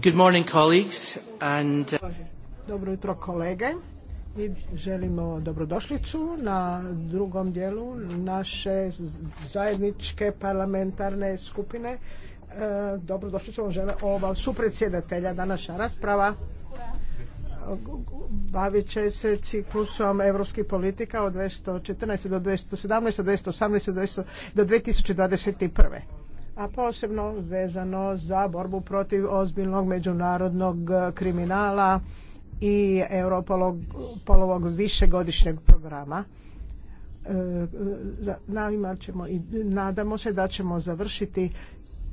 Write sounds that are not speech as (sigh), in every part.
Good morning, colleagues. And... Uh, Dobro jutro, kolege. Mi želimo dobrodošlicu na drugom dijelu naše zajedničke parlamentarne skupine. E, dobrodošlicu vam žele ova supredsjedatelja današnja rasprava bavit će se ciklusom europskih politika od 214. do 217. do 218. do 2021. A posebno vezano za borbu protiv ozbiljnog međunarodnog kriminala i Europolovog višegodišnjeg programa. E, za, i nadamo se da ćemo završiti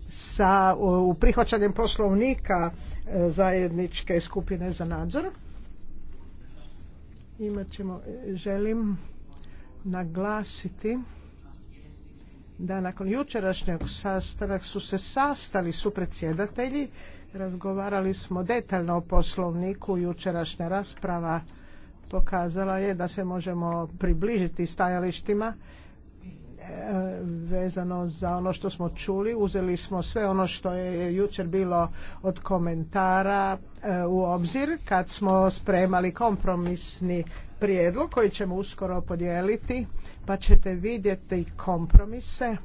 sa u prihvaćanjem poslovnika e, zajedničke skupine za nadzor. Imat ćemo, e, želim naglasiti da nakon jučerašnjeg sastanak su se sastali su predsjedatelji razgovarali smo detaljno o poslovniku jučerašnja rasprava pokazala je da se možemo približiti stajalištima vezano za ono što smo čuli. Uzeli smo sve ono što je jučer bilo od komentara e, u obzir kad smo spremali kompromisni prijedlog koji ćemo uskoro podijeliti pa ćete vidjeti kompromise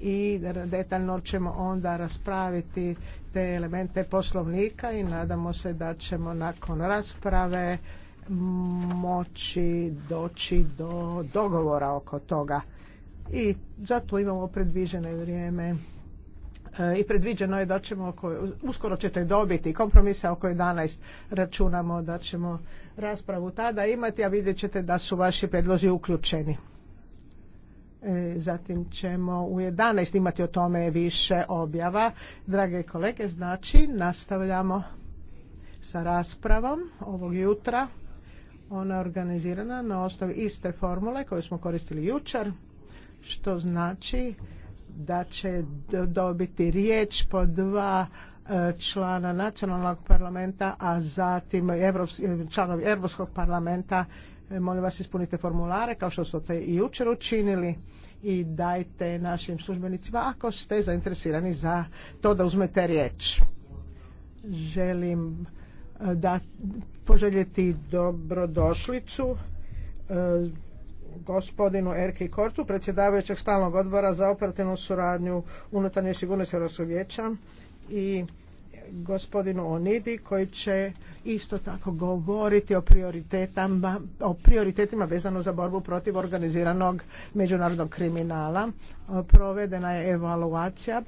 i detaljno ćemo onda raspraviti te elemente poslovnika i nadamo se da ćemo nakon rasprave moći doći do dogovora oko toga i zato imamo predviđene vrijeme e, i predviđeno je da ćemo, uskoro ćete dobiti kompromisa oko 11 računamo da ćemo raspravu tada imati, a vidjet ćete da su vaši predlozi uključeni. E, zatim ćemo u 11 imati o tome više objava. Drage kolege, znači nastavljamo sa raspravom ovog jutra. Ona je organizirana na osnovi iste formule koju smo koristili jučer što znači da će dobiti riječ po dva e, člana nacionalnog parlamenta, a zatim e, članovi Europskog parlamenta. E, molim vas ispunite formulare kao što ste i jučer učinili i dajte našim službenicima ako ste zainteresirani za to da uzmete riječ. Želim da poželjeti dobrodošlicu gospodinu Erki Kortu, predsjedavajućeg stalnog odbora za operativnu suradnju unutarnje sigurnosti Europskog vijeća i gospodinu Onidi koji će isto tako govoriti o prioritetima, o prioritetima vezano za borbu protiv organiziranog međunarodnog kriminala. Provedena je evaluacija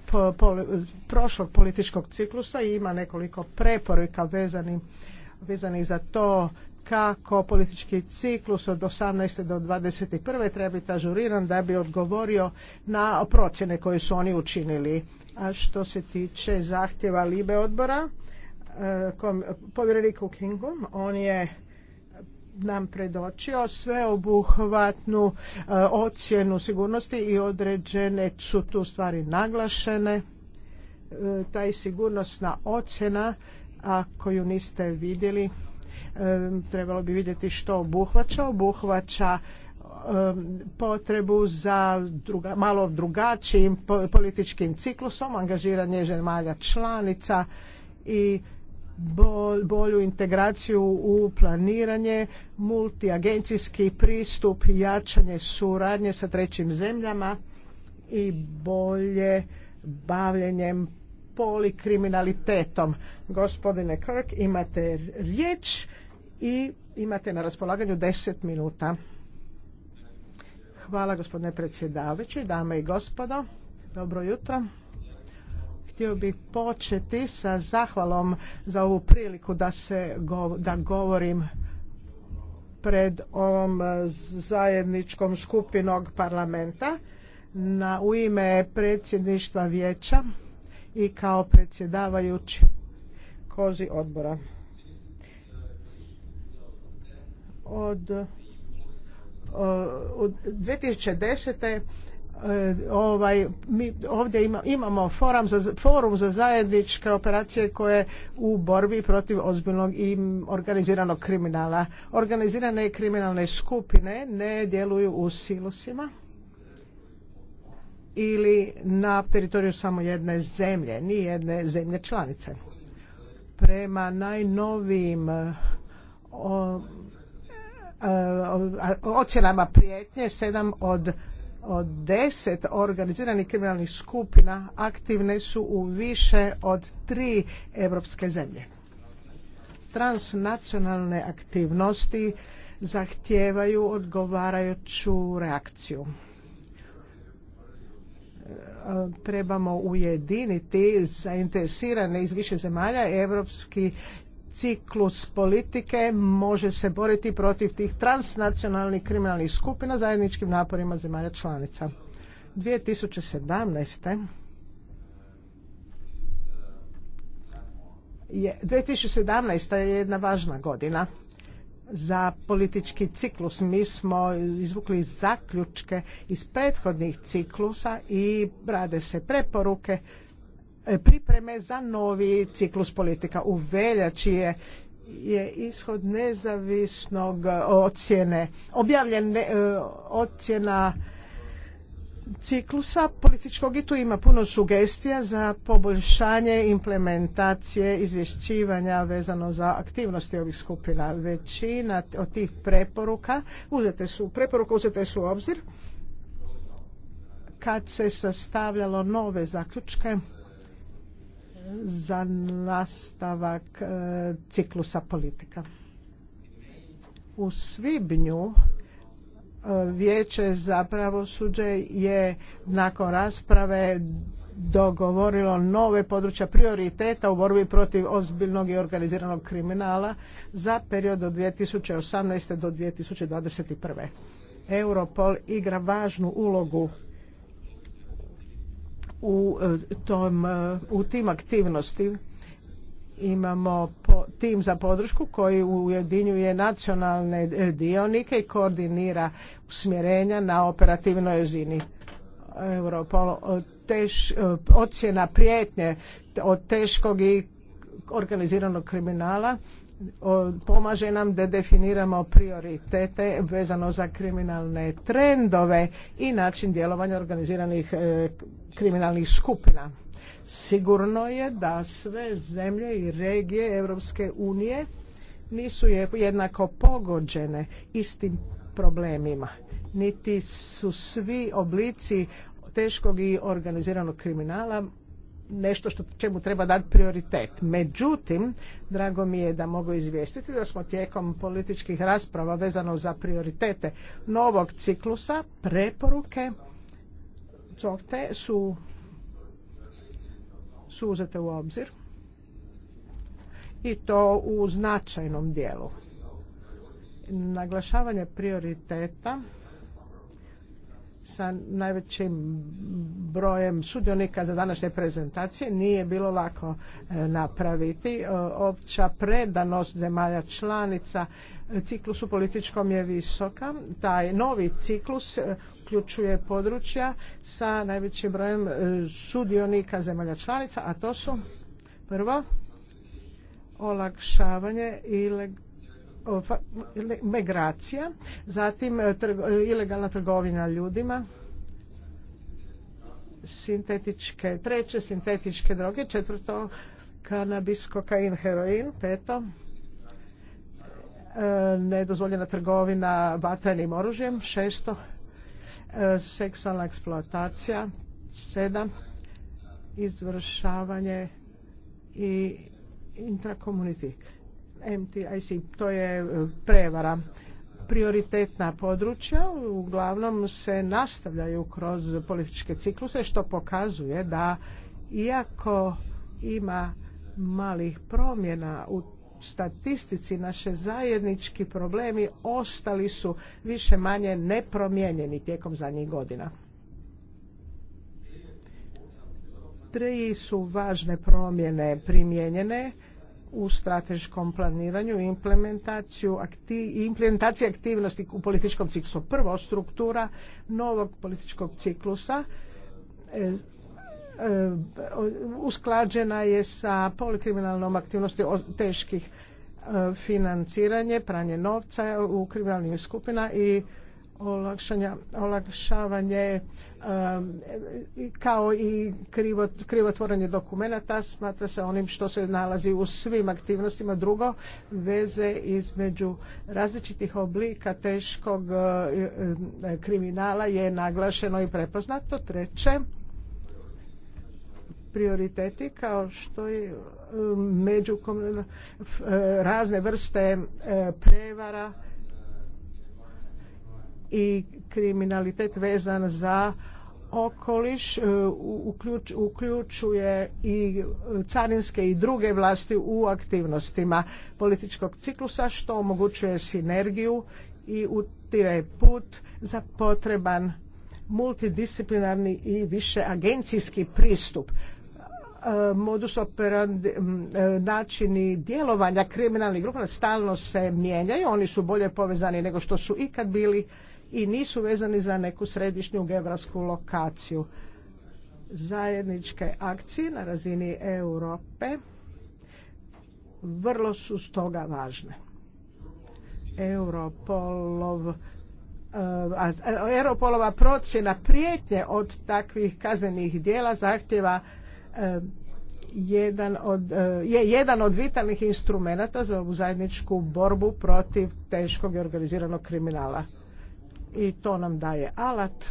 prošlog političkog ciklusa i ima nekoliko preporuka vezanih vezanih za to kako politički ciklus od 18. do 21. treba biti ažuriran da bi odgovorio na procjene koje su oni učinili. A što se tiče zahtjeva Libe odbora, e, povjereniku Kingu, on je nam predočio sveobuhvatnu obuhvatnu e, ocjenu sigurnosti i određene su tu stvari naglašene. E, taj sigurnosna ocjena, ako ju niste vidjeli, trebalo bi vidjeti što obuhvaća. Obuhvaća potrebu za malo drugačijim političkim ciklusom, angažiranje zemalja članica i bolju integraciju u planiranje, multiagencijski pristup, jačanje suradnje sa trećim zemljama i bolje bavljenjem polikriminalitetom. Gospodine Kirk, imate riječ i imate na raspolaganju deset minuta. Hvala gospodine predsjedavajući, dame i gospodo. Dobro jutro. Htio bih početi sa zahvalom za ovu priliku da, se, da govorim pred ovom zajedničkom skupinog parlamenta na, u ime predsjedništva vijeća i kao predsjedavajući kozi odbora. Od, od 2010 e, ovaj, mi ovdje ima, imamo forum za, forum za zajedničke operacije koje u borbi protiv ozbiljnog i organiziranog kriminala. Organizirane kriminalne skupine ne djeluju u silusima ili na teritoriju samo jedne zemlje, ni jedne zemlje članice. Prema najnovijim eh, eh, ocjenama prijetnje sedam od od deset organiziranih kriminalnih skupina aktivne su u više od tri europske zemlje. Transnacionalne aktivnosti zahtijevaju odgovarajuću reakciju trebamo ujediniti zainteresirane iz više zemalja europski ciklus politike može se boriti protiv tih transnacionalnih kriminalnih skupina zajedničkim naporima zemalja članica. 2017. je 2017. je jedna važna godina za politički ciklus. Mi smo izvukli zaključke iz prethodnih ciklusa i rade se preporuke e, pripreme za novi ciklus politika. U veljači je ishod nezavisnog ocjene, objavljen e, ocjena ciklusa političkog i tu ima puno sugestija za poboljšanje implementacije izvješćivanja vezano za aktivnosti ovih skupina. Većina od tih preporuka uzete su, preporuka uzete su u obzir kad se sastavljalo nove zaključke za nastavak e, ciklusa politika. U svibnju vijeće za pravosuđe je nakon rasprave dogovorilo nove područja prioriteta u borbi protiv ozbiljnog i organiziranog kriminala za period od 2018. do 2021. Europol igra važnu ulogu u, eh, eh, u tim aktivnostima imamo tim za podršku koji ujedinjuje nacionalne e, dionike i koordinira usmjerenja na operativnoj razini. Europol teš, ocjena prijetnje od teškog i organiziranog kriminala pomaže nam da definiramo prioritete vezano za kriminalne trendove i način djelovanja organiziranih e, kriminalnih skupina. Sigurno je da sve zemlje i regije Europske unije nisu jednako pogođene istim problemima. Niti su svi oblici teškog i organiziranog kriminala nešto što, čemu treba dati prioritet. Međutim, drago mi je da mogu izvijestiti da smo tijekom političkih rasprava vezano za prioritete novog ciklusa preporuke te su su uzete u obzir i to u značajnom dijelu. Naglašavanje prioriteta sa najvećim brojem sudionika za današnje prezentacije nije bilo lako e, napraviti. E, opća predanost zemalja članica ciklusu političkom je visoka. Taj novi ciklus e, uključuje područja sa najvećim brojem e, sudionika zemalja članica, a to su prvo olakšavanje migracija, zatim e, e, ilegalna trgovina ljudima, sintetičke, treće sintetičke droge, četvrto kanabis, kokain, heroin, peto nedozvoljena trgovina vatrenim oružjem, šesto E, seksualna eksploatacija, sedam, izvršavanje i intrakomuniti, MTIC, to je e, prevara. Prioritetna područja uglavnom se nastavljaju kroz političke cikluse što pokazuje da iako ima malih promjena u statistici naše zajednički problemi ostali su više manje nepromijenjeni tijekom zadnjih godina. Tri su važne promjene primijenjene u strateškom planiranju i implementaciju akti, implementaciji aktivnosti u političkom ciklusu. Prvo, struktura novog političkog ciklusa e, E, usklađena je sa polikriminalnom aktivnosti teških e, financiranje, pranje novca u kriminalnim skupina i olakšavanje e, kao i krivotvorenje dokumenata smatra se onim što se nalazi u svim aktivnostima. Drugo, veze između različitih oblika teškog kriminala je naglašeno i prepoznato. Treće, prioriteti kao što je um, među eh, razne vrste eh, prevara i kriminalitet vezan za okoliš eh, uključuje i carinske i druge vlasti u aktivnostima političkog ciklusa što omogućuje sinergiju i utire put za potreban multidisciplinarni i više agencijski pristup E, modus operandi, e, načini djelovanja kriminalnih grupa stalno se mijenjaju, oni su bolje povezani nego što su ikad bili i nisu vezani za neku središnju geografsku lokaciju. Zajedničke akcije na razini Europe vrlo su stoga važne. Europolov e, Europolova procjena prijetnje od takvih kaznenih dijela zahtjeva E, jedan od, e, je jedan od vitalnih instrumenata za ovu zajedničku borbu protiv teškog i organiziranog kriminala. I to nam daje alat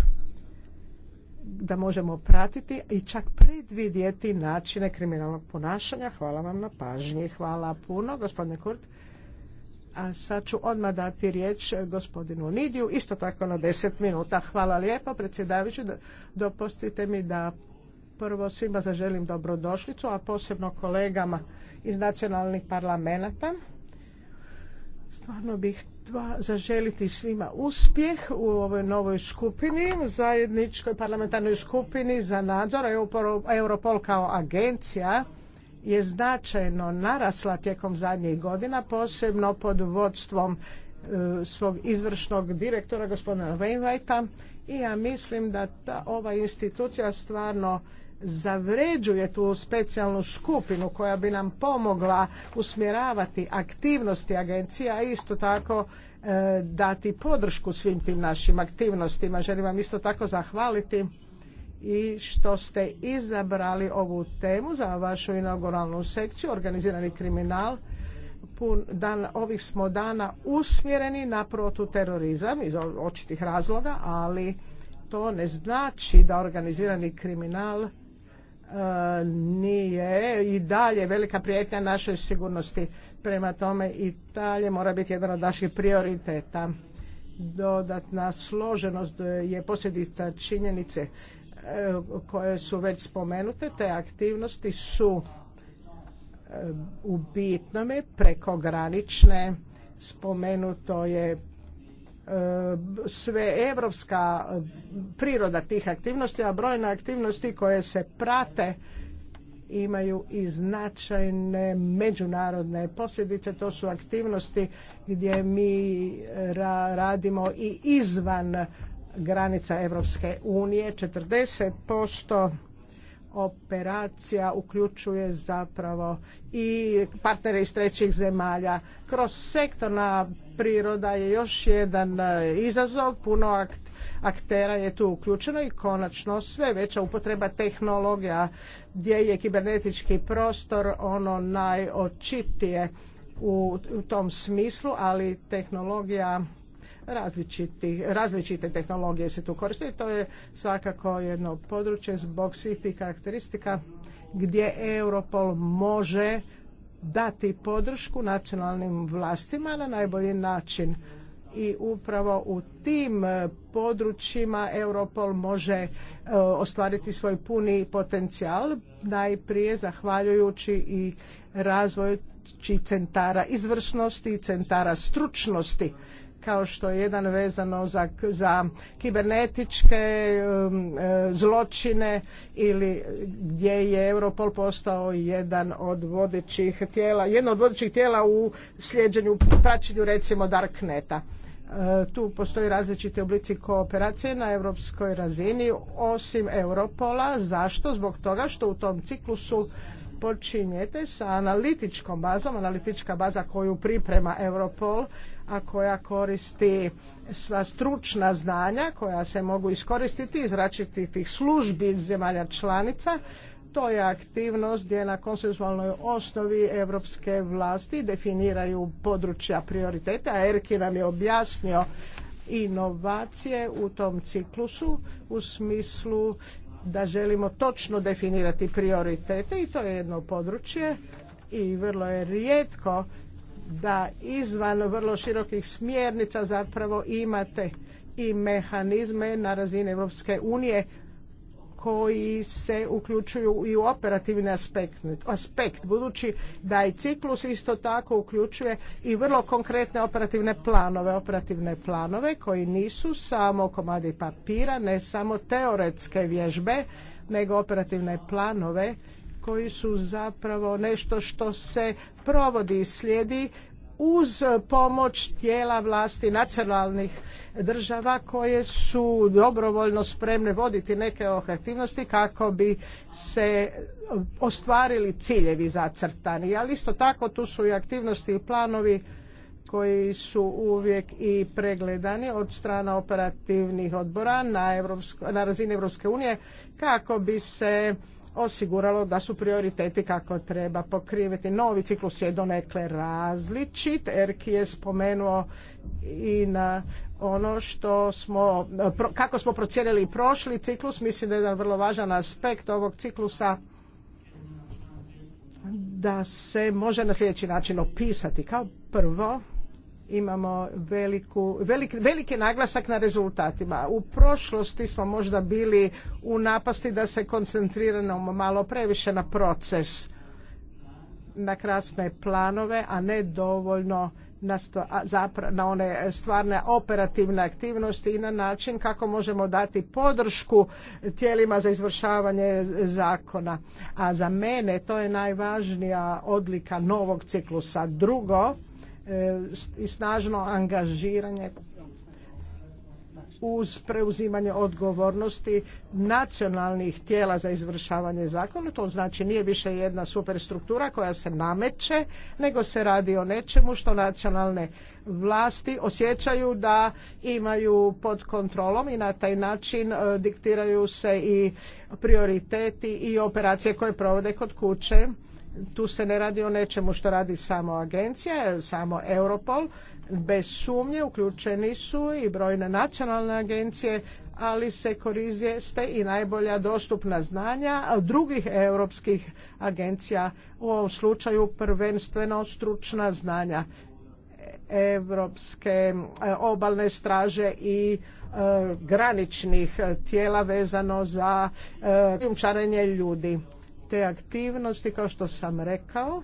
da možemo pratiti i čak predvidjeti načine kriminalnog ponašanja. Hvala vam na pažnji. Hvala puno, gospodine Kurt. A sad ću odmah dati riječ gospodinu Nidiju, isto tako na deset minuta. Hvala lijepo, predsjedavajući, dopustite mi da Prvo svima zaželim dobrodošlicu, a posebno kolegama iz nacionalnih parlamenta. Stvarno bih tva zaželiti svima uspjeh u ovoj novoj skupini, zajedničkoj parlamentarnoj skupini za nadzor. Europol kao agencija je značajno narasla tijekom zadnjih godina, posebno pod vodstvom e, svog izvršnog direktora gospodina Wainwrighta i ja mislim da ta, ova institucija stvarno zavređuje tu specijalnu skupinu koja bi nam pomogla usmjeravati aktivnosti agencija a isto tako e, dati podršku svim tim našim aktivnostima. Želim vam isto tako zahvaliti i što ste izabrali ovu temu za vašu inauguralnu sekciju organizirani kriminal pun dan, ovih smo dana usmjereni na terorizam iz očitih razloga, ali to ne znači da organizirani kriminal nije i dalje velika prijetnja našoj sigurnosti. Prema tome i dalje mora biti jedan od naših prioriteta. Dodatna složenost je posljedica činjenice e, koje su već spomenute. Te aktivnosti su e, u bitnome prekogranične. Spomenuto je sve evropska priroda tih aktivnosti, a brojne aktivnosti koje se prate imaju i značajne međunarodne posljedice. To su aktivnosti gdje mi radimo i izvan granica Evropske unije. 40% operacija uključuje zapravo i partnere iz trećih zemalja. Kroz sektorna priroda je još jedan e, izazov, puno aktera je tu uključeno i konačno sve veća upotreba tehnologija gdje je kibernetički prostor ono najočitije u tom smislu, ali tehnologija različite tehnologije se tu koriste. To je svakako jedno područje zbog svih tih karakteristika gdje Europol može dati podršku nacionalnim vlastima na najbolji način i upravo u tim e, područjima Europol može e, ostvariti svoj puni potencijal najprije zahvaljujući i razvoju centara izvrsnosti i centara stručnosti kao što je jedan vezano za, za kibernetičke um, e, zločine ili gdje je Europol postao jedan od vodećih tijela, jedno od vodećih tijela u sljeđenju, praćenju recimo Darkneta. E, tu postoji različite oblici kooperacije na europskoj razini osim Europola. Zašto? Zbog toga što u tom ciklusu počinjete sa analitičkom bazom, analitička baza koju priprema Europol a koja koristi sva stručna znanja koja se mogu iskoristiti iz različitih službi zemalja članica to je aktivnost gdje na konsensualnoj osnovi europske vlasti definiraju područja prioriteta. Erki nam je objasnio inovacije u tom ciklusu u smislu da želimo točno definirati prioritete i to je jedno područje i vrlo je rijetko da izvan vrlo širokih smjernica zapravo imate i mehanizme na razini Europske unije koji se uključuju i u operativni aspekt, aspekt budući da i ciklus isto tako uključuje i vrlo konkretne operativne planove, operativne planove koji nisu samo komadi papira, ne samo teoretske vježbe, nego operativne planove koji su zapravo nešto što se provodi i slijedi uz pomoć tijela vlasti nacionalnih država koje su dobrovoljno spremne voditi neke aktivnosti kako bi se ostvarili ciljevi zacrtani. Ali isto tako tu su i aktivnosti i planovi koji su uvijek i pregledani od strana operativnih odbora na, Evropsko, na razini Europske unije kako bi se osiguralo da su prioriteti kako treba pokriviti. Novi ciklus je donekle različit. Erki je spomenuo i na ono što smo, kako smo procijenili prošli ciklus, mislim da je jedan vrlo važan aspekt ovog ciklusa da se može na sljedeći način opisati. Kao prvo, imamo veliku, velik, veliki naglasak na rezultatima. U prošlosti smo možda bili u napasti da se koncentriramo malo previše na proces, na krasne planove, a ne dovoljno na, na one stvarne operativne aktivnosti i na način kako možemo dati podršku tijelima za izvršavanje zakona. A za mene to je najvažnija odlika novog ciklusa. Drugo, E, i snažno angažiranje uz preuzimanje odgovornosti nacionalnih tijela za izvršavanje zakona. To znači nije više jedna superstruktura koja se nameće, nego se radi o nečemu što nacionalne vlasti osjećaju da imaju pod kontrolom i na taj način e, diktiraju se i prioriteti i operacije koje provode kod kuće tu se ne radi o nečemu što radi samo agencija, samo Europol. Bez sumnje uključeni su i brojne nacionalne agencije, ali se koriste i najbolja dostupna znanja drugih europskih agencija, u ovom slučaju prvenstveno stručna znanja europske eh, obalne straže i eh, graničnih tijela vezano za eh, krijumčarenje ljudi te aktivnosti, kao što sam rekao,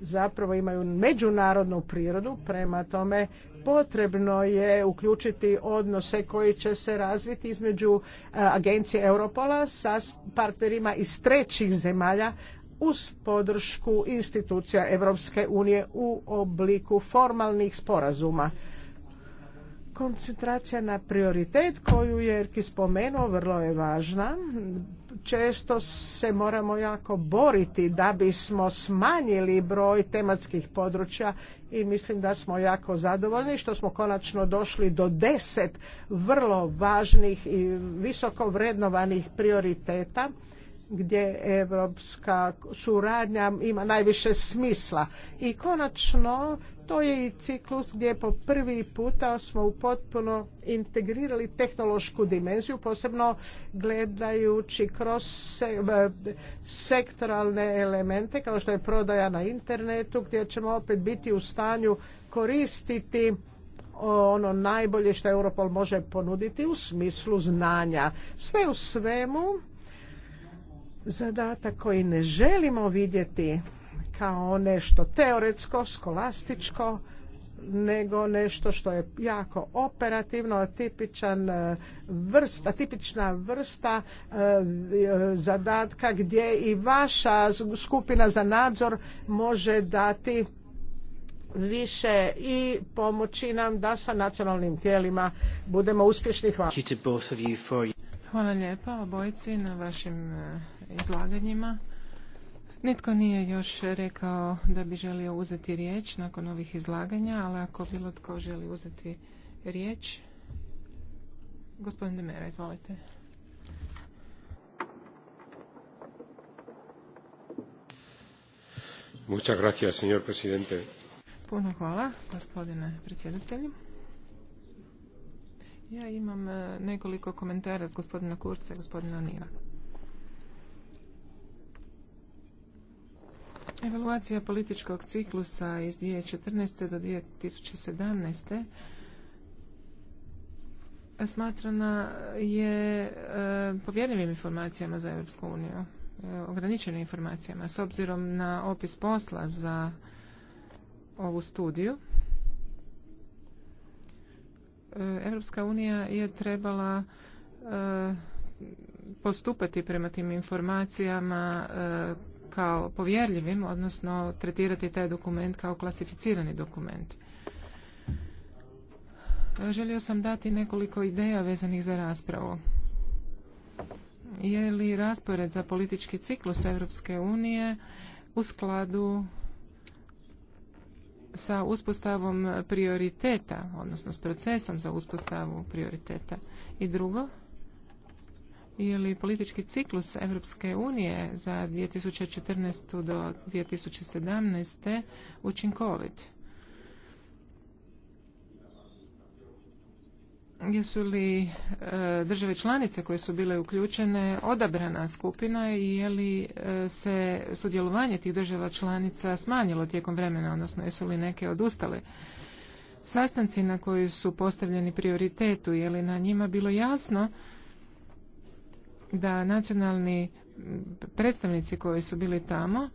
zapravo imaju međunarodnu prirodu, prema tome potrebno je uključiti odnose koji će se razviti između e, agencije Europola sa partnerima iz trećih zemalja uz podršku institucija Europske unije u obliku formalnih sporazuma koncentracija na prioritet koju je Erki spomenuo vrlo je važna. Često se moramo jako boriti da bismo smanjili broj tematskih područja i mislim da smo jako zadovoljni što smo konačno došli do deset vrlo važnih i visoko vrednovanih prioriteta gdje europska suradnja ima najviše smisla. I konačno to je i ciklus gdje po prvi puta smo u potpuno integrirali tehnološku dimenziju, posebno gledajući kroz eh, sektoralne elemente kao što je prodaja na internetu gdje ćemo opet biti u stanju koristiti ono najbolje što Europol može ponuditi u smislu znanja. Sve u svemu, zadatak koji ne želimo vidjeti kao nešto teoretsko, skolastičko, nego nešto što je jako operativno, tipičan e, vrsta tipična e, vrsta e, zadatka gdje i vaša skupina za nadzor može dati više i pomoći nam da sa nacionalnim tijelima budemo uspješni. Hvala. Hvala lijepa obojici na vašim izlaganjima. Netko nije još rekao da bi želio uzeti riječ nakon ovih izlaganja, ali ako bilo tko želi uzeti riječ, gospodin Demera, izvolite. Muchas gracias, señor presidente. Puno hvala, gospodine predsjedatelju. Ja imam e, nekoliko komentara s gospodina Kurca i gospodina Nina. Evaluacija političkog ciklusa iz 2014. do 2017. smatrana je e, povjerljivim informacijama za Europsku uniju, e, ograničenim informacijama. S obzirom na opis posla za ovu studiju, e, Europska unija je trebala postupati prema tim informacijama kao povjerljivim, odnosno tretirati taj dokument kao klasificirani dokument. Želio sam dati nekoliko ideja vezanih za raspravu. Je li raspored za politički ciklus Europske unije u skladu sa uspostavom prioriteta, odnosno s procesom za uspostavu prioriteta? I drugo, li politički ciklus Europske unije za 2014. do 2017. učinkovit? Jesu li e, države članice koje su bile uključene odabrana skupina i je li e, se sudjelovanje tih država članica smanjilo tijekom vremena, odnosno jesu li neke odustale? Sastanci na koji su postavljeni prioritetu, je li na njima bilo jasno da nacionalni predstavnici koji su bili tamo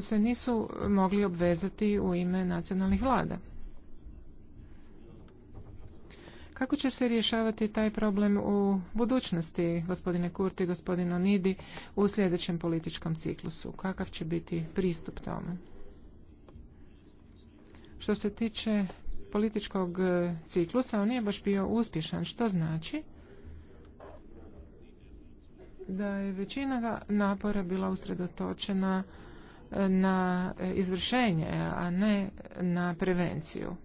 se nisu mogli obvezati u ime nacionalnih vlada. Kako će se rješavati taj problem u budućnosti, gospodine Kurti, gospodino Nidi, u sljedećem političkom ciklusu? Kakav će biti pristup tome? Što se tiče političkog ciklusa, on nije baš bio uspješan, što znači da je većina napora bila usredotočena e, na izvršenje, a ne na prevenciju.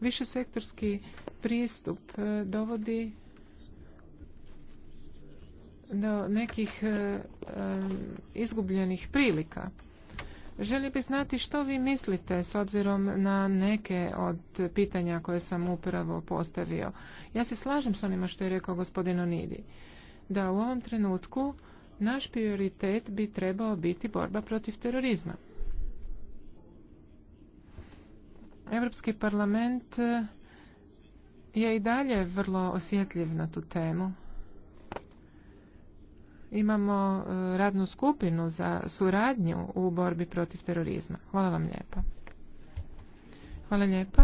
Višesektorski pristup e, dovodi do nekih e, izgubljenih prilika. Želi bi znati što vi mislite s obzirom na neke od pitanja koje sam upravo postavio. Ja se slažem s onima što je rekao gospodin Onidi, da u ovom trenutku naš prioritet bi trebao biti borba protiv terorizma. Europski parlament je i dalje vrlo osjetljiv na tu temu imamo e, radnu skupinu za suradnju u borbi protiv terorizma. Hvala vam lijepa. Hvala lijepa.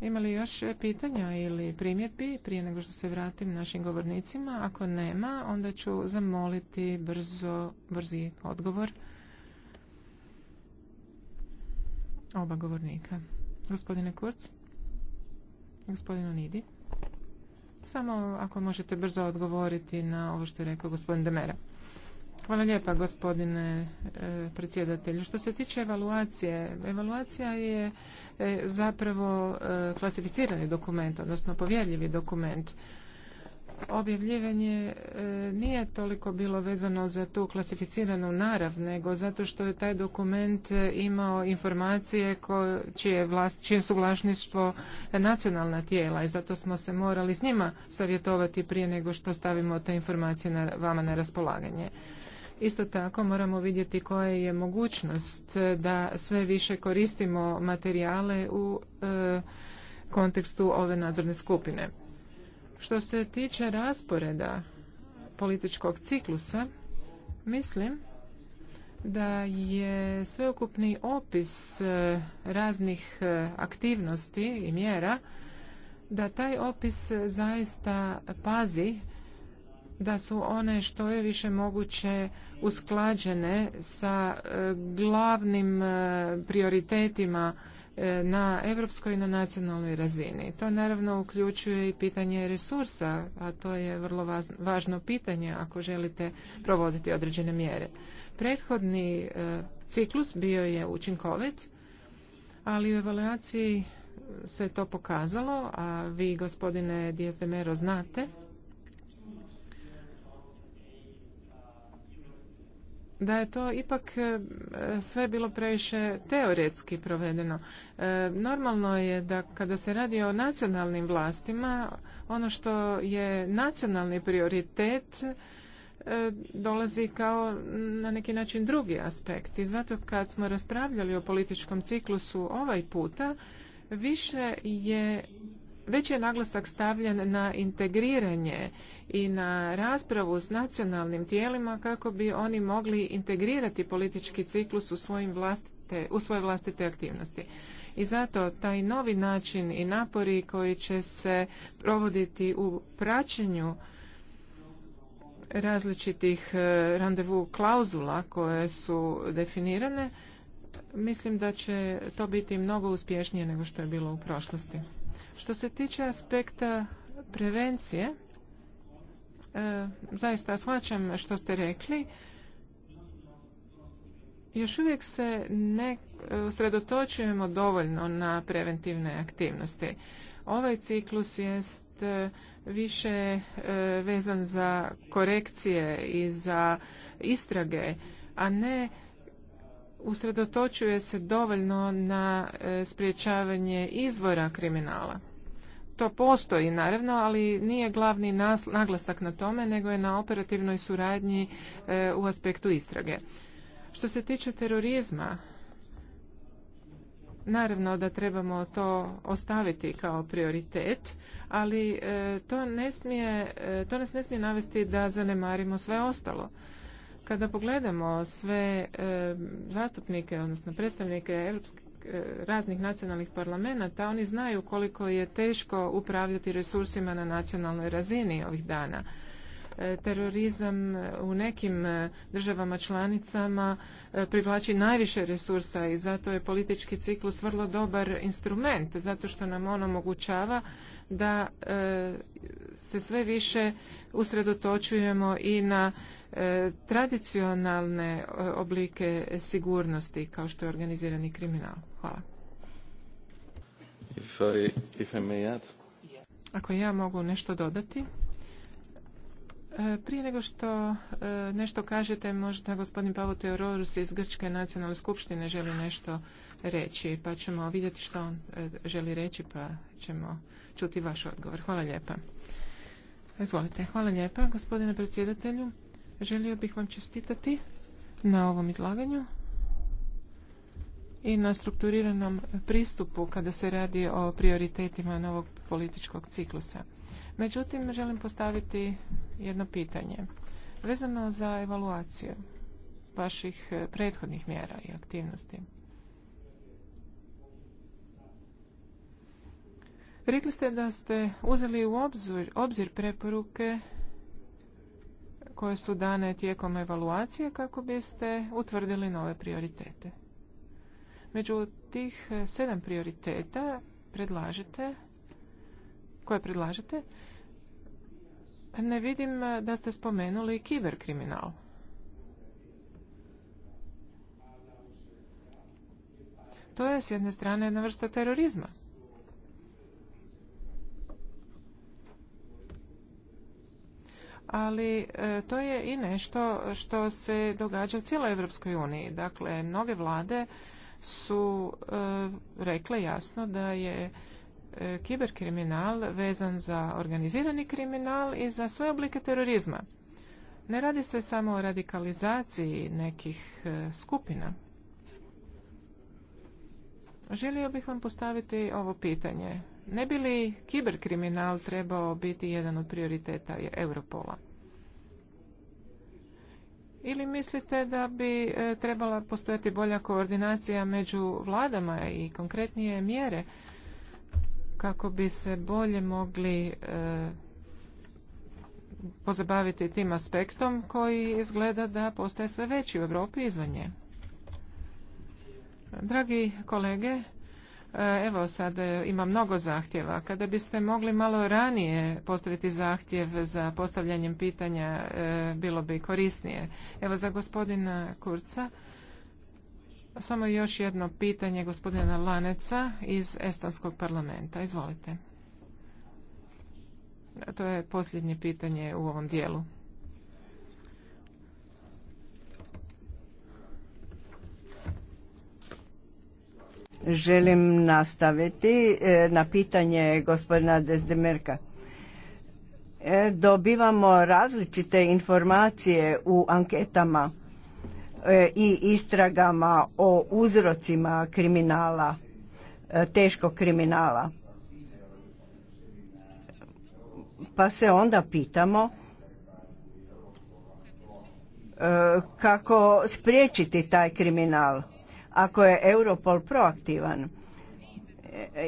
Ima li još pitanja ili primjedbi prije nego što se vratim našim govornicima? Ako nema, onda ću zamoliti brzo, brzi odgovor oba govornika. Gospodine Kurc, gospodinu Nidi. Samo ako možete brzo odgovoriti na ovo što je rekao gospodin Demera. Hvala lijepa gospodine e, predsjedatelju. Što se tiče evaluacije, evaluacija je e, zapravo e, klasificirani dokument, odnosno povjerljivi dokument objavljivanje e, nije toliko bilo vezano za tu klasificiranu narav, nego zato što je taj dokument e, imao informacije čije, su vlasništvo nacionalna tijela i zato smo se morali s njima savjetovati prije nego što stavimo te informacije na, vama na raspolaganje. Isto tako moramo vidjeti koja je mogućnost e, da sve više koristimo materijale u kontekstu ove nadzorne skupine. Što se tiče rasporeda političkog ciklusa, mislim da je sveukupni opis e, raznih e, aktivnosti i mjera da taj opis zaista pazi da su one što je više moguće usklađene sa e, glavnim prioritetima E, na europskoj i na nacionalnoj razini. To naravno uključuje i pitanje resursa, a to je vrlo važno pitanje ako želite provoditi određene mjere. Prethodni e, ciklus bio je učinkovit, ali u evaluaciji se to pokazalo, a vi gospodine Dijezdemero znate da je to ipak e, sve bilo previše teoretski provedeno. E, normalno je da kada se radi o nacionalnim vlastima, ono što je nacionalni prioritet e, dolazi kao na neki način drugi aspekt. I zato kad smo raspravljali o političkom ciklusu ovaj puta, više je već je naglasak stavljen na integriranje i na raspravu s nacionalnim tijelima kako bi oni mogli integrirati politički ciklus u, vlastite, u svoje vlastite aktivnosti. I zato taj novi način i napori koji će se provoditi u praćenju različitih e, randevu klauzula koje su definirane, mislim da će to biti mnogo uspješnije nego što je bilo u prošlosti. Što se tiče aspekta prevencije, e, zaista shvaćam što ste rekli. Još uvijek se ne e, usredotočujemo dovoljno na preventivne aktivnosti. Ovaj ciklus jest e, više vezan za korekcije i za istrage, a ne usredotočuje se dovoljno na e, spriječavanje izvora kriminala. To postoji naravno, ali nije glavni naglasak na tome, nego je na operativnoj suradnji e, u aspektu istrage. Što se tiče terorizma, naravno da trebamo to ostaviti kao prioritet, ali e, to, ne smije, to nas ne smije navesti da zanemarimo sve ostalo. Kada pogledamo sve e, zastupnike, odnosno predstavnike e, raznih nacionalnih parlamenta, oni znaju koliko je teško upravljati resursima na nacionalnoj razini ovih dana. E, terorizam u nekim državama članicama privlači najviše resursa i zato je politički ciklus vrlo dobar instrument, zato što nam on omogućava da se sve više usredotočujemo i na E, tradicionalne e, oblike sigurnosti kao što je organizirani kriminal. Hvala. Ako ja mogu nešto dodati. E, prije nego što nešto kažete, možda gospodin Pavo Teororus iz Grčke nacionalne skupštine želi nešto reći, pa ćemo vidjeti što on želi reći, pa ćemo čuti vaš odgovor. Hvala lijepa. Izvolite. Hvala lijepa, gospodine predsjedatelju. Želio bih vam čestitati na ovom izlaganju i na strukturiranom pristupu kada se radi o prioritetima novog političkog ciklusa. Međutim, želim postaviti jedno pitanje vezano za evaluaciju vaših eh, prethodnih mjera i aktivnosti. Rekli ste da ste uzeli u obzir, obzir preporuke koje su dane tijekom evaluacije kako biste utvrdili nove prioritete. Među tih eh, sedam prioriteta predlažete, koje predlažete, ne vidim eh, da ste spomenuli kiberkriminal. To je s jedne strane jedna vrsta terorizma. ali e, to je i nešto što se događa u cijeloj Europskoj uniji. Dakle, mnoge vlade su e, rekle jasno da je e, kiberkriminal vezan za organizirani kriminal i za sve oblike terorizma. Ne radi se samo o radikalizaciji nekih skupina. Želio bih vam postaviti ovo pitanje. Ne bi li kiberkriminal trebao biti jedan od prioriteta Europola? Ili mislite da bi e, trebala postojati bolja koordinacija među vladama i konkretnije mjere kako bi se bolje mogli e, pozabaviti tim aspektom koji izgleda da postaje sve veći u Europi izvanje? nje? Dragi kolege, E, evo sad e, ima mnogo zahtjeva. Kada biste mogli malo ranije postaviti zahtjev za postavljanjem pitanja, e, bilo bi korisnije. Evo za gospodina Kurca. Samo još jedno pitanje gospodina Laneca iz Estonskog parlamenta. Izvolite. To je posljednje pitanje u ovom dijelu. Želim nastaviti e, na pitanje gospodina Desdemirka. E, dobivamo različite informacije u anketama e, i istragama o uzrocima kriminala, teškog kriminala. Pa se onda pitamo kako spriječiti taj kriminal ako je Europol proaktivan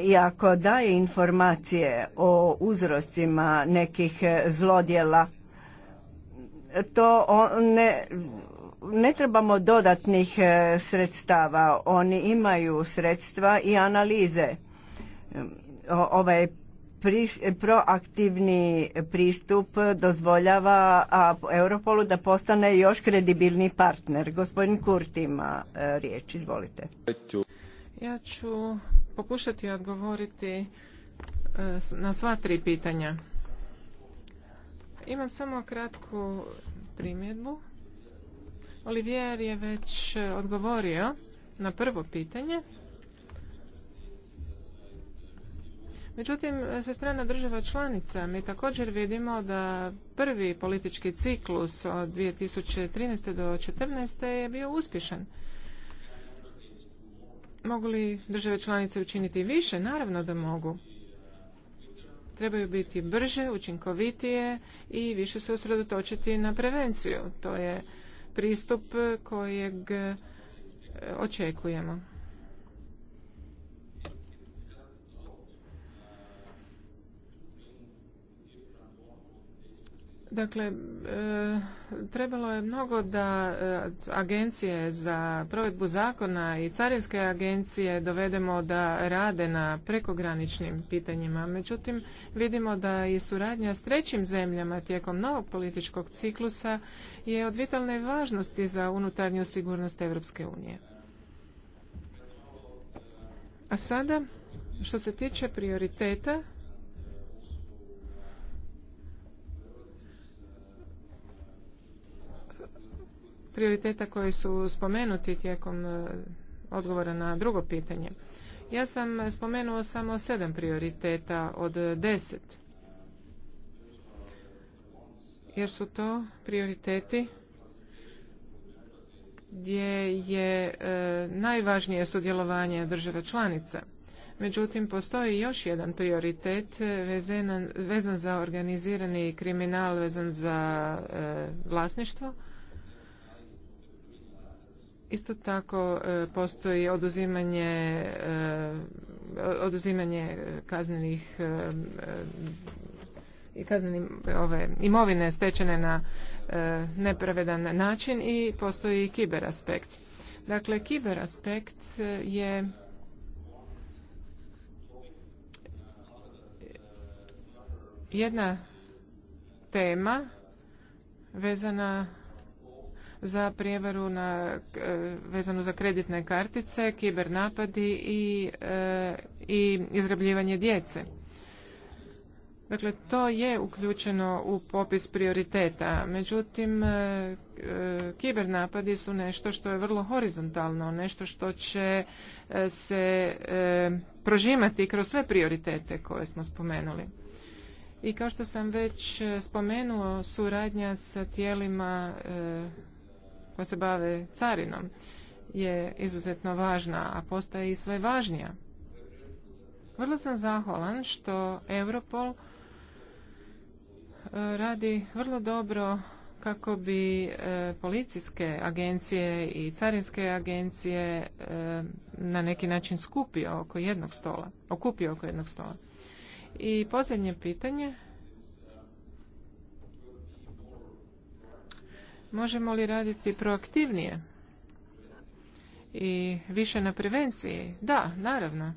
i ako daje informacije o uzrocima nekih zlodjela, to ne, ne trebamo dodatnih e, sredstava. Oni imaju sredstva i analize. E, ovaj proaktivni pristup dozvoljava Europolu da postane još kredibilni partner. Gospodin Kurt ima e, riječ, izvolite. Ja ću pokušati odgovoriti e, na sva tri pitanja. Imam samo kratku primjedbu. Olivier je već odgovorio na prvo pitanje. Međutim, sa strana država članica mi također vidimo da prvi politički ciklus od 2013. do 2014. je bio uspješan. Mogu li države članice učiniti više? Naravno da mogu. Trebaju biti brže, učinkovitije i više se usredotočiti na prevenciju. To je pristup kojeg e, očekujemo. Dakle, e, trebalo je mnogo da e, agencije za provedbu zakona i carinske agencije dovedemo da rade na prekograničnim pitanjima. Međutim, vidimo da i suradnja s trećim zemljama tijekom novog političkog ciklusa je od vitalne važnosti za unutarnju sigurnost Europske unije. A sada, što se tiče prioriteta, prioriteta koji su spomenuti tijekom e, odgovora na drugo pitanje. Ja sam spomenuo samo sedam prioriteta od deset. Jer su to prioriteti gdje je e, najvažnije sudjelovanje država članica. Međutim, postoji još jedan prioritet e, vezan, za organizirani kriminal, vezan za vlasništvo Isto tako e, postoji oduzimanje, e, oduzimanje kaznenih e, ove imovine stečene na nepravedan način i postoji i kiber aspekt. Dakle, kiber aspekt je jedna tema vezana za prijevaru na, e, vezano za kreditne kartice, kibernapadi i, e, i izrabljivanje djece. Dakle, to je uključeno u popis prioriteta, međutim, e, kibernapadi su nešto što je vrlo horizontalno, nešto što će se prožimati kroz sve prioritete koje smo spomenuli. I kao što sam već spomenuo, suradnja sa tijelima koja se bave carinom je izuzetno važna, a postaje i sve važnija. Vrlo sam zahvalan što Europol e, radi vrlo dobro kako bi e, policijske agencije i carinske agencije e, na neki način skupio oko jednog stola, okupio oko jednog stola. I posljednje pitanje Možemo li raditi proaktivnije i više na prevenciji? Da, naravno.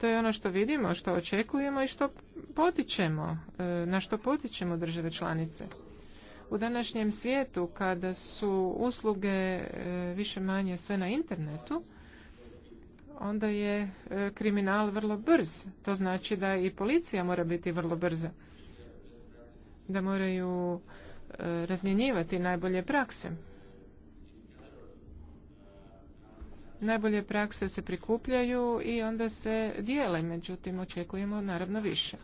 To je ono što vidimo, što očekujemo i što potičemo, e, na što potičemo države članice. U današnjem svijetu kada su usluge e, više manje sve na internetu, onda je e, kriminal vrlo brz. To znači da i policija mora biti vrlo brza. Da moraju razmjenjivati najbolje prakse. Najbolje prakse se prikupljaju i onda se dijele, međutim očekujemo naravno više.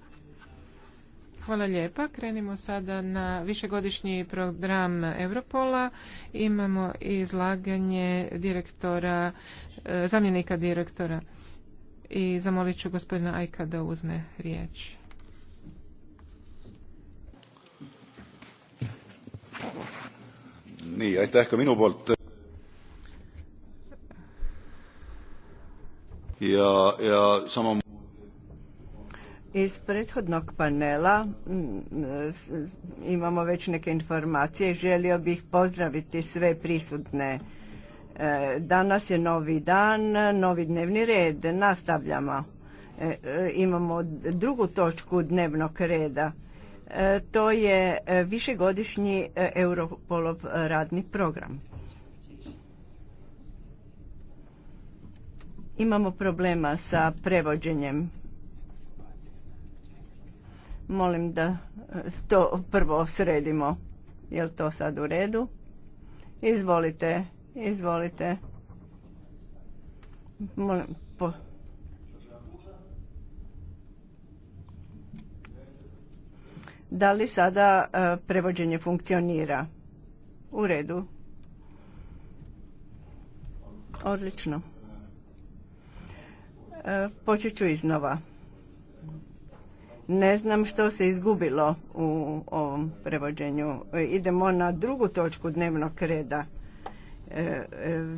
Hvala lijepa. Krenimo sada na višegodišnji program Europola. Imamo izlaganje direktora, e, zamjenika direktora i zamolit ću gospodina Ajka da uzme riječ. aitäh ka minu ja, Iz prethodnog panela mm, imamo već neke informacije. Želio bih pozdraviti sve prisutne. E, danas je novi dan, novi dnevni red. Nastavljamo. E, e, imamo drugu točku dnevnog reda to je e, višegodišnji e, Europolov e, radni program. Imamo problema sa prevođenjem. Molim da to prvo sredimo. Je li to sad u redu? Izvolite, izvolite. Molim, po... Da li sada e, prevođenje funkcionira? U redu. Odlično. E, počet ću iznova. Ne znam što se izgubilo u ovom prevođenju. E, idemo na drugu točku dnevnog reda.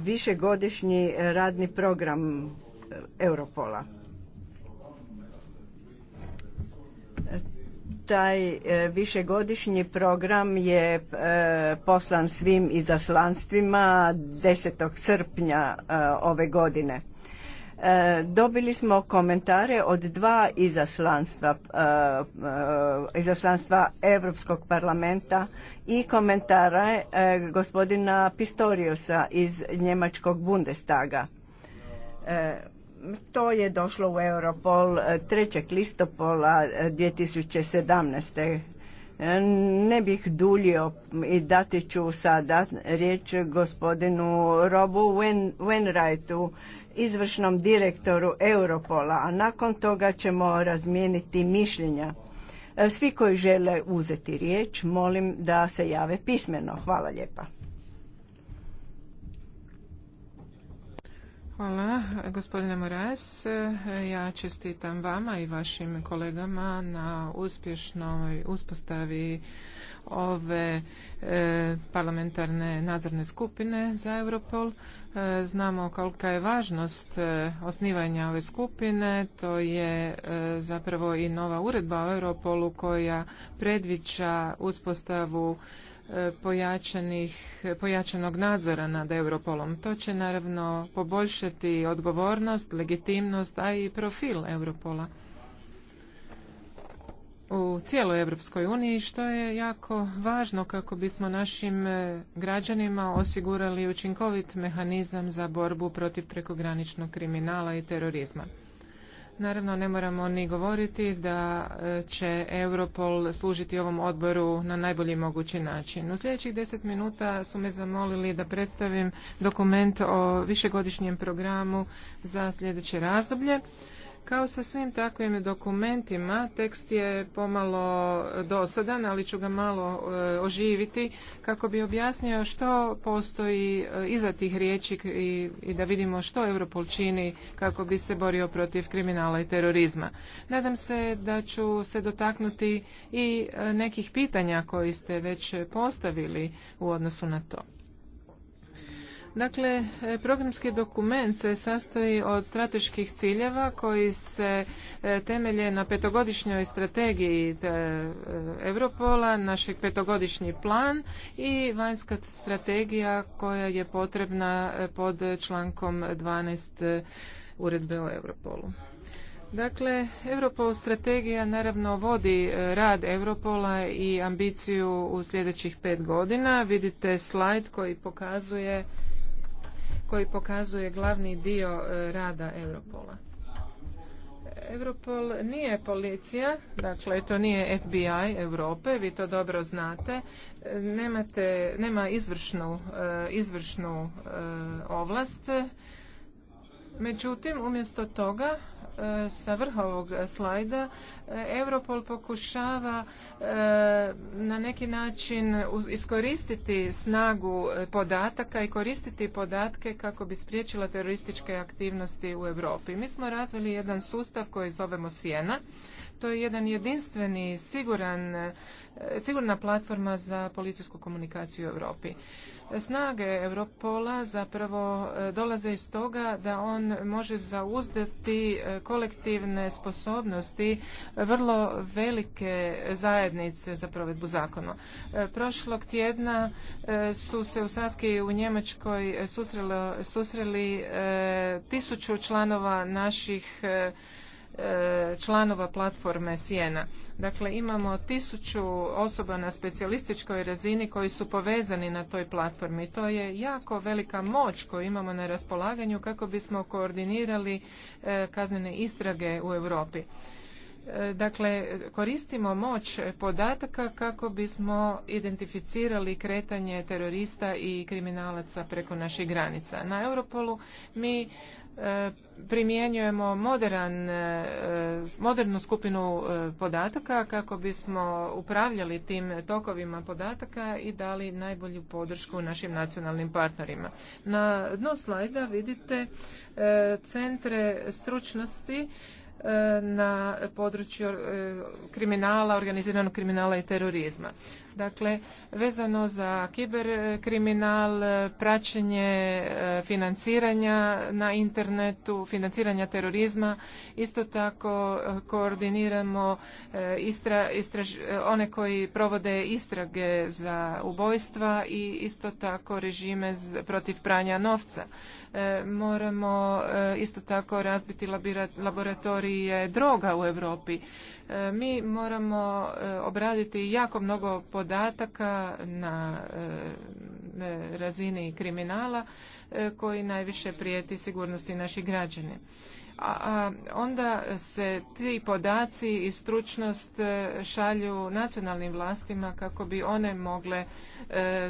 Višegodišnji radni program Europola. Taj e, višegodišnji program je e, poslan svim izaslanstvima 10. srpnja e, ove godine. Dobili smo komentare od dva izaslanstva, izaslanstva Europskog parlamenta i komentare gospodina Pistoriosa iz Njemačkog Bundestaga. To je došlo u Europol 3. E, listopola 2017. E, e, ne bih duljio i dati ću sada riječ gospodinu Robu Wainwrightu, izvršnom direktoru Europola, a nakon toga ćemo razmijeniti mišljenja. Svi koji žele uzeti riječ, molim da se jave pismeno. Hvala lijepa. Hvala, gospodine Moraes. Ja čestitam vama i vašim kolegama na uspješnoj uspostavi ove e, parlamentarne nadzorne skupine za Europol. E, znamo kolika je važnost e, osnivanja ove skupine. To je zapravo i nova uredba o Europolu koja predviđa uspostavu E, pojačanih, pojačanog nadzora nad Europolom. To će naravno poboljšati odgovornost, legitimnost, a i profil Europola u cijeloj Europskoj uniji što je jako važno kako bismo našim e, građanima osigurali učinkovit mehanizam za borbu protiv prekograničnog kriminala i terorizma. Naravno, ne moramo ni govoriti da e, će Europol služiti ovom odboru na najbolji mogući način. U sljedećih deset minuta su me zamolili da predstavim dokument o višegodišnjem programu za sljedeće razdoblje. Kao sa svim takvim dokumentima, tekst je pomalo dosadan, ali ću ga malo e, oživiti kako bi objasnio što postoji e, iza tih riječi i da vidimo što Europol čini kako bi se borio protiv kriminala i terorizma. Nadam se da ću se dotaknuti i e, nekih pitanja koji ste već postavili u odnosu na to. Dakle, e, programski dokument se sastoji od strateških ciljeva koji se e, temelje na petogodišnjoj strategiji e, Europola, našeg petogodišnji plan i vanjska strategija koja je potrebna pod člankom 12 uredbe o Europolu. Dakle, Europol strategija naravno vodi rad Europola i ambiciju u sljedećih pet godina. Vidite slajd koji pokazuje koji pokazuje glavni dio e, rada Europola. Europol nije policija, dakle to nije FBI Europe, vi to dobro znate. E, nemate, nema izvršnu, e, izvršnu ovlast. Međutim, umjesto toga E, sa vrha ovog slajda e, Europol pokušava e, na neki način iskoristiti snagu podataka i koristiti podatke kako bi spriječila terorističke aktivnosti u Europi. Mi smo razvili jedan sustav koji zovemo Sjena. To je jedan jedinstveni, siguran, sigurna platforma za policijsku komunikaciju u Europi. Snage Europola zapravo e, dolaze iz toga da on može zauzdati e, kolektivne sposobnosti vrlo velike zajednice za provedbu zakona. E, prošlog tjedna su se u i u Njemačkoj susreli tisuću članova naših E, članova platforme Sijena. Dakle, imamo tisuću osoba na specijalističkoj razini koji su povezani na toj platformi. To je jako velika moć koju imamo na raspolaganju kako bismo koordinirali e, kaznene istrage u Europi. E, dakle, koristimo moć podataka kako bismo identificirali kretanje terorista i kriminalaca preko naših granica. Na Europolu mi E, primjenjujemo e, modernu skupinu e, podataka kako bismo upravljali tim tokovima podataka i dali najbolju podršku našim nacionalnim partnerima. Na dno slajda vidite centre stručnosti E, na području e, kriminala, organiziranog kriminala i terorizma. Dakle, vezano za kiberkriminal, praćenje e, financiranja na internetu, financiranja terorizma, isto tako koordiniramo one koji provode istrage za ubojstva i isto tako režime protiv pranja novca. Moramo isto tako razbiti laboratorij je droga u Europi. E, mi moramo e, obraditi jako mnogo podataka na e, razini kriminala koji najviše prijeti sigurnosti naših građana. A onda se ti podaci i stručnost šalju nacionalnim vlastima kako bi one mogle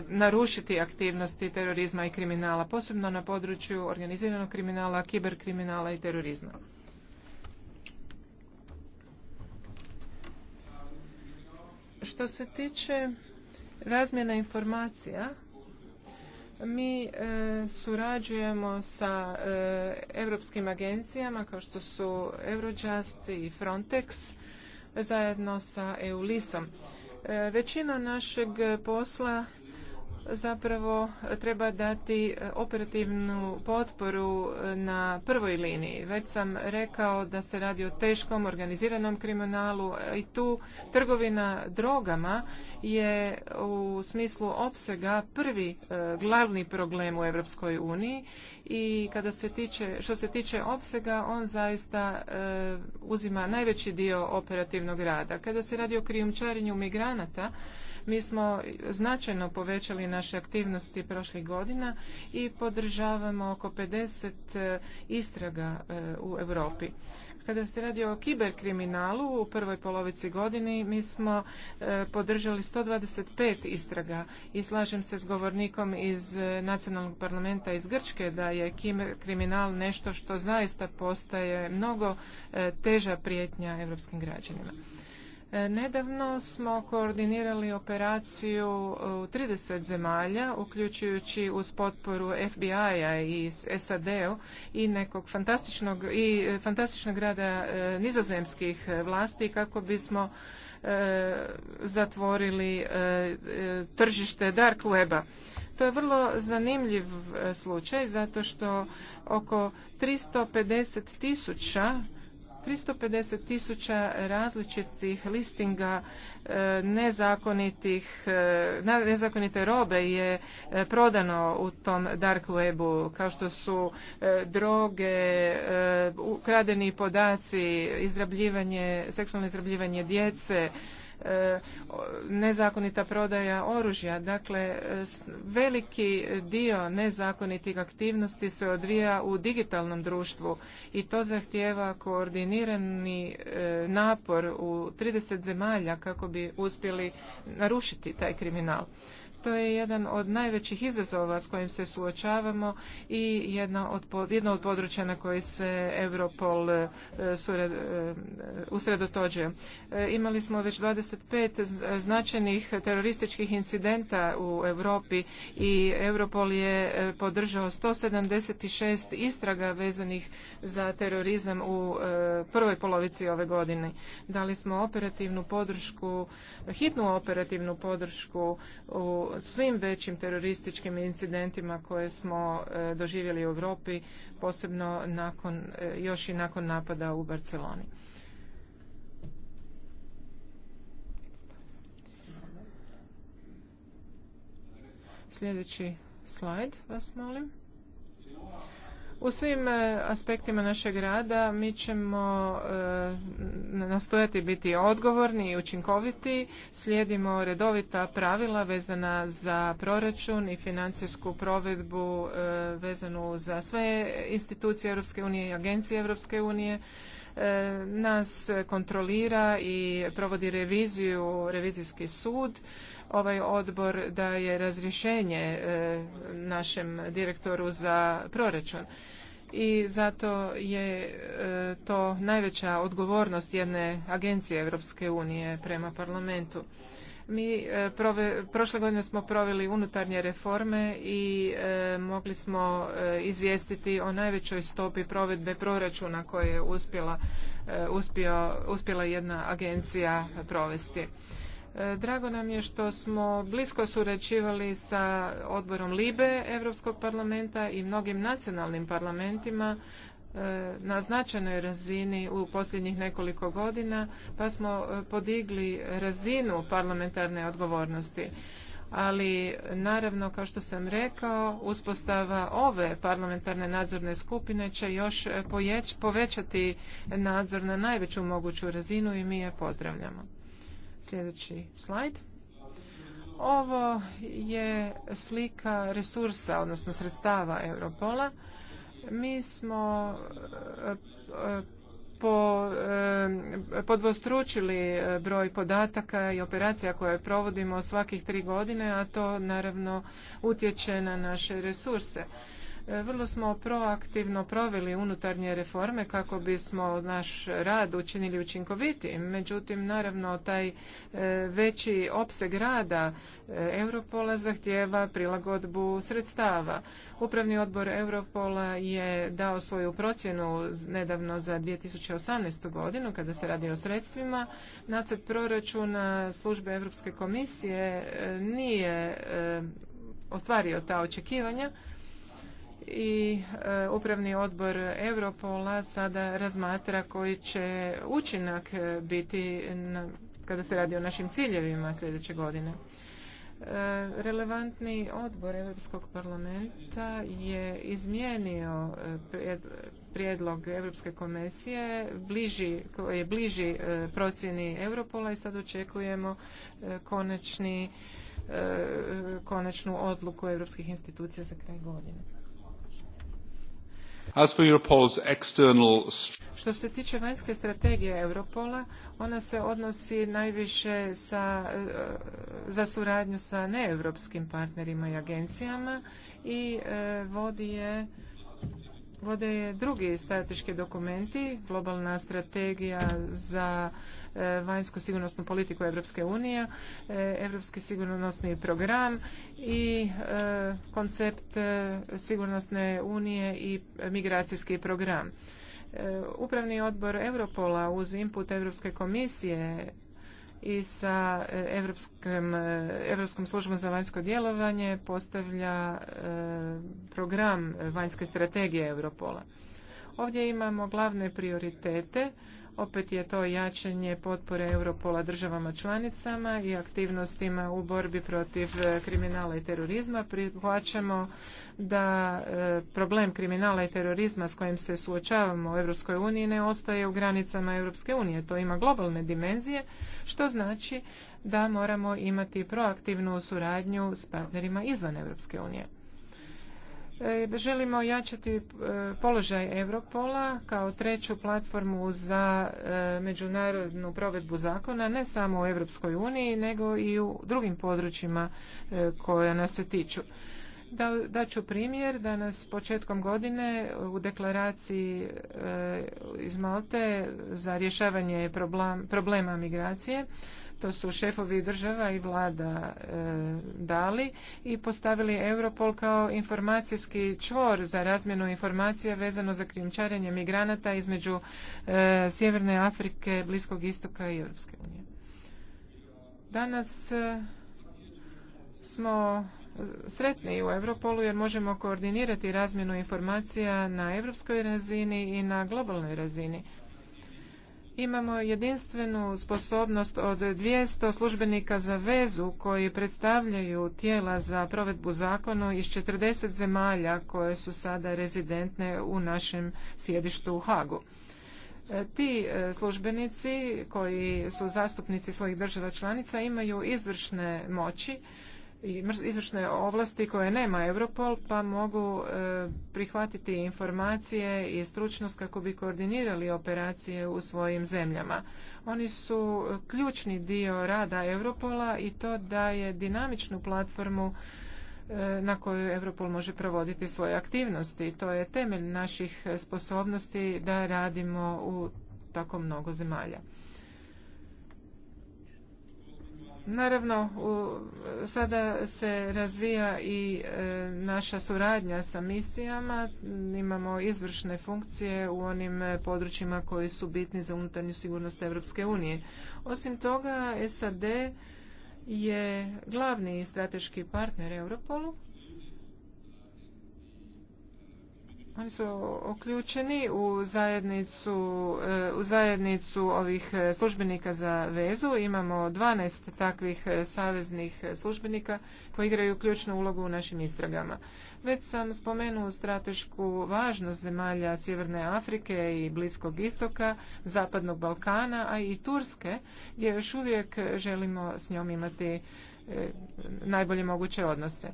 narušiti aktivnosti terorizma i kriminala, posebno na području organiziranog kriminala, kiberkriminala i terorizma. Što se tiče razmjena informacija, mi e, surađujemo sa europskim agencijama kao što su Eurojust i Frontex zajedno sa EULISom. E, većina našeg posla zapravo treba dati e, operativnu potporu e, na prvoj liniji. Već sam rekao da se radi o teškom organiziranom kriminalu i tu trgovina drogama je u smislu opsega prvi e, glavni problem u Europskoj uniji i kada se tiče, što se tiče opsega on zaista uzima najveći dio operativnog rada. Kada se radi o krijumčarenju migranata mi smo značajno povećali naše aktivnosti prošlih godina i podržavamo oko 50 e, istraga e, u Europi. Kada se radi o kiberkriminalu u prvoj polovici godini mi smo e, podržali 125 istraga i slažem se s govornikom iz nacionalnog parlamenta iz Grčke da je kriminal nešto što zaista postaje mnogo teža prijetnja europskim građanima. E, nedavno smo koordinirali operaciju e, u 30 zemalja, uključujući uz potporu FBI-a i SAD-u i nekog fantastičnog i e, fantastičnog rada nizozemskih vlasti kako bismo zatvorili tržište dark weba. To je vrlo zanimljiv slučaj zato što oko 350 tisuća 350 tisuća različitih listinga e, nezakonitih, e, nezakonite robe je e, prodano u tom dark webu, kao što su droge, ukradeni podaci, izrabljivanje, seksualno izrabljivanje djece, E, nezakonita prodaja oružja. Dakle, e, veliki dio nezakonitih aktivnosti se odvija u digitalnom društvu i to zahtjeva koordinirani e, napor u 30 zemalja kako bi uspjeli narušiti taj kriminal to je jedan od najvećih izazova s kojim se suočavamo i od, jedno od područja na koje se Europol e, sured, e, e, Imali smo već 25 značajnih terorističkih incidenta u Europi i Europol je podržao 176 istraga vezanih za terorizam u prvoj polovici ove godine. Dali smo operativnu podršku, hitnu operativnu podršku u svim većim terorističkim incidentima koje smo e, doživjeli u Europi, posebno nakon, e, još i nakon napada u Barceloni. Sljedeći slajd vas molim. U svim e, aspektima našeg rada mi ćemo e, nastojati biti odgovorni i učinkoviti. Slijedimo redovita pravila vezana za proračun i financijsku provedbu e, vezanu za sve institucije Europske unije i agencije Europske unije nas kontrolira i provodi reviziju revizijski sud ovaj odbor daje razrješenje e, našem direktoru za proračun i zato je e, to najveća odgovornost jedne agencije Europske unije prema parlamentu. Mi e, prošle godine smo proveli unutarnje reforme i mogli smo izvijestiti o najvećoj stopi provedbe proračuna koje je uspjela, uspjela jedna agencija provesti. Drago nam je što smo blisko surađivali sa odborom LIBE Europskog parlamenta i mnogim nacionalnim parlamentima e, na značajnoj razini u posljednjih nekoliko godina, pa smo e, podigli razinu parlamentarne odgovornosti. Ali, naravno, kao što sam rekao, uspostava ove parlamentarne nadzorne skupine će još povećati nadzor na najveću moguću razinu i mi je pozdravljamo. Sljedeći slajd. Ovo je slika resursa, odnosno sredstava Europola. Mi smo eh, eh, podvostručili eh, broj podataka i operacija koje provodimo svakih tri godine, a to naravno utječe na naše resurse. E, vrlo smo proaktivno proveli unutarnje reforme kako bismo naš rad učinili učinkovitim. Međutim, naravno, taj e, veći opseg rada e, Europola zahtjeva prilagodbu sredstava. Upravni odbor Europola je dao svoju procjenu nedavno za 2018. godinu kada se radi o sredstvima. Nacrt proračuna službe Europske komisije nije ostvario ta očekivanja i e, upravni odbor Europola sada razmatra koji će učinak e, biti kada se radi o našim ciljevima sljedeće godine. E, relevantni odbor Europskog parlamenta je izmijenio prijedlog Europske komisije koji je bliži procjeni Europola i sad očekujemo konačni, konačnu odluku europskih institucija za kraj godine. As Što se tiče vanjske strategije Europola, ona se odnosi najviše sa, eh, za suradnju sa neeuropskim partnerima i agencijama i eh, vodi je Vode je drugi strateški dokumenti, globalna strategija za vanjsku sigurnosnu politiku Europske unije, Europski sigurnosni program i e, koncept e, sigurnosne unije i migracijski program. E, upravni odbor Europola uz input Europske komisije i sa Europskom, Europskom službom za vanjsko djelovanje postavlja program vanjske strategije Europola. Ovdje imamo glavne prioritete opet je to jačanje potpore Europola državama članicama i aktivnostima u borbi protiv e, kriminala i terorizma. Prihvaćamo da e, problem kriminala i terorizma s kojim se suočavamo u Europskoj uniji ne ostaje u granicama Europske unije. To ima globalne dimenzije, što znači da moramo imati proaktivnu suradnju s partnerima izvan Europske unije. E, želimo jačati e, položaj Europola kao treću platformu za e, međunarodnu provedbu zakona, ne samo u Europskoj uniji, nego i u drugim područjima koja nas se tiču. Da, daću primjer, danas početkom godine u deklaraciji iz Malte za rješavanje problema migracije to su šefovi država i vlada e, dali i postavili Europol kao informacijski čvor za razmjenu informacija vezano za krijumčarenje migranata između e, Sjeverne Afrike, Bliskog istoka i Europske unije. Danas e, smo sretni u Europolu jer možemo koordinirati razmjenu informacija na europskoj razini i na globalnoj razini. Imamo jedinstvenu sposobnost od 200 službenika za vezu koji predstavljaju tijela za provedbu zakona iz 40 zemalja koje su sada rezidentne u našem sjedištu u Hagu. E, ti e, službenici koji su zastupnici svojih država članica imaju izvršne moći izvršne ovlasti koje nema Europol pa mogu e, prihvatiti informacije i stručnost kako bi koordinirali operacije u svojim zemljama. Oni su ključni dio rada Europola i to daje dinamičnu platformu e, na koju Europol može provoditi svoje aktivnosti. To je temelj naših sposobnosti da radimo u tako mnogo zemalja. Naravno, sada se razvija i e, naša suradnja sa misijama. Imamo izvršne funkcije u onim e, područjima koji su bitni za unutarnju sigurnost Europske unije. Osim toga, SAD je glavni strateški partner Europolu Oni su uključeni u zajednicu, e, u zajednicu ovih e, službenika za vezu. Imamo 12 takvih e, saveznih službenika koji igraju ključnu ulogu u našim istragama. Već sam spomenuo stratešku važnost zemalja Sjeverne Afrike i Bliskog istoka, Zapadnog Balkana, a i Turske, gdje još uvijek želimo s njom imati najbolje moguće odnose.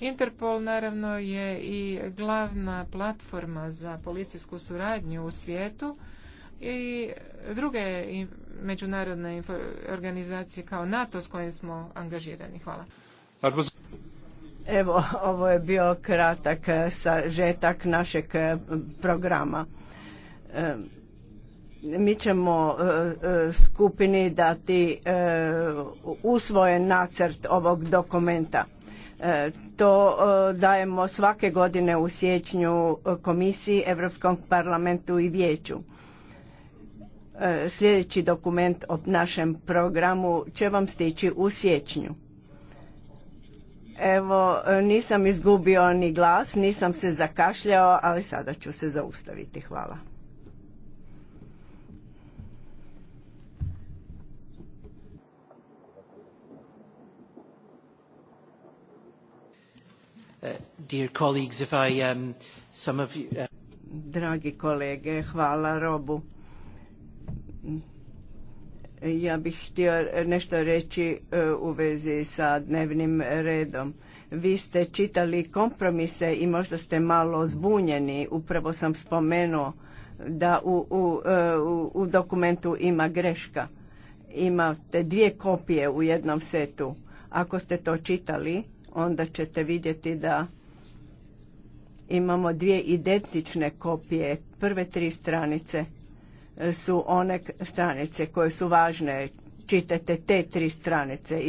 Interpol naravno je i glavna platforma za policijsku suradnju u svijetu i druge međunarodne organizacije kao NATO s kojim smo angažirani. Hvala. Evo, ovo je bio kratak e, sažetak našeg e, programa. E, mi ćemo skupini dati usvojen nacrt ovog dokumenta to e, dajemo svake godine u siječnju e, komisiji, Europskom parlamentu i vijeću. E, sljedeći dokument o našem programu će vam stići u siječnju. Evo, nisam izgubio ni glas, nisam se zakašljao, ali sada ću se zaustaviti. Hvala. dear um, uh, Dragi kolege, hvala Robu. Ja bih htio nešto reći uh, u vezi sa dnevnim redom. Vi ste čitali kompromise i možda ste malo zbunjeni. Upravo sam spomenuo da u, u uh, dokumentu ima greška. Imate dvije kopije u jednom setu. Ako ste to čitali, onda ćete vidjeti da Imamo dvije identične kopije. Prve tri stranice e, su one stranice koje su važne. Čitajte te tri stranice.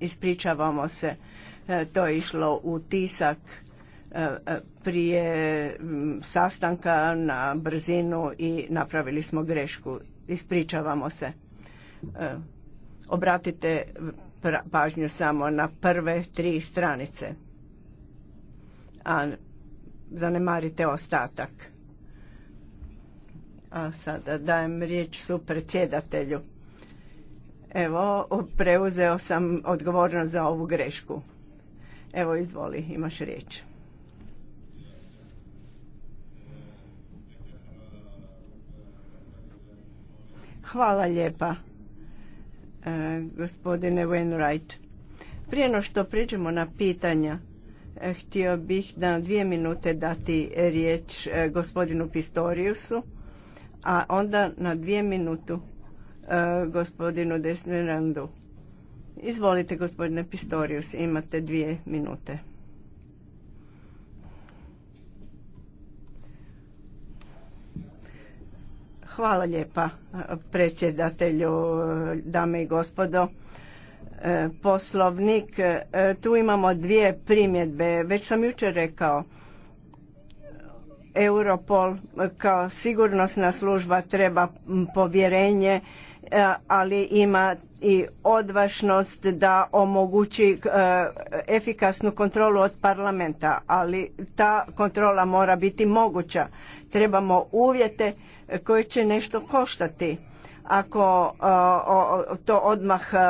ispričavamo se. E, to je išlo u tisak e, prije sastanka na brzinu i napravili smo grešku. Ispričavamo se. Obratite pažnju samo na prve tri stranice. A zanemarite ostatak. A sada dajem riječ su predsjedatelju. Evo, preuzeo sam odgovornost za ovu grešku. Evo, izvoli, imaš riječ. Hvala lijepa, e, gospodine Wainwright. Prije no što priđemo na pitanja, E, htio bih na dvije minute dati riječ e, gospodinu Pistoriusu, a onda na dvije minutu e, gospodinu Desmirandu. Izvolite gospodine Pistorius, imate dvije minute. Hvala lijepa predsjedatelju, dame i gospodo. E, poslovnik, e, tu imamo dvije primjedbe. Već sam jučer rekao, Europol kao sigurnosna služba treba povjerenje, e, ali ima i odvažnost da omogući efikasnu kontrolu od parlamenta, ali ta kontrola mora biti moguća. Trebamo uvjete koje će nešto koštati ako e, to odmah e,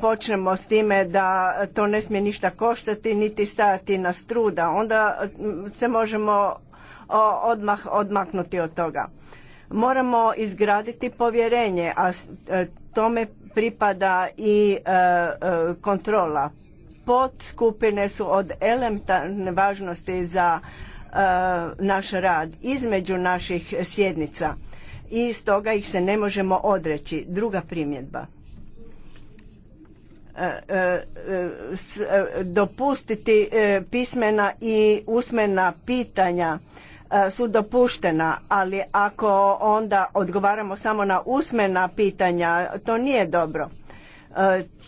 počnemo s time da to ne smije ništa koštati niti stajati na struda, onda se možemo odmah odmaknuti od toga. Moramo izgraditi povjerenje, a e, tome pripada i kontrola. Podskupine su od elementarne važnosti za naš rad između naših sjednica i stoga ih se ne možemo odreći. Druga primjedba. E, e, e, dopustiti pismena i usmena pitanja su dopuštena, ali ako onda odgovaramo samo na usmena pitanja, to nije dobro.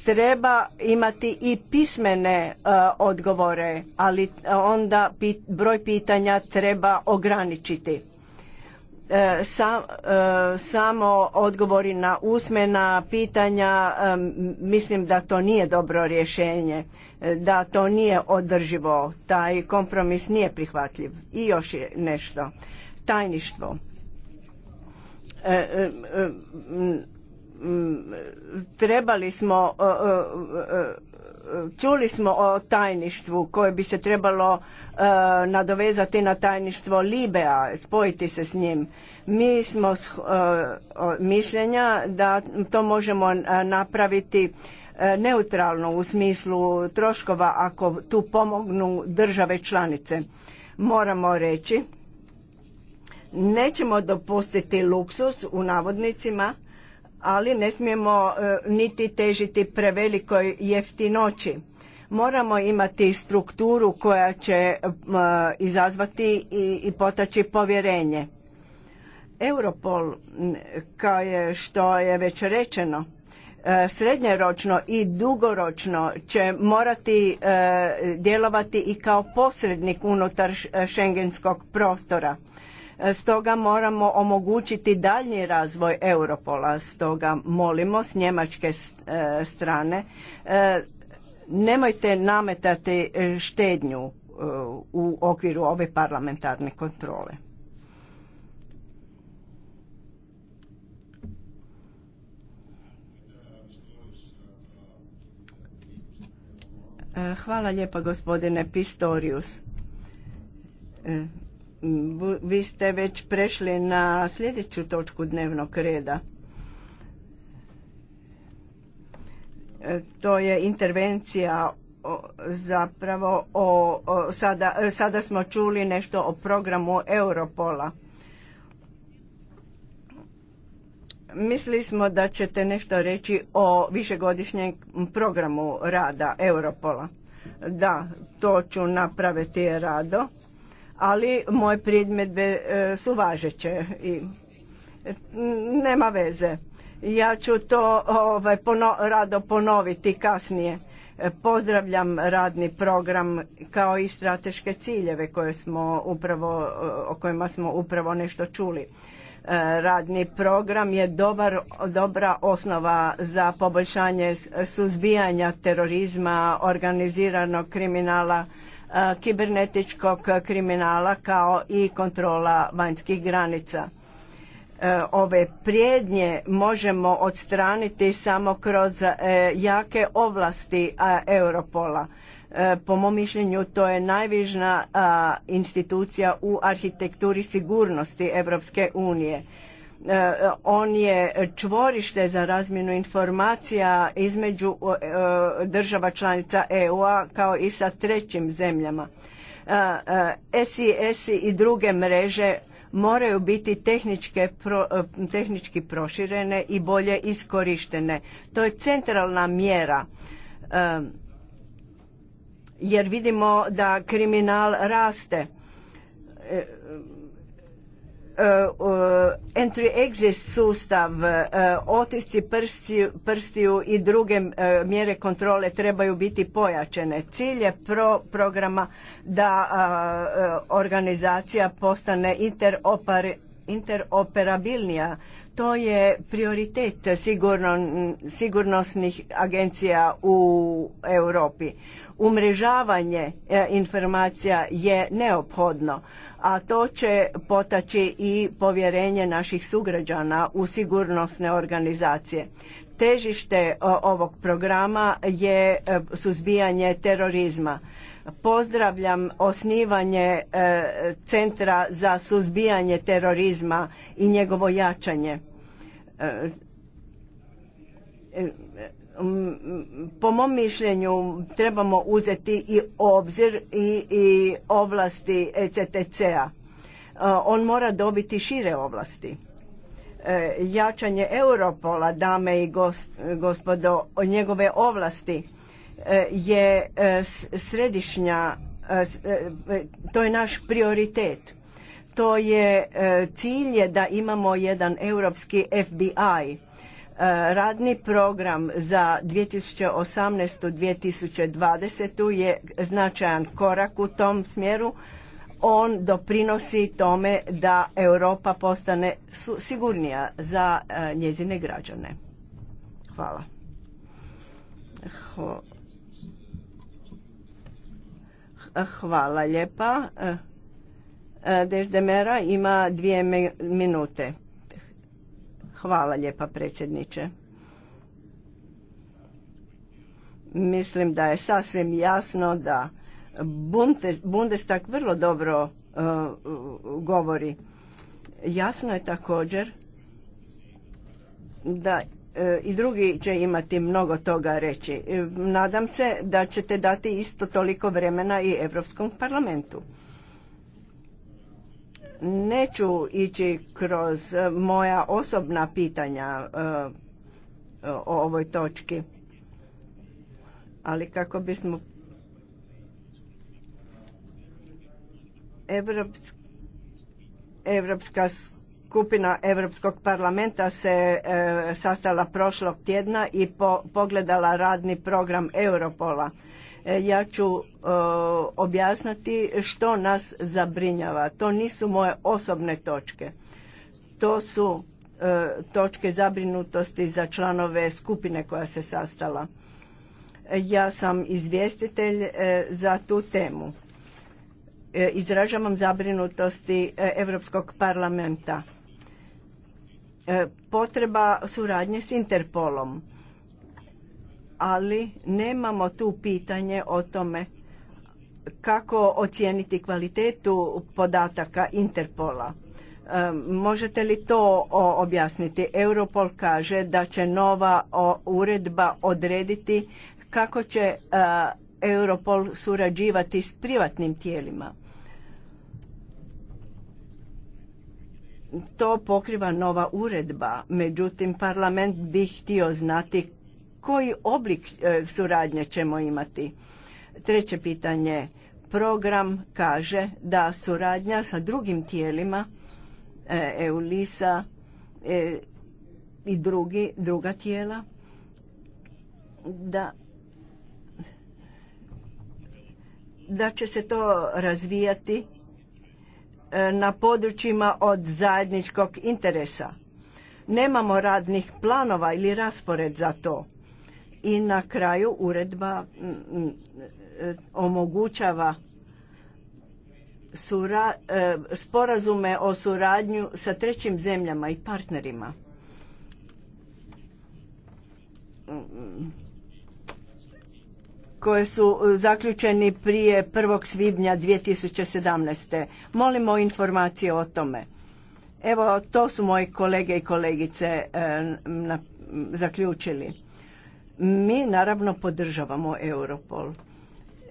Treba imati i pismene odgovore, ali onda broj pitanja treba ograničiti E, e, samo odgovori na usmena pitanja e, mislim da to nije dobro rješenje da to nije održivo taj kompromis nije prihvatljiv i još je nešto tajništvo trebali smo Čuli smo o tajništvu koje bi se trebalo e, nadovezati na tajništvo Libea, spojiti se s njim. Mi smo e, mišljenja da to možemo e, napraviti neutralno u smislu troškova ako tu pomognu države članice. Moramo reći nećemo dopustiti luksus u navodnicima ali ne smijemo e, niti težiti prevelikoj jeftinoći. Moramo imati strukturu koja će e, izazvati i potaći povjerenje. Europol, kao je što je već rečeno, e, srednjeročno i dugoročno će morati djelovati i kao posrednik unutar šengenskog prostora Stoga moramo omogućiti daljnji razvoj Europola. Stoga molimo s njemačke e, strane e, nemojte nametati e, štednju u okviru ove parlamentarne kontrole. Hvala lijepa gospodine Pistorius vi ste već prešli na sljedeću točku dnevnog reda. E, to je intervencija zapravo o, sada, e, sada smo čuli nešto o programu Europola. Mislili smo da ćete nešto reći o višegodišnjem programu rada Europola. Da, to ću napraviti rado ali moje primjedbe e, su važeće i e, nema veze. Ja ću to ovaj, rado ponoviti kasnije. E, pozdravljam radni program kao i strateške ciljeve koje smo upravo, o kojima smo upravo nešto čuli. Radni program je dobar, dobra osnova za poboljšanje suzbijanja terorizma, organiziranog kriminala, kibernetičkog kriminala kao i kontrola vanjskih granica. E, ove prijednje možemo odstraniti samo kroz e, jake ovlasti Europola. E, po mom mišljenju to je najvižna institucija u arhitekturi sigurnosti Europske unije E, on je čvorište za razmjenu informacija između e, država članica EU-a kao i sa trećim zemljama. SIS e, i druge mreže moraju biti tehnički proširene i bolje iskorištene. To je centralna mjera jer vidimo da kriminal raste E, e, entry-exit sustav, e, otisci prstiju, i druge mjere kontrole trebaju biti pojačene. Cilj je programa da organizacija postane interoperabilnija. To je prioritet sigurnosnih agencija u Europi umrežavanje e, informacija je neophodno, a to će potaći i povjerenje naših sugrađana u sigurnosne organizacije. Težište e, ovog programa je e, suzbijanje terorizma. Pozdravljam osnivanje Centra za suzbijanje terorizma i njegovo jačanje po mom mišljenju trebamo uzeti i obzir i, i ovlasti ECTC-a. E, on mora dobiti šire ovlasti. E, jačanje Europola, dame i gospodo, njegove ovlasti e, je središnja, to je naš prioritet. To je cilj je da imamo jedan europski FBI Radni program za 2018-2020 je značajan korak u tom smjeru. On doprinosi tome da Europa postane sigurnija za e, njezine građane. Hvala. Hvala lijepa. E, e, mera ima dvije minute. Hvala lijepa predsjedniče. Mislim da je sasvim jasno da Bundestag vrlo dobro e, govori. Jasno je također da e, i drugi će imati mnogo toga reći. E, nadam se da ćete dati isto toliko vremena i Europskom parlamentu. Neću ići kroz e, moja osobna pitanja e, o ovoj točki, ali kako bismo Evropska skupina Europskog parlamenta se e, sastala prošlog tjedna i pogledala radni program Europola. E, ja ću e, objasniti što nas zabrinjava. To nisu moje osobne točke. To su e, točke zabrinutosti za članove skupine koja se sastala. Ja sam izvjestitelj za tu temu. Izražavam zabrinutosti Europskog parlamenta. Potreba suradnje s Interpolom ali nemamo tu pitanje o tome kako ocijeniti kvalitetu podataka Interpola. E, možete li to objasniti? Europol kaže da će nova uredba odrediti kako će e, Europol surađivati s privatnim tijelima. To pokriva nova uredba, međutim parlament bi htio znati koji oblik e, suradnje ćemo imati? Treće pitanje. Program kaže da suradnja sa drugim tijelima EULISA e e, i drugi, druga tijela da da će se to razvijati na područjima od zajedničkog interesa. Nemamo radnih planova ili raspored za to. I na kraju uredba e, omogućava sura, e, sporazume o suradnju sa trećim zemljama i partnerima. koje su zaključeni prije 1. svibnja 2017. Molimo informacije o tome. Evo, to su moji kolege i kolegice e, zaključili. Mi naravno podržavamo Europol.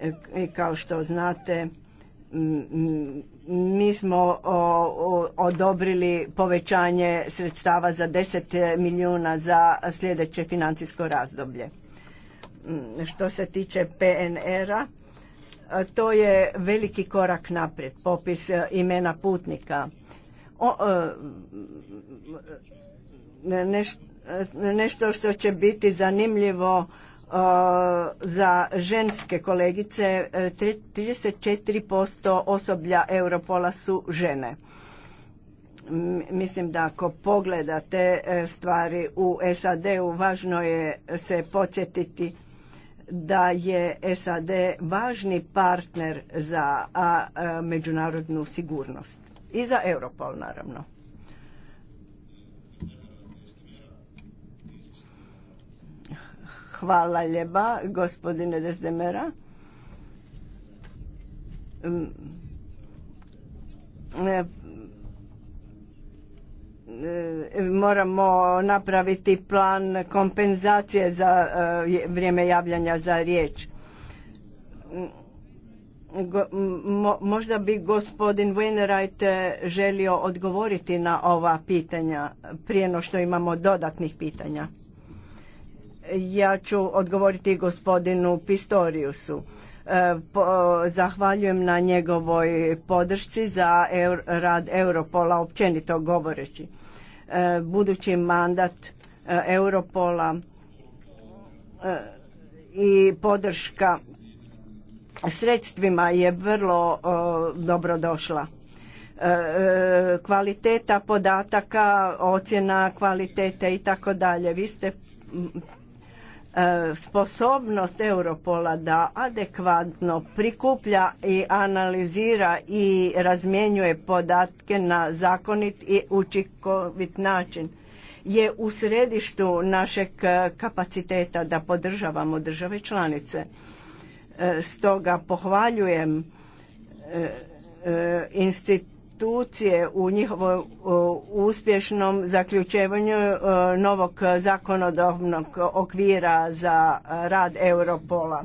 E, I kao što znate, mi smo odobrili povećanje sredstava za 10 milijuna za sljedeće financijsko razdoblje. Što se tiče PNR-a, to je veliki korak naprijed, popis e, imena putnika. O, e, E, nešto što će biti zanimljivo e, za ženske kolegice 34% e, osoblja Europola su žene. Mislim da ako pogledate stvari u SAD-u važno je se podsjetiti da je SAD važni partner za međunarodnu sigurnost i za Europol naravno. Hvala ljeba, gospodine Dezdemera. Mm. E, e, moramo napraviti plan kompenzacije za e, vrijeme javljanja za riječ. Mm. možda bi gospodin Wainwright želio odgovoriti na ova pitanja prije no što imamo dodatnih pitanja. Ja ću odgovoriti gospodinu Pistoriusu. E, zahvaljujem na njegovoj podršci za rad Europola općenito govoreći. E, budući mandat e, Europola i podrška sredstvima je vrlo dobro došla. Kvaliteta podataka, ocjena kvalitete i tako dalje. Vi ste E, sposobnost Europola da adekvatno prikuplja i analizira i razmjenjuje podatke na zakonit i učinkovit način je u središtu našeg e, kapaciteta da podržavamo države članice. E, stoga pohvaljujem institut institucije u njihovom uspješnom zaključevanju e, novog zakonodavnog okvira za rad Europola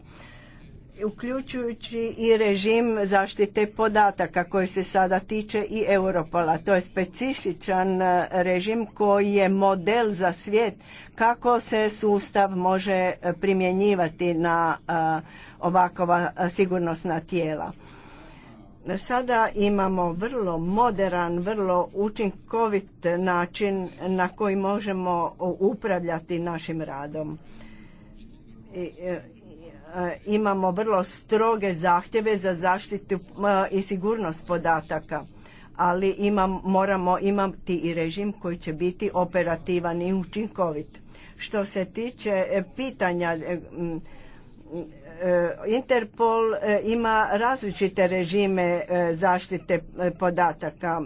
uključujući i režim zaštite podataka koji se sada tiče i Europola. To je specifičan e, režim koji je model za svijet kako se sustav može primjenjivati na e, ovakova sigurnosna tijela. Sada imamo vrlo moderan, vrlo učinkovit način na koji možemo upravljati našim radom. E, e, imamo vrlo stroge zahtjeve za zaštitu e, i sigurnost podataka, ali imam, moramo imati i režim koji će biti operativan i učinkovit. Što se tiče pitanja E, Interpol e, ima različite režime e, zaštite podataka.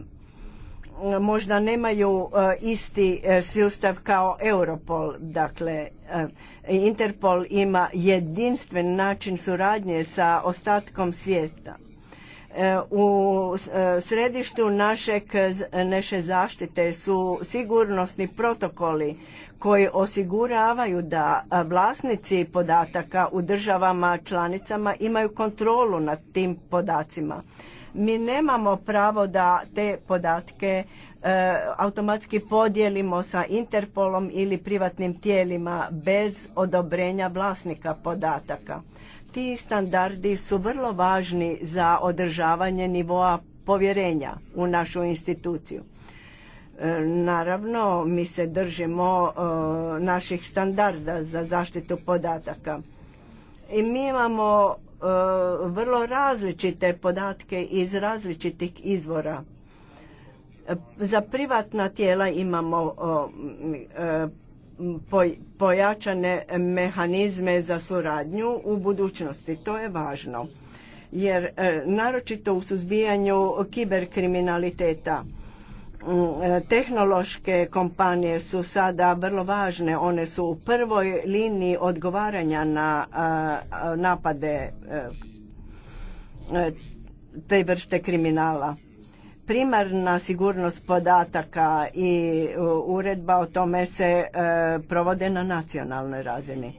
Možda nemaju isti sustav kao Europol. Dakle, Interpol ima jedinstven način suradnje sa ostatkom svijeta. U središtu naše zaštite su sigurnosni protokoli koji osiguravaju da vlasnici podataka u državama članicama imaju kontrolu nad tim podacima. Mi nemamo pravo da te podatke e, automatski podijelimo sa Interpolom ili privatnim tijelima bez odobrenja vlasnika podataka. Ti standardi su vrlo važni za održavanje nivoa povjerenja u našu instituciju. E, naravno, mi se držimo e, naših standarda za zaštitu podataka. I mi imamo e, vrlo različite podatke iz različitih izvora. Za privatna tijela imamo pojačane mehanizme za suradnju u budućnosti. To je važno jer naročito u suzbijanju kiberkriminaliteta Mm, e, tehnološke kompanije su sada vrlo važne, one su u prvoj liniji odgovaranja na napade e, e, te vrste kriminala. Primarna sigurnost podataka i uredba o tome se provode na nacionalnoj razini.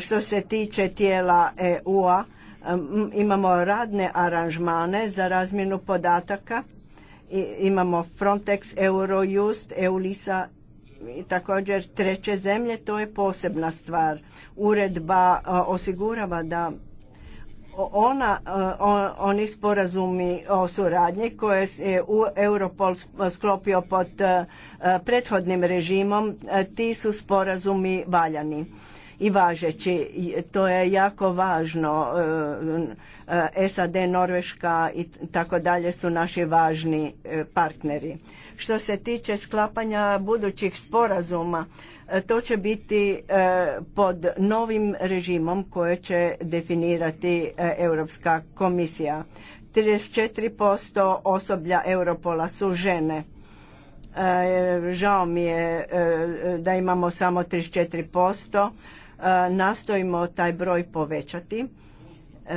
Što se tiče tijela EU-a, imamo radne aranžmane za razmjenu podataka imamo Frontex, Eurojust, Eulisa i također treće zemlje, to je posebna stvar. Uredba e, osigurava da ona, e, oni sporazumi o suradnji koje je u Europol e, sklopio pod prethodnim režimom, ti su sporazumi valjani i važeći. To je jako važno E, SAD, Norveška i tako dalje su naši važni e, partneri. Što se tiče sklapanja budućih sporazuma, e, to će biti pod novim režimom koje će definirati Europska komisija. 34% osoblja Europola su žene. Žao mi je da imamo samo 34%. Nastojimo taj broj povećati. E,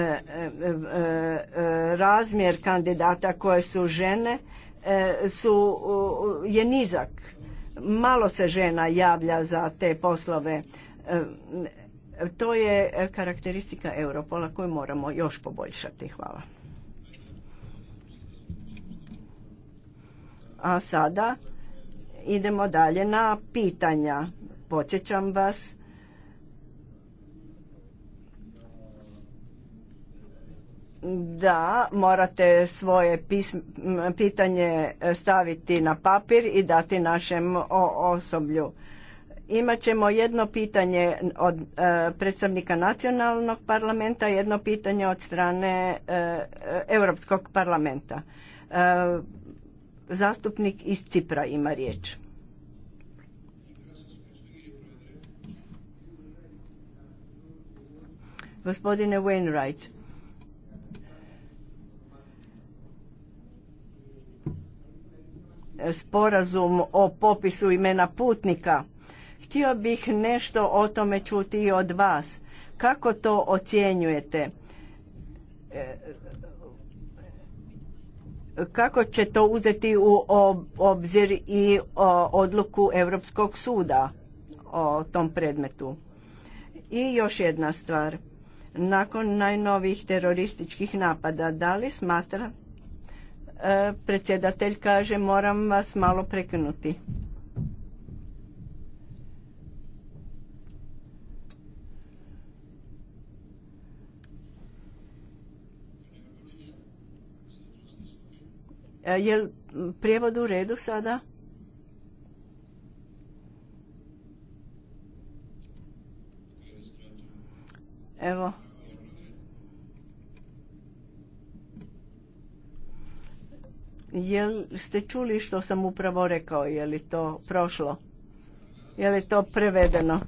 e, e, razmjer kandidata koje su žene su, je nizak. Malo se žena javlja za te poslove. To je karakteristika Europola koju moramo još poboljšati. Hvala. A sada idemo dalje na pitanja. Podsjećam vas da morate svoje pitanje e, staviti na papir i dati našem osoblju. Imaćemo jedno pitanje od e, predstavnika nacionalnog parlamenta, jedno pitanje od strane e, Europskog parlamenta. Zastupnik iz Cipra ima riječ. Gospodine Wainwright, sporazum o popisu imena putnika. Htio bih nešto o tome čuti i od vas. Kako to ocjenjujete? E, kako će to uzeti u obzir i odluku Europskog suda o tom predmetu? I još jedna stvar. Nakon najnovijih terorističkih napada, da li smatra Predsjedatelj kaže moram vas malo prekinuti. E, je li prijevod u redu sada? Evo. Jel ste čuli što sam upravo rekao? Je li to prošlo? Je li to prevedeno?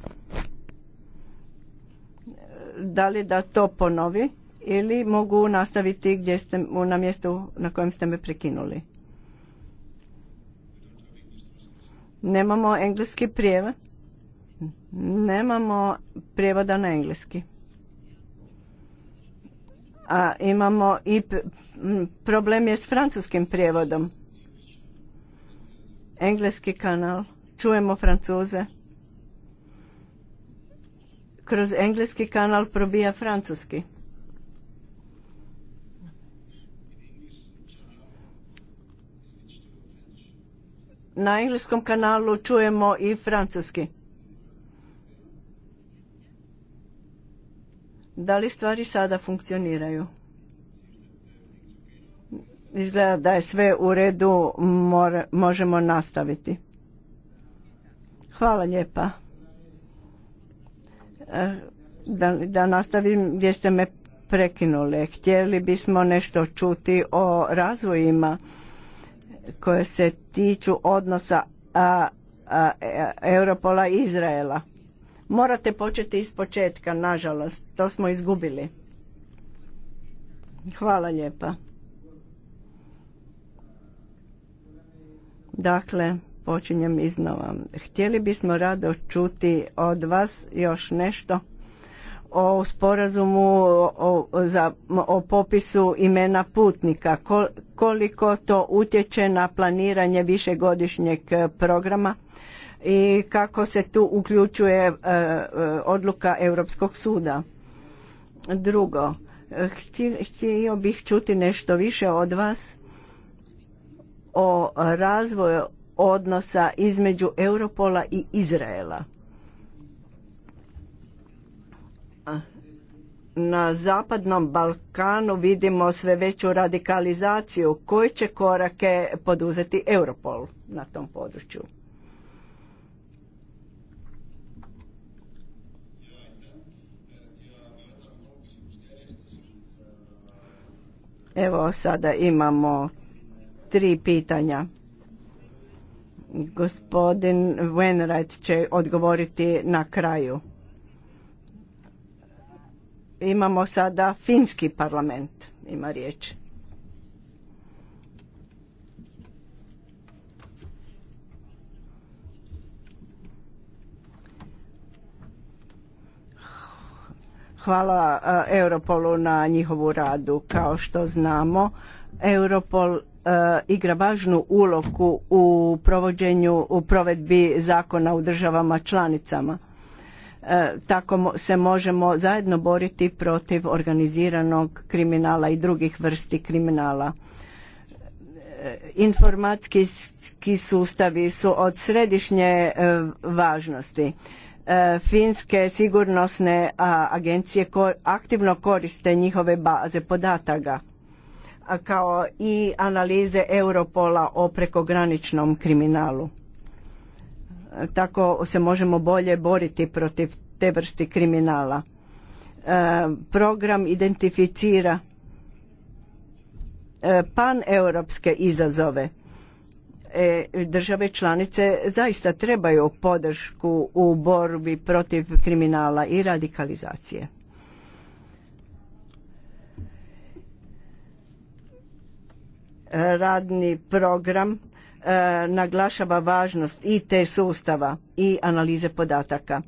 Da li da to ponovi ili mogu nastaviti gdje ste, na mjestu na kojem ste me prekinuli? Nemamo engleski prijevod? Nemamo prijevoda na engleski a imamo i problem je s francuskim prijevodom. Engleski kanal, čujemo francuze. Kroz engleski kanal probija francuski. Na engleskom kanalu čujemo i francuski. Da li stvari sada funkcioniraju? Izgleda da je sve u redu, možemo nastaviti. Hvala lijepa. E, da, da nastavim gdje ste me prekinuli. Htjeli bismo nešto čuti o razvojima koje se tiču odnosa a, e, Europola i Izraela. Morate početi iz početka, nažalost. To smo izgubili. Hvala lijepa. Dakle, počinjem iznova. Htjeli bismo rado čuti od vas još nešto o sporazumu o, za, o popisu imena putnika. Koliko to utječe na planiranje višegodišnjeg programa? i kako se tu uključuje e, e, odluka Europskog suda. Drugo, htio bih čuti nešto više od vas o razvoju odnosa između Europola i Izraela. Na zapadnom Balkanu vidimo sve veću radikalizaciju. Koje će korake poduzeti Europol na tom području? Evo sada imamo tri pitanja. Gospodin Wainwright će odgovoriti na kraju. Imamo sada finski parlament, ima riječ. Hvala eh, Europolu na njihovu radu. Kao što znamo, Europol eh, igra važnu ulogu u provođenju, u provedbi zakona u državama članicama. Eh, tako se možemo zajedno boriti protiv organiziranog kriminala i drugih vrsti kriminala. Informacijski sustavi su od središnje važnosti E, finske sigurnosne agencije aktivno koriste njihove baze podataka kao i analize Europola o prekograničnom kriminalu. E, tako se možemo bolje boriti protiv te vrsti kriminala. E, program identificira paneuropske izazove E, države članice zaista trebaju podršku u borbi protiv kriminala i radikalizacije. Radni program e, naglašava važnost i te sustava i analize podataka.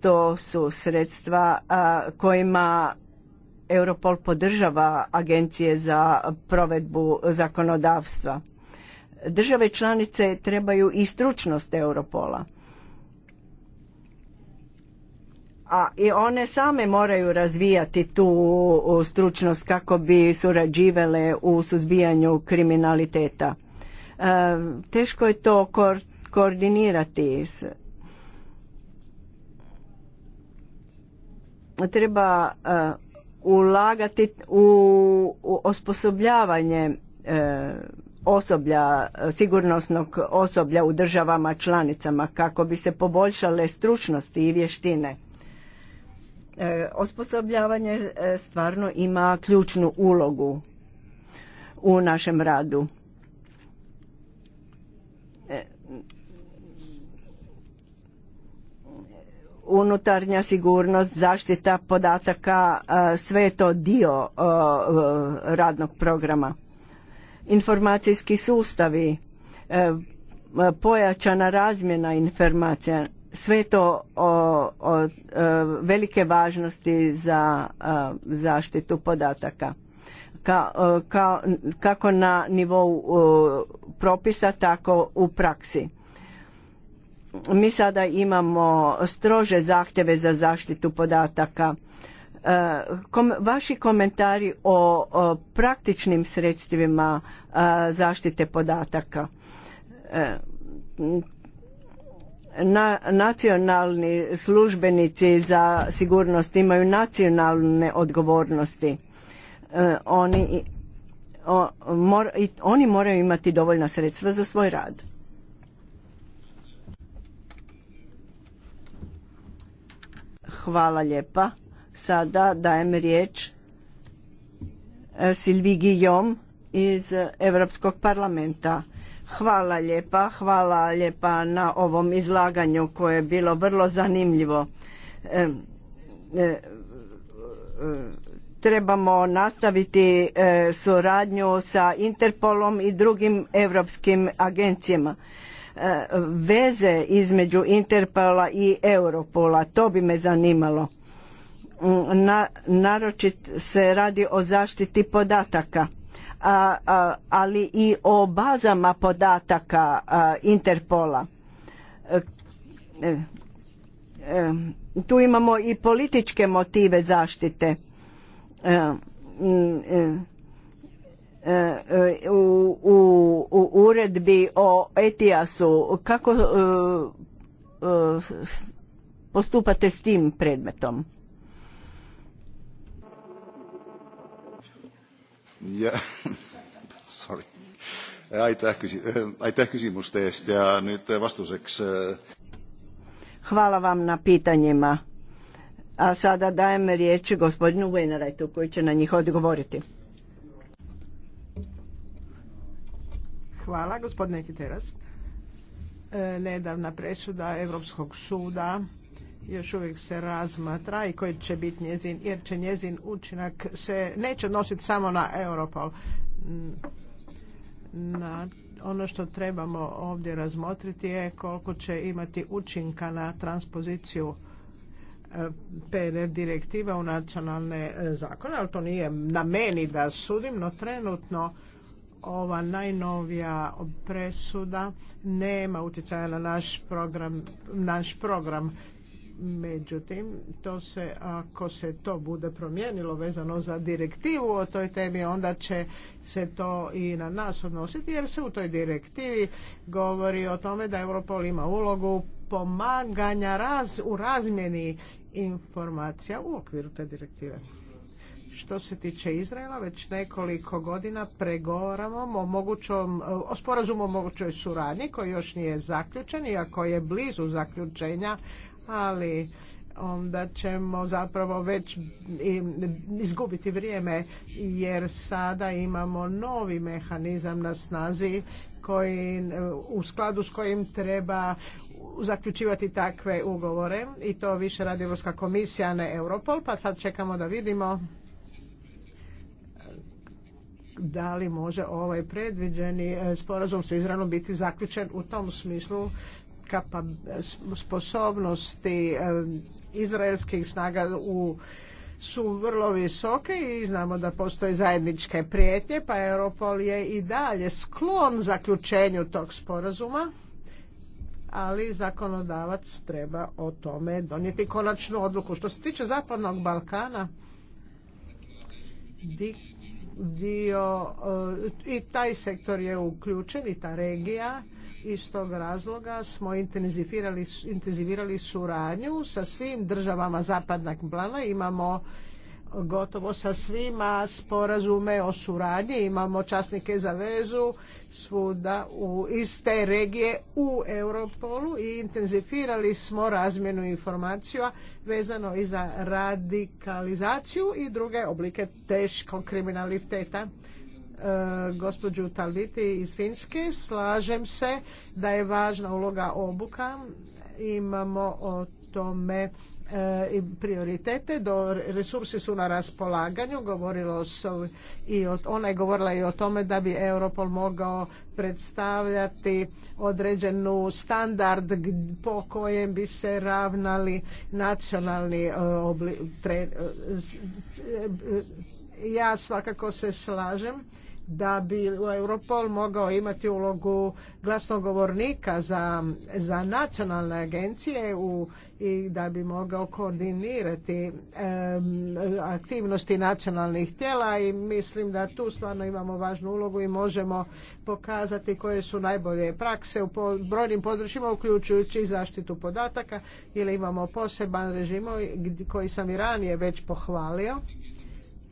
To su sredstva kojima Europol podržava agencije za provedbu zakonodavstva. Države članice trebaju i stručnost Europola. A i one same moraju razvijati tu stručnost kako bi surađivale u suzbijanju kriminaliteta. E, teško je to koordinirati s treba e, ulagati u, osposobljavanje e, osoblja, sigurnosnog osoblja u državama članicama kako bi se poboljšale stručnosti i vještine. E, osposobljavanje e, stvarno ima ključnu ulogu u našem radu. E, unutarnja sigurnost, zaštita podataka, sve je to dio radnog programa informacijski sustavi, e, pojačana razmjena informacija, sve to od e, velike važnosti za e, zaštitu podataka. kako na nivou propisa, tako u praksi. Mi sada imamo strože zahtjeve za zaštitu podataka vaši komentari o, praktičnim sredstvima zaštite podataka. E, nacionalni službenici za sigurnost imaju nacionalne odgovornosti. E, oni, oni moraju imati dovoljna sredstva za svoj rad. Hvala lijepa. Sada dajem riječ e, Silvi Gijom iz Europskog parlamenta. Hvala lijepa, hvala lijepa na ovom izlaganju koje je bilo vrlo zanimljivo. E, e, trebamo nastaviti suradnju sa Interpolom i drugim europskim agencijama. Veze između Interpola i Europola, to bi me zanimalo Mm, na, naročit se radi o zaštiti podataka a, ali i o bazama podataka Interpola e, e, e, tu imamo i političke motive zaštite e, mm, u, u, u uredbi o Etijasu kako postupate s tim predmetom Ja, (laughs) sorry. Eh, eh, eh. Hvala vam na pitanjima. A sada dajem riječ gospodinu Wainwrightu koji će na njih odgovoriti. Hvala gospodine Kiteras. E, nedavna presuda Europskog suda još uvijek se razmatra i koji će biti njezin, jer će njezin učinak se neće odnositi samo na Europol. Na ono što trebamo ovdje razmotriti je koliko će imati učinka na transpoziciju e, PNR direktiva u nacionalne e, zakone, ali to nije na meni da sudim, no trenutno ova najnovija presuda nema utjecaja na naš program, naš program Međutim, to se, ako se to bude promijenilo vezano za direktivu o toj temi, onda će se to i na nas odnositi, jer se u toj direktivi govori o tome da Europol ima ulogu pomaganja raz, u razmjeni informacija u okviru te direktive. Što se tiče Izraela, već nekoliko godina pregovaramo o, mogućom, o sporazumu o mogućoj suradnji koji još nije zaključen, iako je blizu zaključenja ali onda ćemo zapravo već izgubiti vrijeme jer sada imamo novi mehanizam na snazi koji, u skladu s kojim treba zaključivati takve ugovore i to više radi Europska komisija, ne Europol, pa sad čekamo da vidimo da li može ovaj predviđeni sporazum sa Izraelom biti zaključen u tom smislu sposobnosti izraelskih snaga u su vrlo visoke i znamo da postoje zajedničke prijetnje, pa Europol je i dalje sklon zaključenju tog sporazuma, ali zakonodavac treba o tome donijeti konačnu odluku. Što se tiče Zapadnog Balkana, dio e, i taj sektor je uključen i ta regija iz tog razloga smo intenzivirali, intenzivirali suradnju sa svim državama zapadnog plana. Imamo gotovo sa svima sporazume o suradnji. Imamo časnike za vezu svuda u, iz te regije u Europolu i intenzivirali smo razmjenu informacija vezano i za radikalizaciju i druge oblike teškog kriminaliteta. Eh, gospođu Taliti iz Finske. Slažem se da je važna uloga obuka. Imamo o tome eh, i prioritete, resursi su na raspolaganju, govorilo se i ona je govorila i o tome da bi Europol mogao predstavljati određenu standard po kojem bi se ravnali nacionalni eh, ja svakako se slažem da bi Europol mogao imati ulogu glasnogovornika za, za nacionalne agencije u, i da bi mogao koordinirati aktivnosti nacionalnih tijela i mislim da tu stvarno imamo važnu ulogu i možemo pokazati koje su najbolje prakse u brojnim područjima uključujući zaštitu podataka ili imamo poseban režim koji sam i ranije već pohvalio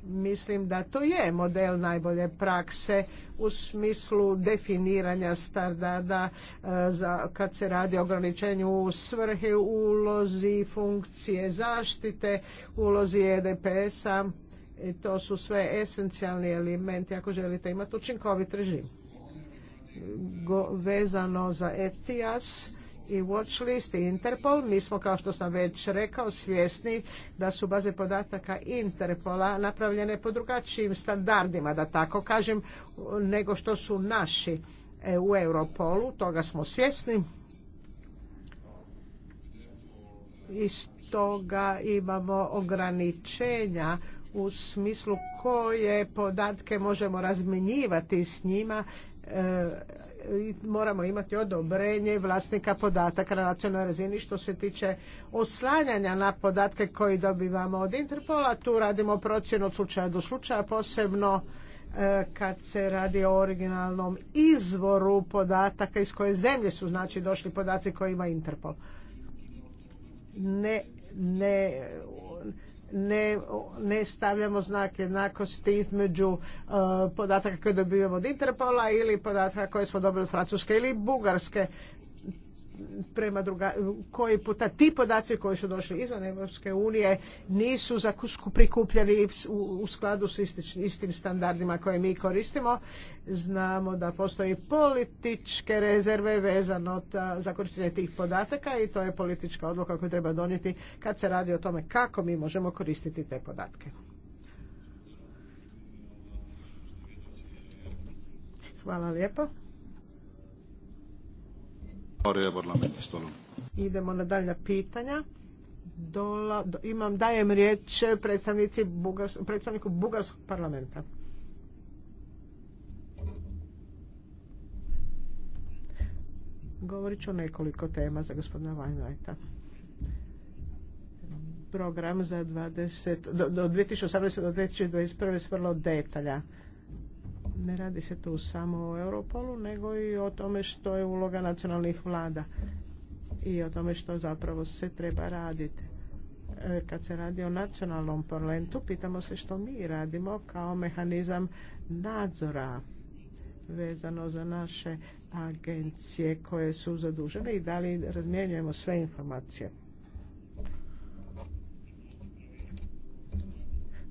mislim da to je model najbolje prakse u smislu definiranja standarda e, za kad se radi o ograničenju svrhe, ulozi, funkcije zaštite, ulozi EDPS-a. I to su sve esencijalni elementi ako želite imati učinkovit režim. vezano za ETIAS, i watchlist i Interpol. Mi smo, kao što sam već rekao, svjesni da su baze podataka Interpola napravljene po drugačijim standardima, da tako kažem, nego što su naši e, u Europolu. Toga smo svjesni. I stoga imamo ograničenja u smislu koje podatke možemo razmjenjivati s njima e, moramo imati odobrenje vlasnika podataka na nacionalnoj razini što se tiče oslanjanja na podatke koji dobivamo od Interpola. Tu radimo procjenu od slučaja do slučaja, posebno e, kad se radi o originalnom izvoru podataka iz koje zemlje su znači došli podaci koje ima Interpol. Ne, ne, ne, ne stavljamo znak jednakosti između e, podataka koje dobivamo od Interpola ili podataka koje smo dobili od Francuske ili Bugarske prema druga, koji puta ti podaci koji su došli izvan Europske unije nisu prikupljeni u, skladu s istim standardima koje mi koristimo. Znamo da postoji političke rezerve vezano za korištenje tih podataka i to je politička odluka koju treba donijeti kad se radi o tome kako mi možemo koristiti te podatke. Hvala lijepo. Ono. Idemo na dalja pitanja. imam, dajem riječ predstavniku Bugarskog parlamenta. Govorit ću o nekoliko tema za gospodina Weinreita. Program za 20, do, do 2018. do 2021. je vrlo detalja ne radi se tu samo o Europolu, nego i o tome što je uloga nacionalnih vlada i o tome što zapravo se treba raditi. E, kad se radi o nacionalnom parlamentu, pitamo se što mi radimo kao mehanizam nadzora vezano za naše agencije koje su zadužene i da li razmjenjujemo sve informacije.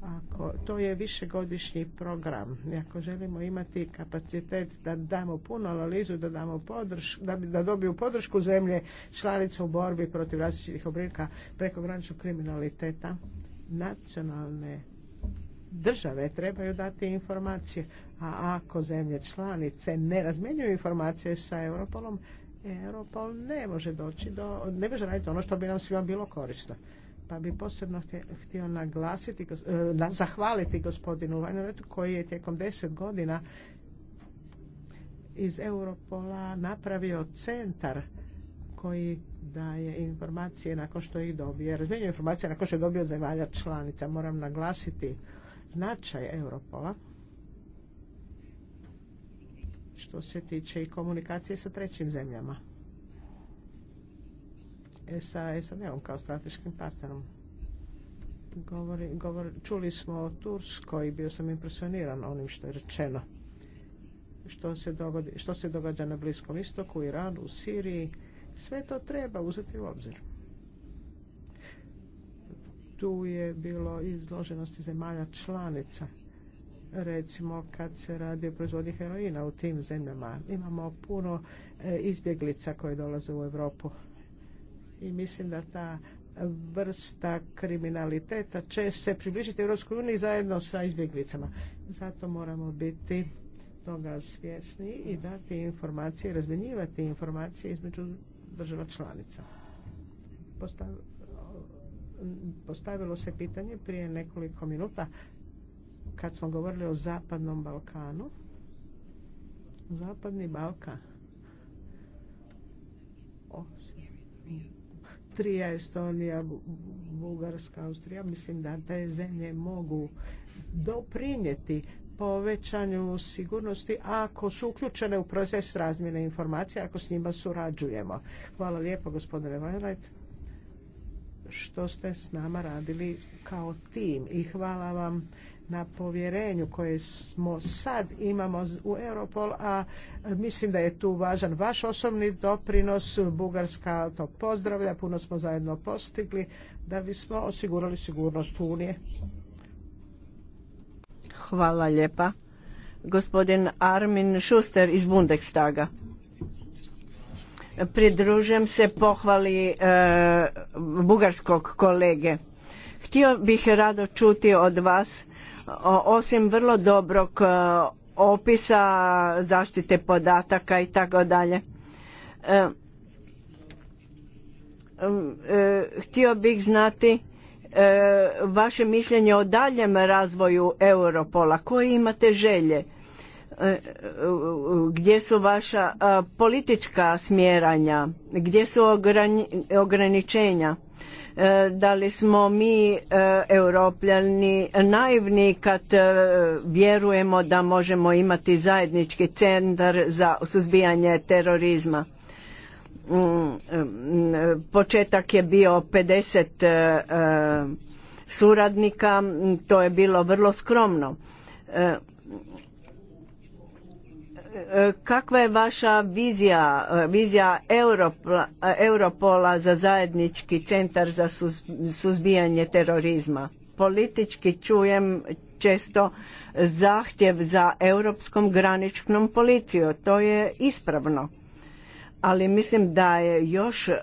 ako to je višegodišnji program i ako želimo imati kapacitet da damo puno analizu, da damo podršku, da, da dobiju podršku zemlje članice u borbi protiv različitih oblika prekograničnog kriminaliteta, nacionalne države trebaju dati informacije, a ako zemlje članice ne razmjenjuju informacije sa Europolom, Europol ne može doći do, ne može raditi ono što bi nam svima bilo korisno pa bi posebno htio naglasiti, e, zahvaliti gospodinu Vajnoretu koji je tijekom deset godina iz Europola napravio centar koji daje informacije nakon što ih dobije, razmjenjuje informacije nakon što je dobio zemalja članica. Moram naglasiti značaj Europola što se tiče i komunikacije sa trećim zemljama sa SAD-om kao strateškim partnerom. Govori, govor, čuli smo o Turskoj i bio sam impresioniran onim što je rečeno. Što se, dogodi, što se događa na Bliskom istoku, Iranu, u Siriji, sve to treba uzeti u obzir. Tu je bilo izloženosti zemalja članica recimo kad se radi o proizvodnji heroina u tim zemljama. Imamo puno e, izbjeglica koje dolaze u Europu, i mislim da ta vrsta kriminaliteta će se približiti Europskoj uniji zajedno sa izbjeglicama. Zato moramo biti toga svjesni i dati informacije, razmjenjivati informacije između država članica. Postavilo se pitanje prije nekoliko minuta kad smo govorili o Zapadnom Balkanu. Zapadni Balkan Austrija, Estonija, Bugarska, Austrija, mislim da te zemlje mogu doprinijeti povećanju sigurnosti ako su uključene u proces razmjene informacija, ako s njima surađujemo. Hvala lijepo gospodine Vajlajt što ste s nama radili kao tim i hvala vam na povjerenju koje smo sad imamo u Europol, a mislim da je tu važan vaš osobni doprinos. Bugarska to pozdravlja, puno smo zajedno postigli da bismo osigurali sigurnost Unije. Hvala lijepa. Gospodin Armin Schuster iz Bundestaga. Pridružujem se pohvali e, bugarskog kolege. Htio bih rado čuti od vas osim vrlo dobrog e, opisa zaštite podataka i tako dalje. E, e, htio bih znati vaše mišljenje o daljem razvoju Europola. Koje imate želje? Gdje su vaša politička smjeranja? Gdje su ograničenja? E, da li smo mi e, europljani naivni kad e, vjerujemo da možemo imati zajednički centar za suzbijanje terorizma mm, mm, početak je bio 50 suradnika to je bilo vrlo skromno kakva je vaša vizija, vizija Europola za zajednički centar za suzbijanje terorizma? Politički čujem često zahtjev za europskom graničnom policiju. To je ispravno. Ali mislim da je još e,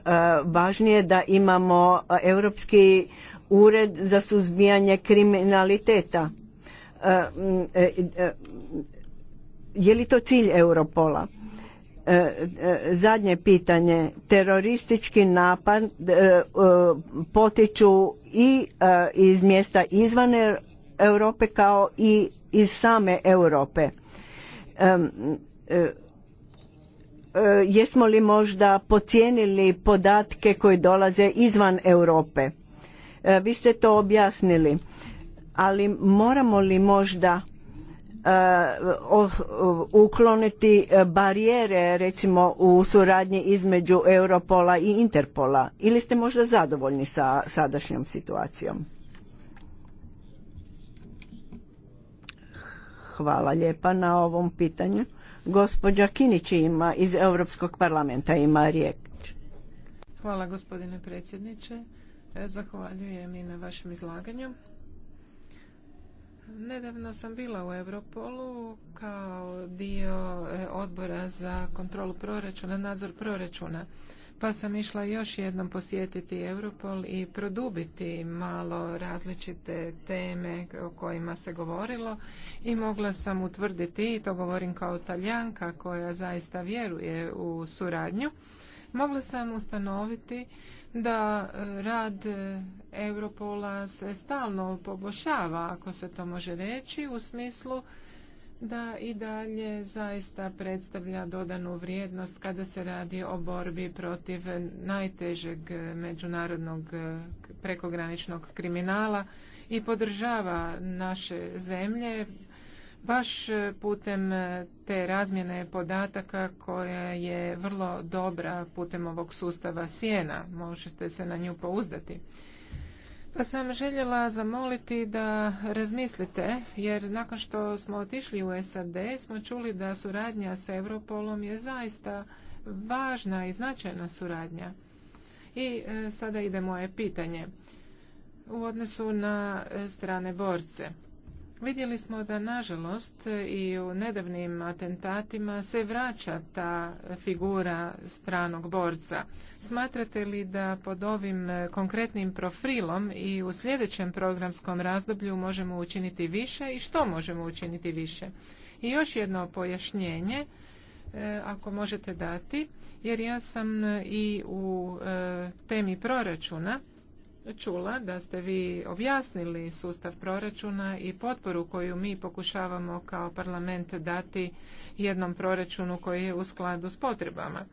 važnije da imamo e, europski ured za suzbijanje kriminaliteta e, je li to cilj Europola? E, e, zadnje pitanje. Teroristički napad e, potiču i iz mjesta izvan Europe kao i iz same Europe. Jesmo li možda pocijenili podatke koji dolaze izvan Europe? Vi ste to objasnili, ali moramo li možda Eh, eh, ukloniti eh, barijere recimo u suradnji između Europola i Interpola ili ste možda zadovoljni sa sadašnjom situacijom? Hvala lijepa na ovom pitanju. Gospođa Kinić ima iz Europskog parlamenta ima riječ. Hvala gospodine predsjedniče. Zahvaljujem i na vašem izlaganju. Nedavno sam bila u Europolu kao dio e, odbora za kontrolu proračuna, nadzor proračuna. Pa sam išla još jednom posjetiti Europol i produbiti malo različite teme o kojima se govorilo i mogla sam utvrditi, i to govorim kao Taljanka koja zaista vjeruje u suradnju, mogla sam ustanoviti da e, rad e, Europola se stalno poboljšava, ako se to može reći, u smislu da i dalje zaista predstavlja dodanu vrijednost kada se radi o borbi protiv najtežeg međunarodnog e, prekograničnog kriminala i podržava naše zemlje baš e, putem e, te razmjene podataka koja je vrlo dobra putem ovog sustava sjena. Možete se na nju pouzdati. Pa sam željela zamoliti da razmislite, jer nakon što smo otišli u SAD, smo čuli da suradnja s Europolom je zaista važna i značajna suradnja. I e, sada ide moje pitanje u odnosu na strane borce. Vidjeli smo da nažalost i u nedavnim atentatima se vraća ta figura stranog borca. Smatrate li da pod ovim konkretnim profilom i u sljedećem programskom razdoblju možemo učiniti više i što možemo učiniti više? I još jedno pojašnjenje e, ako možete dati jer ja sam i u e, temi proračuna čula da ste vi objasnili sustav proračuna i potporu koju mi pokušavamo kao parlament dati jednom proračunu koji je u skladu s potrebama.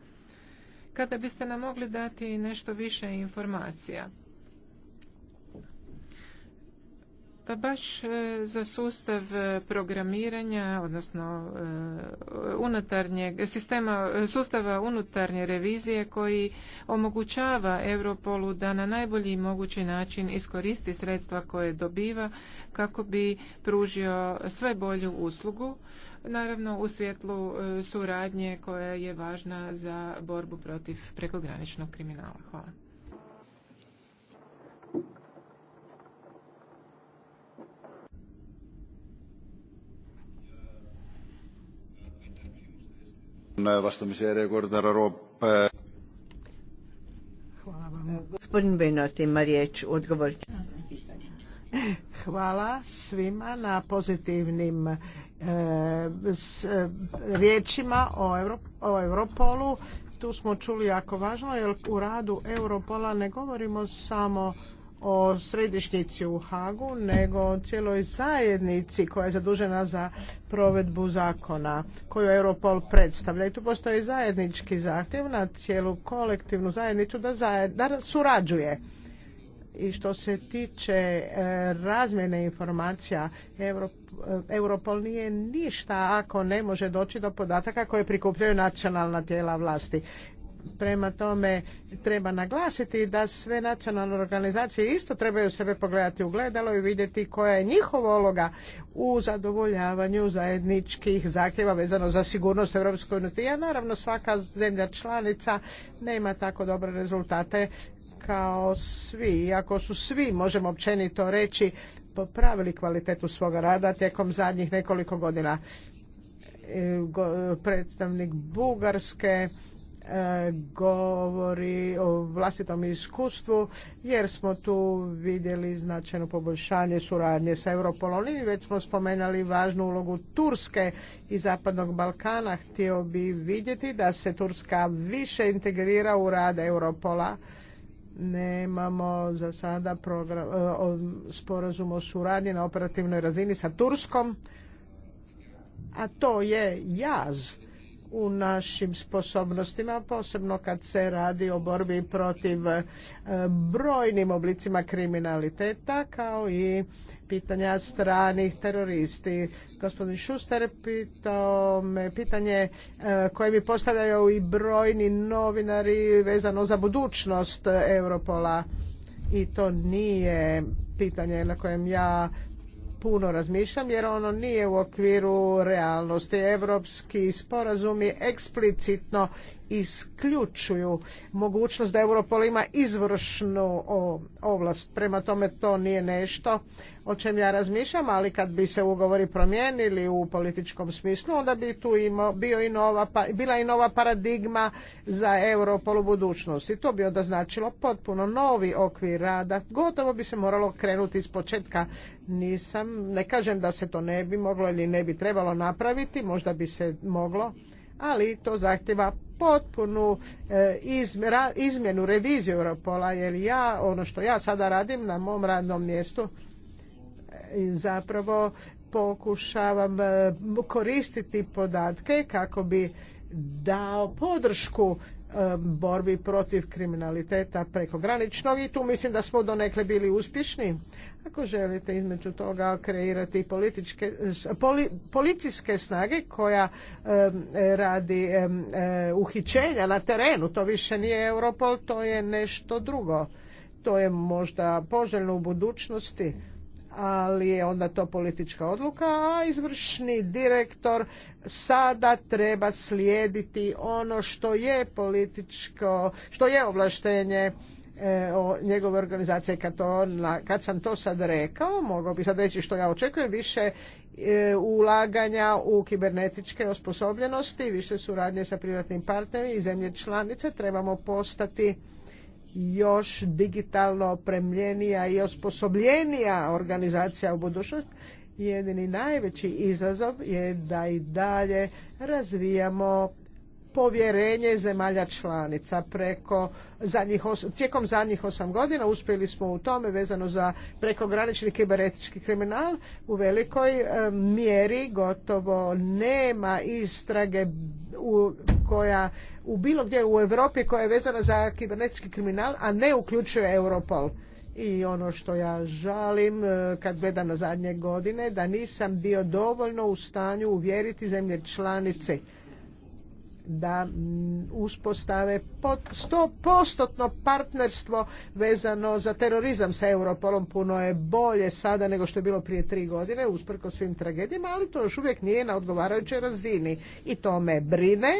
Kada biste nam mogli dati nešto više informacija Pa baš e, za sustav e, programiranja, odnosno e, unutarnjeg sistema, sustava unutarnje revizije koji omogućava Europolu da na najbolji mogući način iskoristi sredstva koje dobiva kako bi pružio sve bolju uslugu, naravno u svjetlu suradnje koja je važna za borbu protiv prekograničnog kriminala. Hvala. Hvala svima na pozitivnim e, e, riječima o Europolu. Tu smo čuli jako važno jer u radu Europola ne govorimo samo o središnjici u Hagu, nego o cijeloj zajednici koja je zadužena za provedbu zakona koju Europol predstavlja. I tu postoji zajednički zahtjev na cijelu kolektivnu zajednicu da, zajed, da surađuje. I što se tiče e, razmjene informacija, e, Europol nije ništa ako ne može doći do podataka koje prikupljaju nacionalna tijela vlasti. Prema tome treba naglasiti da sve nacionalne organizacije isto trebaju sebe pogledati u gledalo i vidjeti koja je njihova uloga u zadovoljavanju zajedničkih zahtjeva vezano za sigurnost Europskoj uniji. a naravno svaka zemlja članica nema tako dobre rezultate kao svi, iako su svi, možemo općenito reći, popravili kvalitetu svoga rada tijekom zadnjih nekoliko godina. E, predstavnik Bugarske govori o vlastitom iskustvu jer smo tu vidjeli značajno poboljšanje suradnje sa Europolom i već smo spomenuli važnu ulogu Turske i Zapadnog Balkana. Htio bi vidjeti da se Turska više integrira u rad Europola nemamo za sada program, e, sporazum o suradnji na operativnoj razini sa Turskom, a to je jaz u našim sposobnostima, posebno kad se radi o borbi protiv e, brojnim oblicima kriminaliteta kao i pitanja stranih teroristi. Gospodin Šuster pitao me pitanje e, koje mi postavljaju i brojni novinari vezano za budućnost Europola i to nije pitanje na kojem ja puno razmišljam jer ono nije u okviru realnosti. Europski sporazumi eksplicitno isključuju mogućnost da Europol ima izvršnu ovlast. Prema tome to nije nešto o čem ja razmišljam, ali kad bi se ugovori promijenili u političkom smislu, onda bi tu imao, bio i nova, pa, bila i nova paradigma za Europol u budućnosti. To bi onda značilo potpuno novi okvir rada. Gotovo bi se moralo krenuti iz početka. Nisam, ne kažem da se to ne bi moglo ili ne bi trebalo napraviti, možda bi se moglo, ali to zahtjeva potpunu e, izmjenu reviziju Europola jer ja ono što ja sada radim na mom radnom mjestu e, zapravo pokušavam e, koristiti podatke kako bi dao podršku borbi protiv kriminaliteta prekograničnog i tu mislim da smo donekle bili uspješni, ako želite između toga kreirati političke, policijske snage koja radi e, uhićenja na terenu, to više nije Europol, to je nešto drugo. To je možda poželjno u budućnosti, ali je onda to politička odluka, a izvršni direktor sada treba slijediti ono što je političko, što je ovlaštenje E, o njegove organizacije kad, kad sam to sad rekao mogao bi sad reći što ja očekujem više e, ulaganja u kibernetičke osposobljenosti više suradnje sa privatnim partnerima i zemlje članice trebamo postati još digitalno opremljenija i osposobljenija organizacija u budućnosti jedini najveći izazov je da i dalje razvijamo povjerenje zemalja članica preko zadnjih os, tijekom zadnjih osam godina uspjeli smo u tome vezano za prekogranični kibernetički kriminal u velikoj e, mjeri gotovo nema istrage u, koja u bilo gdje u Europi koja je vezana za kibernetički kriminal, a ne uključuje Europol i ono što ja žalim e, kad gledam na zadnje godine da nisam bio dovoljno u stanju uvjeriti zemlje članice da uspostave pod postotno partnerstvo vezano za terorizam sa Europolom. Puno je bolje sada nego što je bilo prije tri godine, usprko svim tragedijama, ali to još uvijek nije na odgovarajućoj razini. I to me brine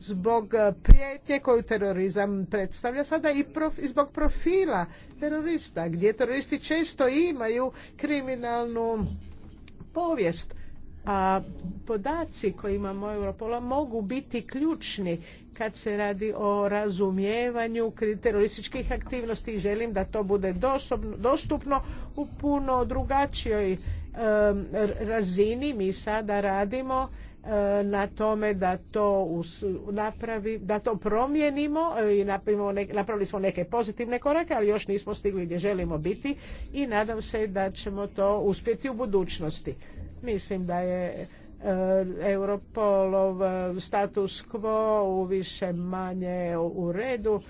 zbog e, prijetnje koju terorizam predstavlja sada i, prof, i zbog profila terorista, gdje teroristi često imaju kriminalnu povijest a podaci koje imamo Europola mogu biti ključni kad se radi o razumijevanju terorističkih aktivnosti i želim da to bude dostupno u puno drugačijoj razini. Mi sada radimo na tome da to napravi, da to promijenimo eh, i napravili smo neke pozitivne korake, ali još nismo stigli gdje želimo biti i nadam se da ćemo to uspjeti u budućnosti. Mislim da je e, Europolov e, status quo u više manje u redu.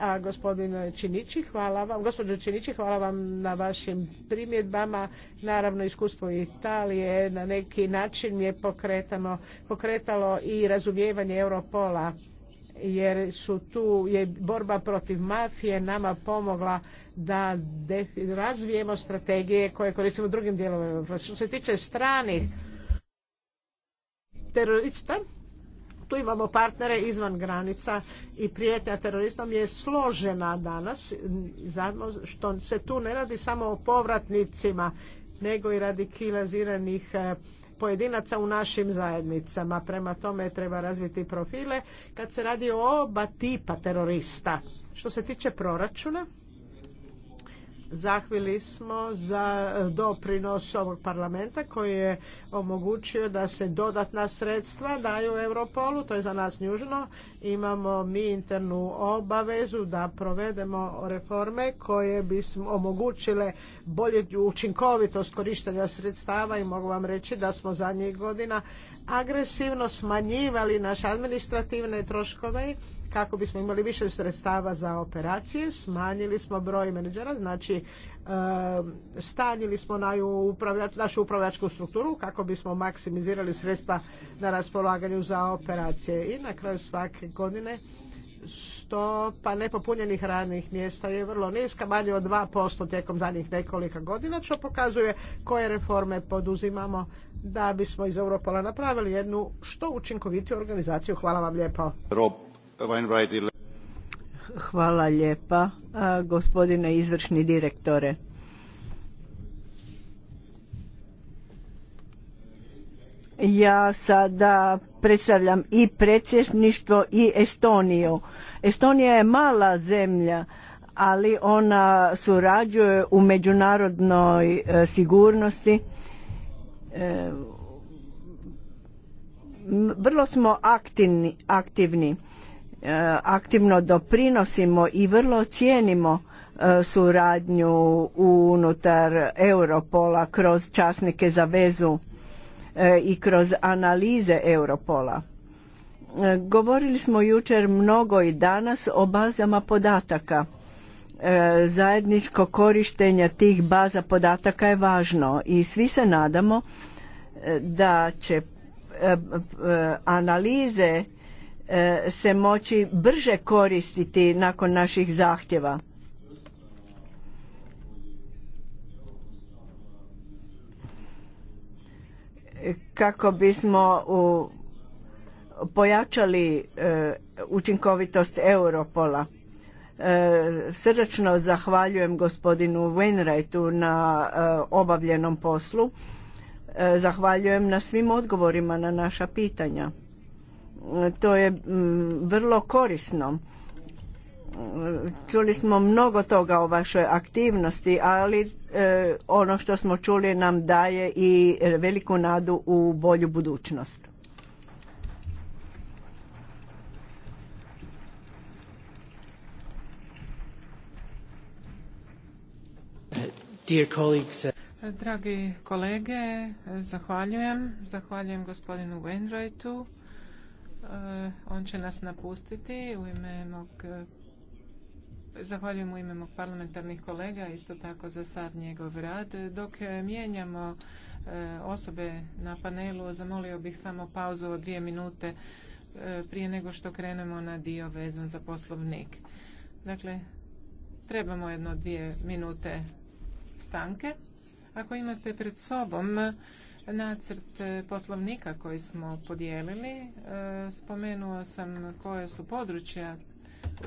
A gospodin Činići, hvala vam. Gospođo Činići, hvala vam na vašim primjedbama. Naravno, iskustvo Italije na neki način je pokretano, pokretalo i razumijevanje Europola jer su tu je borba protiv mafije nama pomogla da razvijemo strategije koje koristimo u drugim dijelovima. Što se tiče stranih terorista, tu imamo partnere izvan granica i prijetnja teroristom je složena danas, zato što se tu ne radi samo o povratnicima, nego i radi kilaziranih eh, pojedinaca u našim zajednicama. Prema tome treba razviti profile kad se radi o oba tipa terorista. Što se tiče proračuna, Zahvili smo za eh, doprinos ovog parlamenta koji je omogućio da se dodatna sredstva daju Europolu, to je za nas njužno. Imamo mi internu obavezu da provedemo reforme koje bi omogućile bolje učinkovitost korištenja sredstava i mogu vam reći da smo zadnjih godina agresivno smanjivali naše administrativne troškove kako bismo imali više sredstava za operacije, smanjili smo broj menadžera, znači stanjili smo našu upravljačku strukturu kako bismo maksimizirali sredstva na raspolaganju za operacije. I na kraju svake godine stopa nepopunjenih radnih mjesta je vrlo niska, manje od 2% tijekom zadnjih nekolika godina, što pokazuje koje reforme poduzimamo da bismo iz Europola napravili jednu što učinkovitiju organizaciju. Hvala vam lijepo. Hvala lijepa, gospodine izvršni direktore. Ja sada predstavljam i predsjedništvo i Estoniju. Estonija je mala zemlja, ali ona surađuje u međunarodnoj e, sigurnosti. E, vrlo smo aktivni. aktivni. Eh, aktivno doprinosimo i vrlo cijenimo eh, suradnju unutar Europola kroz časnike za vezu eh, i kroz analize Europola. Govorili smo jučer mnogo i danas o bazama podataka. Zajedničko korištenje tih baza podataka je važno i svi se nadamo da će analize E, se moći brže koristiti nakon naših zahtjeva. Kako bismo u pojačali e, učinkovitost Europola. E, srdačno zahvaljujem gospodinu Wainwrightu na e, obavljenom poslu. Zahvaljujem na svim odgovorima na naša pitanja to je vrlo korisno. Čuli smo mnogo toga o vašoj aktivnosti, ali e, ono što smo čuli nam daje i veliku nadu u bolju budućnost. Uh, Dragi kolege, zahvaljujem. Zahvaljujem gospodinu Wainwrightu. E, on će nas napustiti u ime mog e, Zahvaljujem u ime mog parlamentarnih kolega isto tako za sad njegov rad. Dok e, mijenjamo osobe na panelu, zamolio bih samo pauzu od dvije minute prije nego što krenemo na dio vezan za poslovnik. Dakle, trebamo jedno dvije minute stanke. Ako imate pred sobom nacrt e, poslovnika koji smo podijelili. E, spomenuo sam koje su područja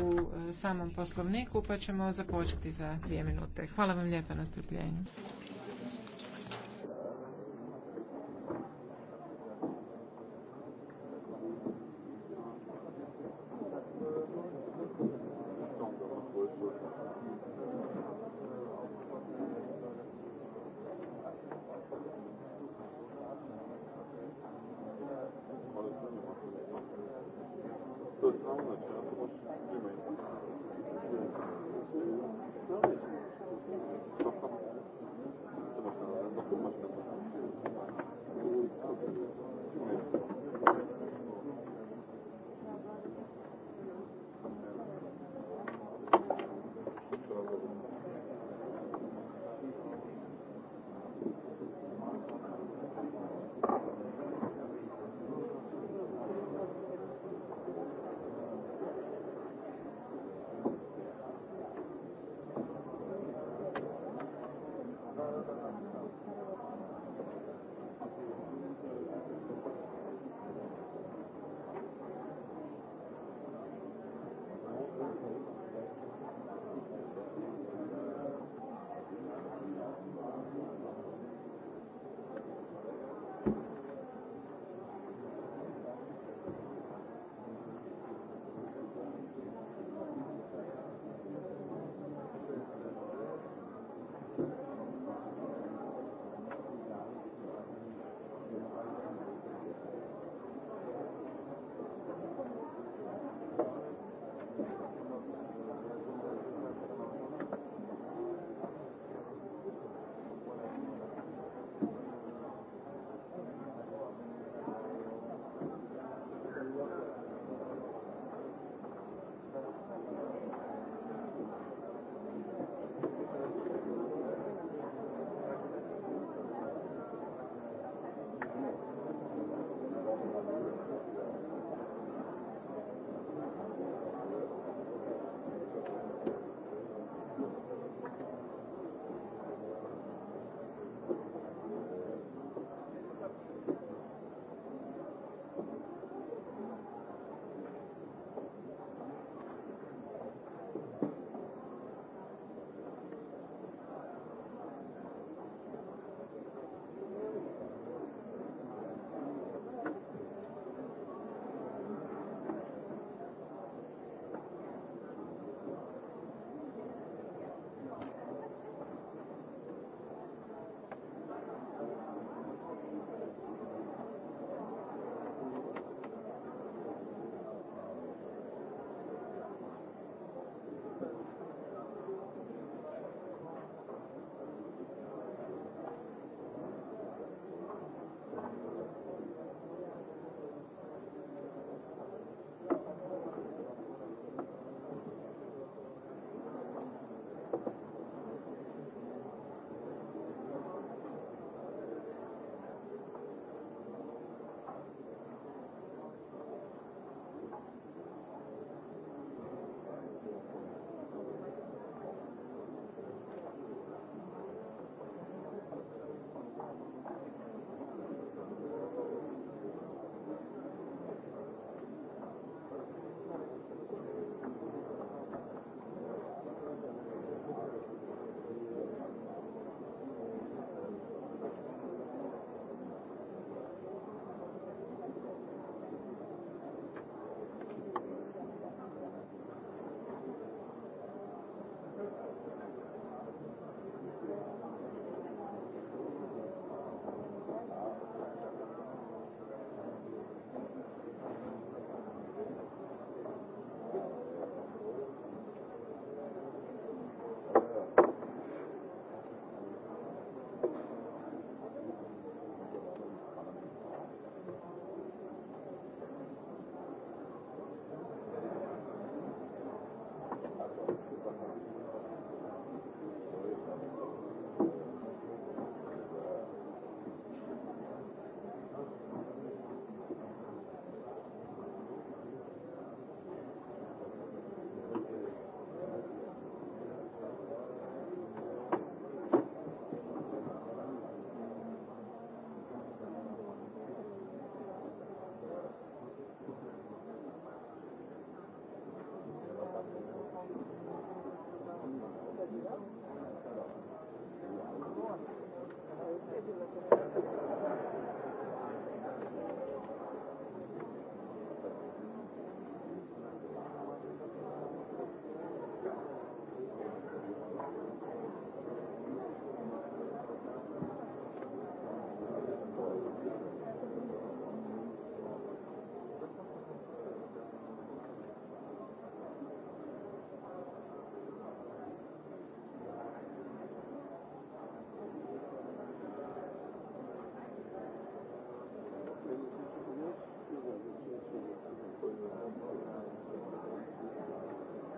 u e, samom poslovniku, pa ćemo započeti za dvije minute. Hvala vam lijepa na strpljenju.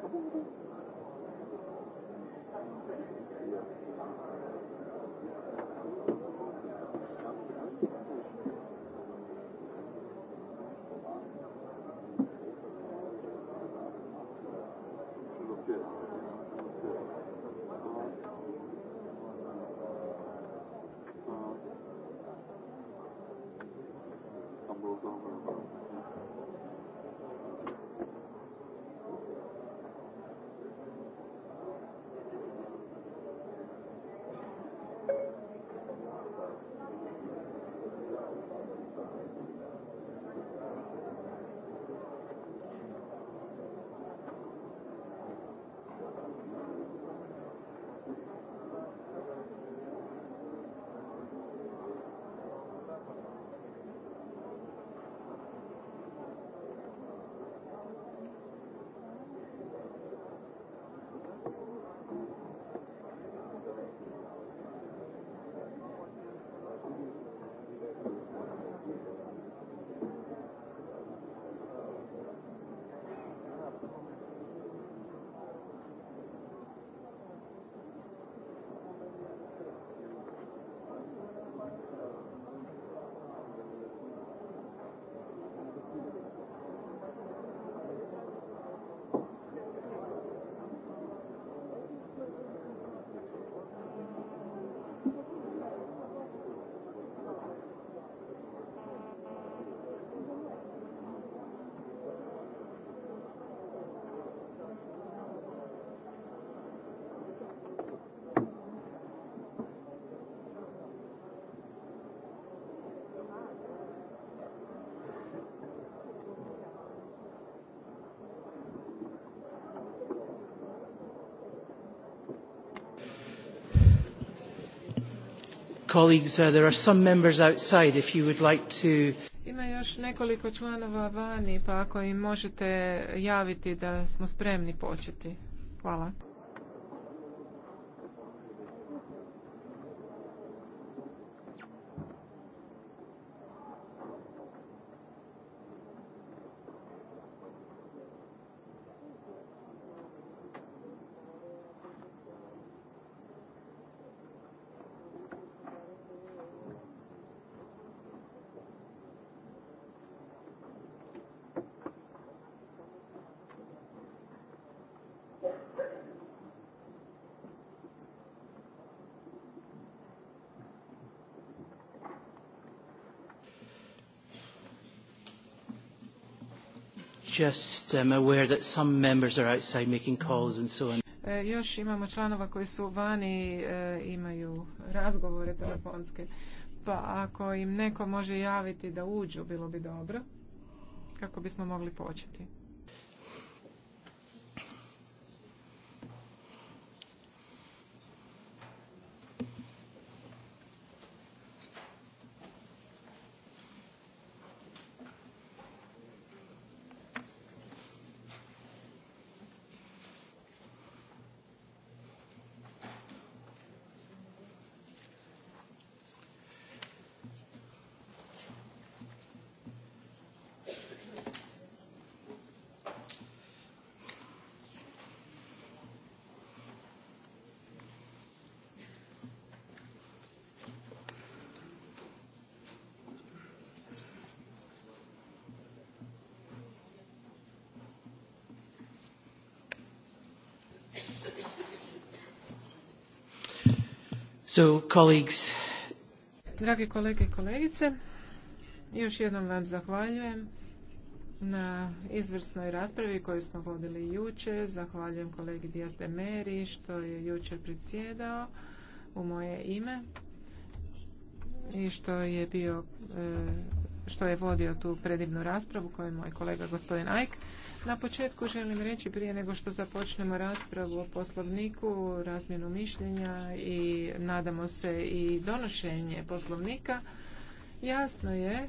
Hvala colleagues, uh, some members outside if to... Ima još nekoliko članova vani, pa ako im možete javiti da smo spremni početi. Hvala. members Još imamo članova koji su vani, e, imaju razgovore telefonske, pa ako im neko može javiti da uđu, bilo bi dobro, kako bismo mogli početi. So, Dragi kolege i kolegice, još jednom vam zahvaljujem na izvrsnoj raspravi koju smo vodili jučer. Zahvaljujem kolegi Dijas de Meri što je jučer predsjedao u moje ime i što je bio e, što je vodio tu predivnu raspravu koju je moj kolega gospodin Ajk. Na početku želim reći prije nego što započnemo raspravu o poslovniku, razmjenu mišljenja i nadamo se i donošenje poslovnika. Jasno je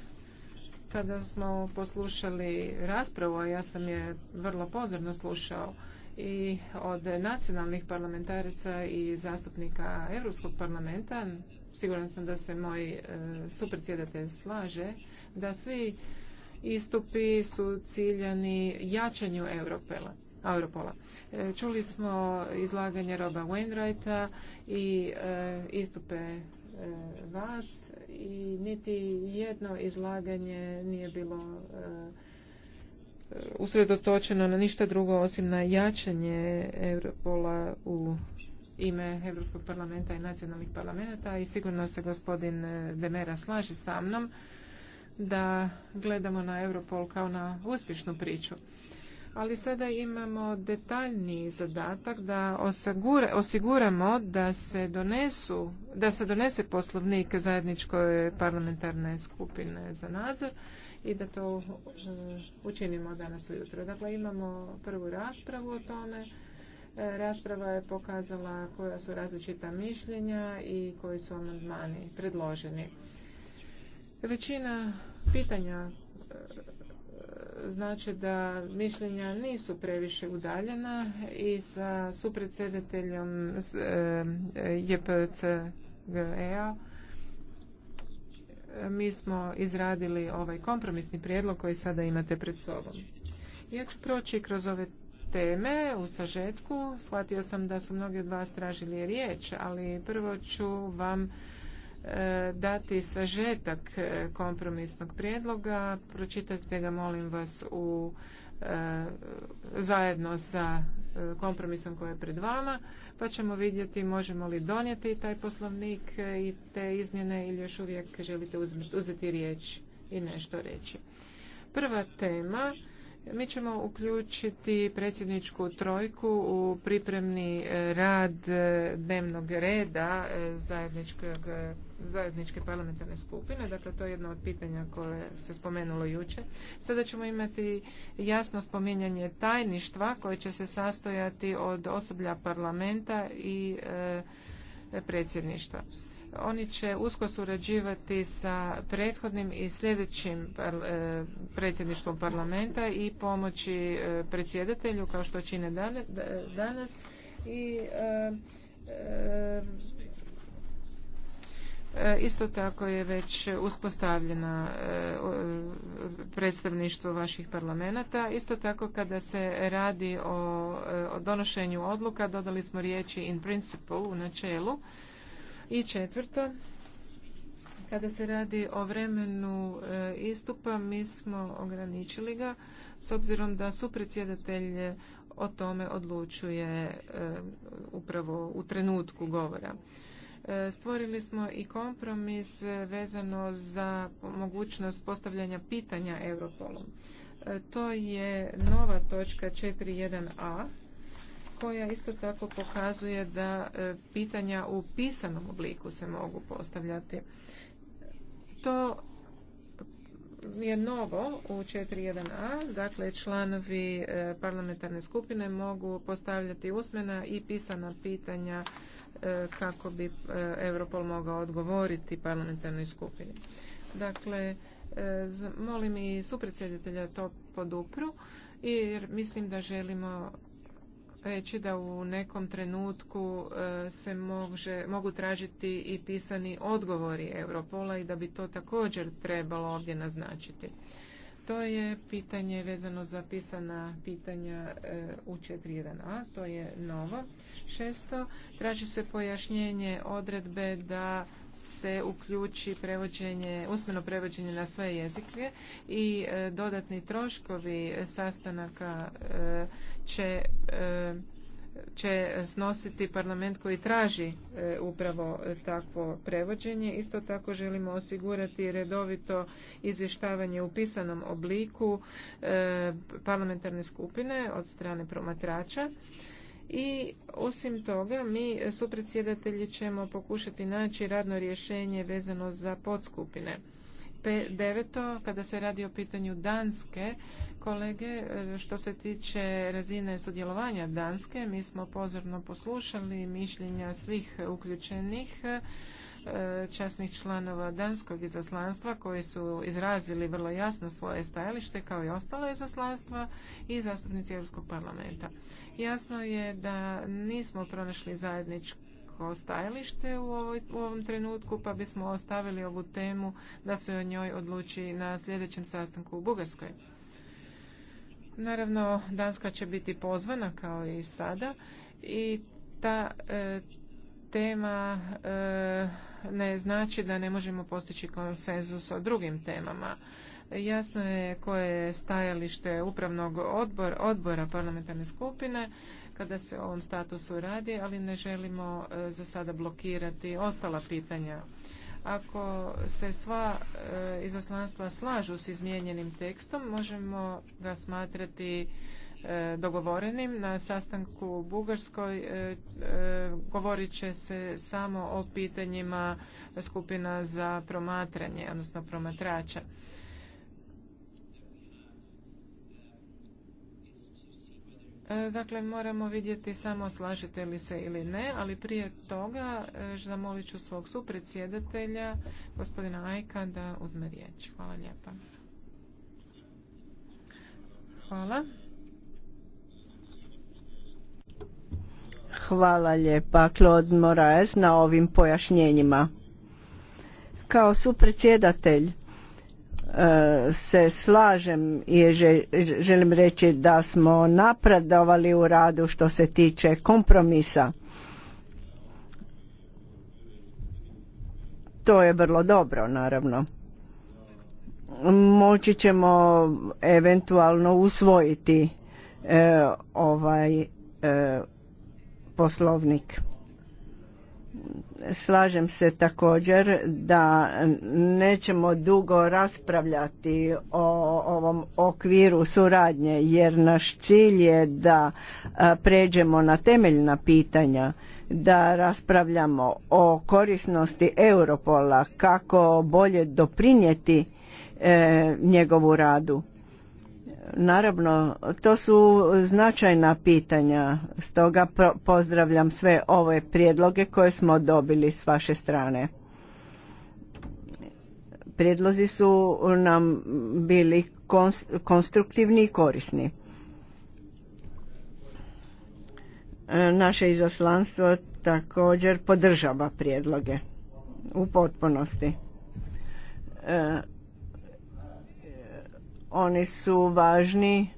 kada smo poslušali raspravu, a ja sam je vrlo pozorno slušao i od nacionalnih parlamentarica i zastupnika Europskog parlamenta siguran sam da se moj e, supredsjedatelj slaže da svi istupi su ciljani jačanju Europola. Europola. Čuli smo izlaganje Roba Wainwrighta i e, istupe e, vas i niti jedno izlaganje nije bilo usredotočeno na ništa drugo osim na jačanje Europola u ime Europskog parlamenta i nacionalnih parlamenta i sigurno se gospodin e, Demera slaže sa mnom da gledamo na Europol kao na uspješnu priču. Ali sada imamo detaljni zadatak da osiguramo da se donesu, da se donese poslovnik zajedničkoj parlamentarne skupine za nadzor i da to e, učinimo danas ujutro. Dakle, imamo prvu raspravu o tome E, rasprava je pokazala koja su različita mišljenja i koji su amandmani predloženi. Većina pitanja e, znači da mišljenja nisu previše udaljena i sa supredsjedateljom e, JPC a mi smo izradili ovaj kompromisni prijedlog koji sada imate pred sobom. Ja ću proći kroz ove teme u sažetku. Shvatio sam da su mnogi od vas tražili riječ, ali prvo ću vam e, dati sažetak e, kompromisnog prijedloga. Pročitajte ga, molim vas, u, e, zajedno sa kompromisom koji je pred vama, pa ćemo vidjeti možemo li donijeti taj poslovnik i te izmjene ili još uvijek želite uzeti riječ i nešto reći. Prva tema mi ćemo uključiti predsjedničku trojku u pripremni rad e, dnevnog reda e, e, zajedničke parlamentarne skupine. Dakle, to je jedno od pitanja koje se spomenulo juče. Sada ćemo imati jasno spominjanje tajništva koje će se sastojati od osoblja parlamenta i predsjedništva. Oni će usko surađivati sa prethodnim i sljedećim e, predsjedništvom parlamenta i pomoći e, predsjedatelju kao što čine danas i e, Isto tako je već uspostavljena predstavništvo vaših parlamenta. Isto tako kada se radi o donošenju odluka dodali smo riječi in principle u načelu. I četvrto, kada se radi o vremenu e, istupa, mi smo ograničili ga s obzirom da su predsjedatelj o tome odlučuje e, upravo u trenutku govora. E, stvorili smo i kompromis vezano za mogućnost postavljanja pitanja Europolom. To je nova točka 4.1a koja isto tako pokazuje da e, pitanja u pisanom obliku se mogu postavljati. To je novo u 4.1a, dakle članovi e, parlamentarne skupine mogu postavljati usmena i pisana pitanja e, kako bi Europol mogao odgovoriti parlamentarnoj skupini. Dakle, molim i supredsjeditelja to podupru jer mislim da želimo reći da u nekom trenutku e, se može, mogu tražiti i pisani odgovori Europola i da bi to također trebalo ovdje naznačiti. To je pitanje vezano za pisana pitanja e, u 4.1a, to je novo. Šesto, traži se pojašnjenje odredbe da se uključi prevođenje, usmeno prevođenje na sve jezike i e, dodatni troškovi sastanaka e, će e, će snositi parlament koji traži upravo takvo prevođenje. Isto tako želimo osigurati redovito izvještavanje u pisanom obliku parlamentarne skupine od strane promatrača i osim toga mi supredsjedatelji ćemo pokušati naći radno rješenje vezano za podskupine. p Kada se radi o pitanju Danske, kolege, što se tiče razine sudjelovanja Danske, mi smo pozorno poslušali mišljenja svih uključenih Eh, časnih članova danskog izaslanstva koji su izrazili vrlo jasno svoje stajalište kao i ostala izaslanstva i zastupnici Europskog parlamenta. Jasno je da nismo pronašli zajedničko stajalište u, ovom trenutku, pa bismo ostavili ovu temu da se o njoj odluči na sljedećem sastanku u Bugarskoj. Naravno, Danska će biti pozvana kao i sada i ta eh, tema eh, ne znači da ne možemo postići konsenzus o drugim temama. Jasno je koje je stajalište upravnog odbora, odbora parlamentarne skupine kada se o ovom statusu radi, ali ne želimo e, za sada blokirati ostala pitanja. Ako se sva e, izaslanstva slažu s izmijenjenim tekstom, možemo ga smatrati E, dogovorenim. Na sastanku u Bugarskoj e, e, govorit će se samo o pitanjima skupina za promatranje, odnosno promatrača. Dakle, moramo vidjeti samo slažete li se ili ne, ali prije toga zamolit ću svog supredsjedatelja, gospodina Ajka, da uzme riječ. Hvala lijepa. Hvala. Hvala lijepa Claude Moraes na ovim pojašnjenjima. Kao supredsjedatelj e, se slažem i želim reći da smo napredovali u radu što se tiče kompromisa. To je vrlo dobro, naravno. Moći ćemo eventualno usvojiti e, ovaj e, poslovnik. Slažem se također da nećemo dugo raspravljati o ovom okviru suradnje jer naš cilj je da pređemo na temeljna pitanja da raspravljamo o korisnosti Europola kako bolje doprinijeti e, njegovu radu Naravno, to su značajna pitanja, stoga pozdravljam sve ove prijedloge koje smo dobili s vaše strane. Prijedlozi su nam bili konstruktivni i korisni. E, naše izaslanstvo također podržava prijedloge u potpunosti. E, oni su važni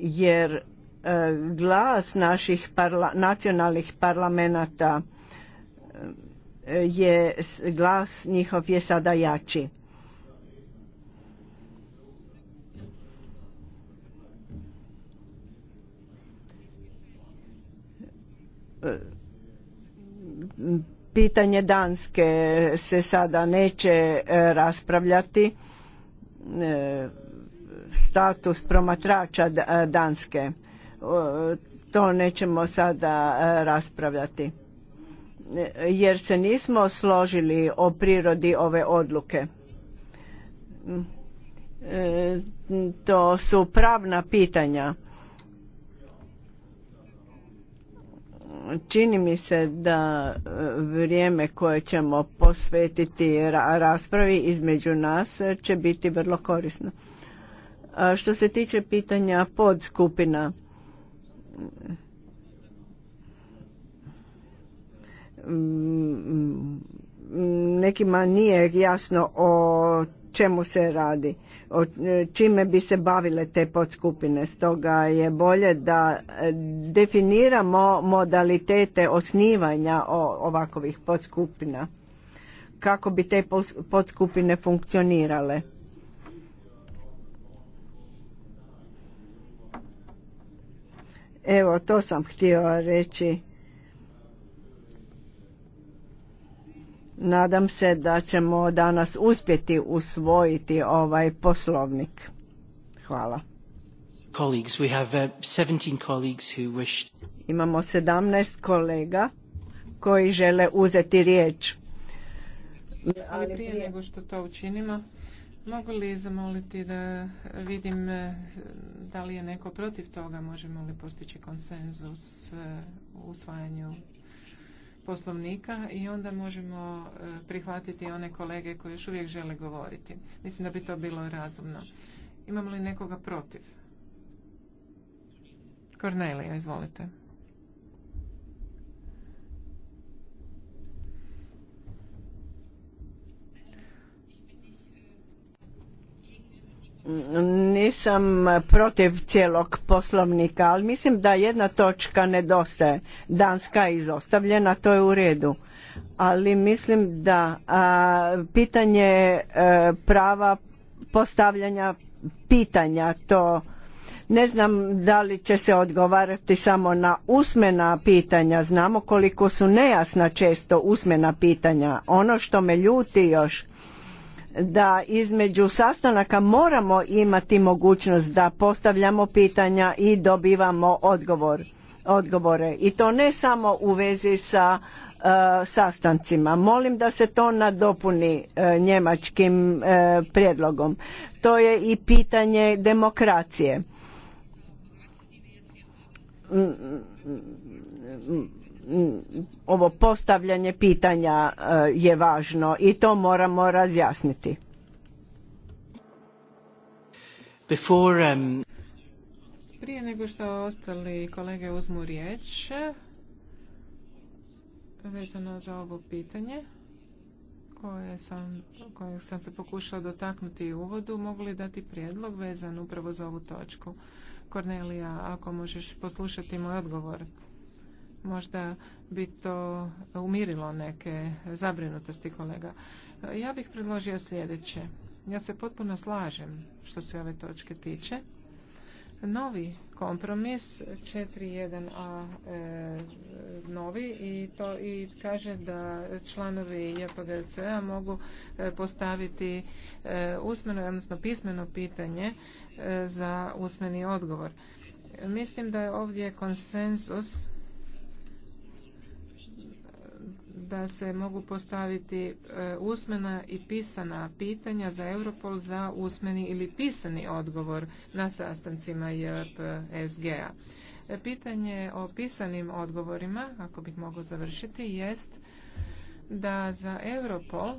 jer e, glas naših nacionalnih parlamenata e, je glas njihov je sada jači. E, pitanje Danske se sada neće raspravljati E, status promatrača e, Danske. To nećemo sada e, raspravljati jer se nismo složili o prirodi ove odluke. To su pravna pitanja čini mi se da e, vrijeme koje ćemo posvetiti raspravi između nas e, će biti vrlo korisno. Što se tiče pitanja podskupina, nekima nije jasno o čemu se radi čime bi se bavile te podskupine. Stoga je bolje da e, definiramo modalitete osnivanja ovakvih podskupina kako bi te podskupine funkcionirale. Evo, to sam htio reći. Nadam se da ćemo danas uspjeti usvojiti ovaj poslovnik. Hvala. Colleagues, we have 17 uh, colleagues who wish... Imamo 17 kolega koji žele uzeti riječ. Ali prije nego što to učinimo, mogu li zamoliti da vidim eh, da li je neko protiv toga, možemo li postići konsenzus eh, u usvajanju poslovnika i onda možemo e, prihvatiti one kolege koji još uvijek žele govoriti. Mislim da bi to bilo razumno. Imamo li nekoga protiv? Kornelija, izvolite. nisam protiv cijelog poslovnika, ali mislim da jedna točka nedostaje. Danska je izostavljena, to je u redu. Ali mislim da pitanje e, prava postavljanja pitanja, to ne znam da li će se odgovarati samo na usmena pitanja, znamo koliko su nejasna često usmena pitanja. Ono što me ljuti još da između sastanaka moramo imati mogućnost da postavljamo pitanja i dobivamo odgovor, odgovore i to ne samo u vezi sa e, sastancima molim da se to nadopuni e, njemačkim e, prijedlogom to je i pitanje demokracije ovo postavljanje pitanja e, je važno i to moramo razjasniti. Um, Prije nego što ostali kolege uzmu riječ vezano za ovo pitanje koje sam, sam se pokušala dotaknuti u uvodu, mogu li dati prijedlog vezan upravo za ovu točku? Kornelija, ako možeš poslušati moj odgovor možda bi to umirilo neke zabrinutosti kolega. Ja bih predložio sljedeće. Ja se potpuno slažem što se ove točke tiče. Novi kompromis 4.1a e, novi i to i kaže da članovi jpgc mogu e, postaviti e, usmeno, odnosno pismeno pitanje za usmeni odgovor. Mislim da je ovdje konsensus da se mogu postaviti e, usmena i pisana pitanja za Europol za usmeni ili pisani odgovor na sastancima JPSG-a. E, pitanje o pisanim odgovorima, ako bih mogao završiti, jest da za Europol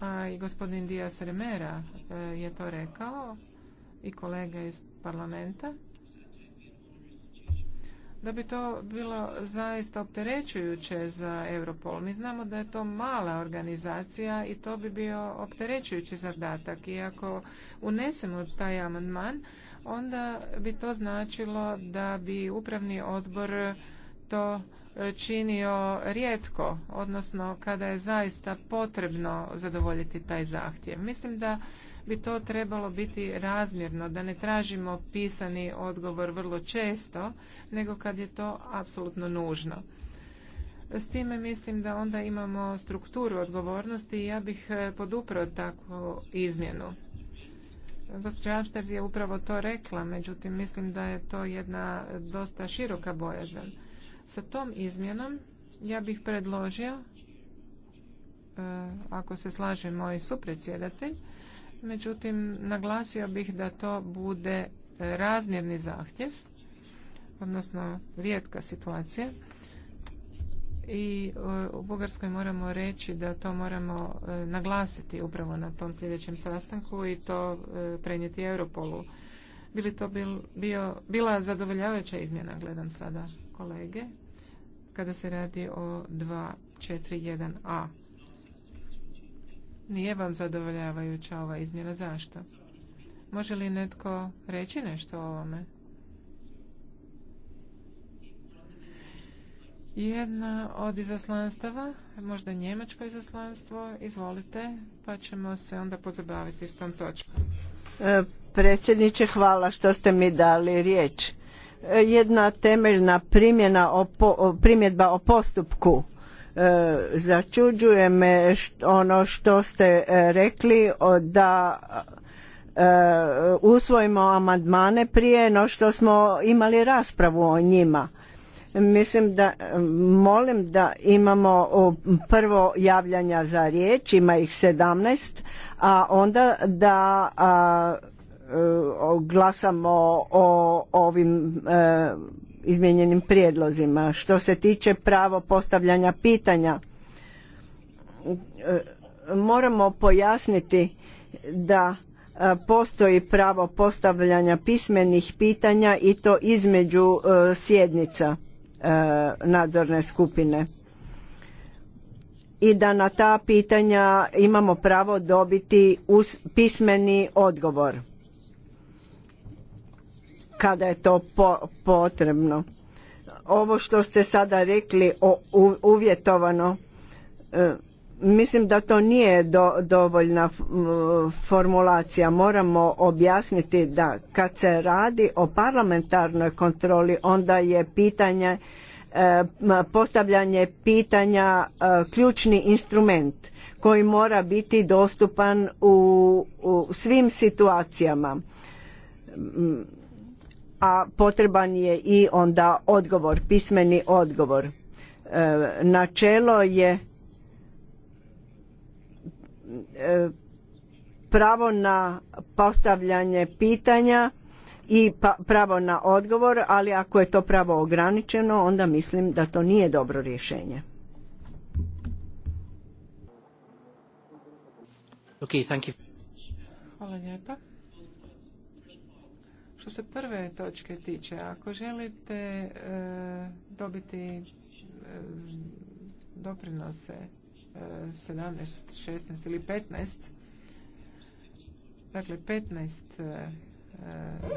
a i gospodin Dias Remera e, je to rekao i kolega iz parlamenta da bi to bilo zaista opterećujuće za Europol. Mi znamo da je to mala organizacija i to bi bio opterećujući zadatak. I ako unesemo taj amandman, onda bi to značilo da bi upravni odbor to e, činio rijetko, odnosno kada je zaista potrebno zadovoljiti taj zahtjev. Mislim da bi to trebalo biti razmjerno, da ne tražimo pisani odgovor vrlo često, nego kad je to apsolutno nužno. S time mislim da onda imamo strukturu odgovornosti i ja bih e, poduprao takvu izmjenu. Gospođa Amsterz je upravo to rekla, međutim mislim da je to jedna dosta široka bojazan. Sa tom izmjenom ja bih predložio, e, ako se slaže moj supredsjedatelj, međutim naglasio bih da to bude razmjerni zahtjev, odnosno rijetka situacija i e, u Bugarskoj moramo reći da to moramo e, naglasiti upravo na tom sljedećem sastanku i to e, prenijeti Europolu. Bili to bil, bio, bila zadovoljavajuća izmjena, gledam sada kolege, kada se radi o 241a. Nije vam zadovoljavajuća ova izmjena. Zašto? Može li netko reći nešto o ovome? Jedna od izaslanstava, možda njemačko izaslanstvo, izvolite, pa ćemo se onda pozabaviti s tom točkom. E, predsjedniče, hvala što ste mi dali riječ. E, jedna temeljna primjena primjedba o postupku E, začuđuje me ono što ste e, rekli da e, usvojimo amandmane prije no što smo imali raspravu o njima. Mislim da molim da imamo prvo javljanja za riječ, ima ih 17, a onda da glasamo o ovim izmijenjenim prijedlozima. Što se tiče pravo postavljanja pitanja, e, moramo pojasniti da e, postoji pravo postavljanja pismenih pitanja i to između e, sjednica nadzorne skupine i da na ta pitanja imamo pravo dobiti pismeni odgovor kada je to potrebno. Ovo što ste sada rekli uvjetovano, e, mislim da to nije dovoljna formulacija. Moramo objasniti da kad se radi o parlamentarnoj kontroli, onda je pitanje e, postavljanje pitanja e, ključni instrument koji mora biti dostupan u, u svim situacijama a potreban je i onda odgovor, pismeni odgovor. E, načelo je e, pravo na postavljanje pitanja i pa, pravo na odgovor, ali ako je to pravo ograničeno, onda mislim da to nije dobro rješenje. Okay, thank you. Hvala lijepa. Što se prve točke tiče, ako želite e, dobiti e, doprinose 17, e, 16 ili 15, dakle 15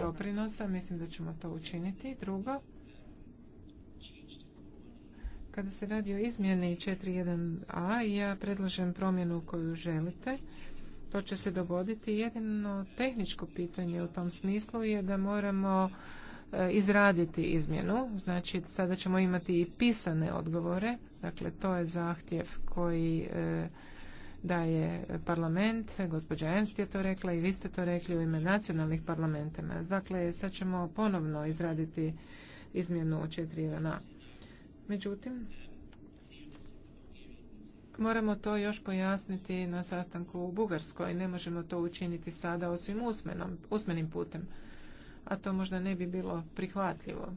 doprinosa, mislim da ćemo to učiniti. Drugo, kada se radi o izmjeni 4.1a, ja predlažem promjenu koju želite to će se dogoditi. Jedino tehničko pitanje u tom smislu je da moramo e, izraditi izmjenu. Znači, sada ćemo imati i pisane odgovore. Dakle, to je zahtjev koji e, daje parlament. Gospođa Ernst je to rekla i vi ste to rekli u ime nacionalnih parlamenta. Dakle, sad ćemo ponovno izraditi izmjenu 4.1a. Međutim, Moramo to još pojasniti na sastanku u Bugarskoj. Ne možemo to učiniti sada osim usmenom, usmenim putem. A to možda ne bi bilo prihvatljivo.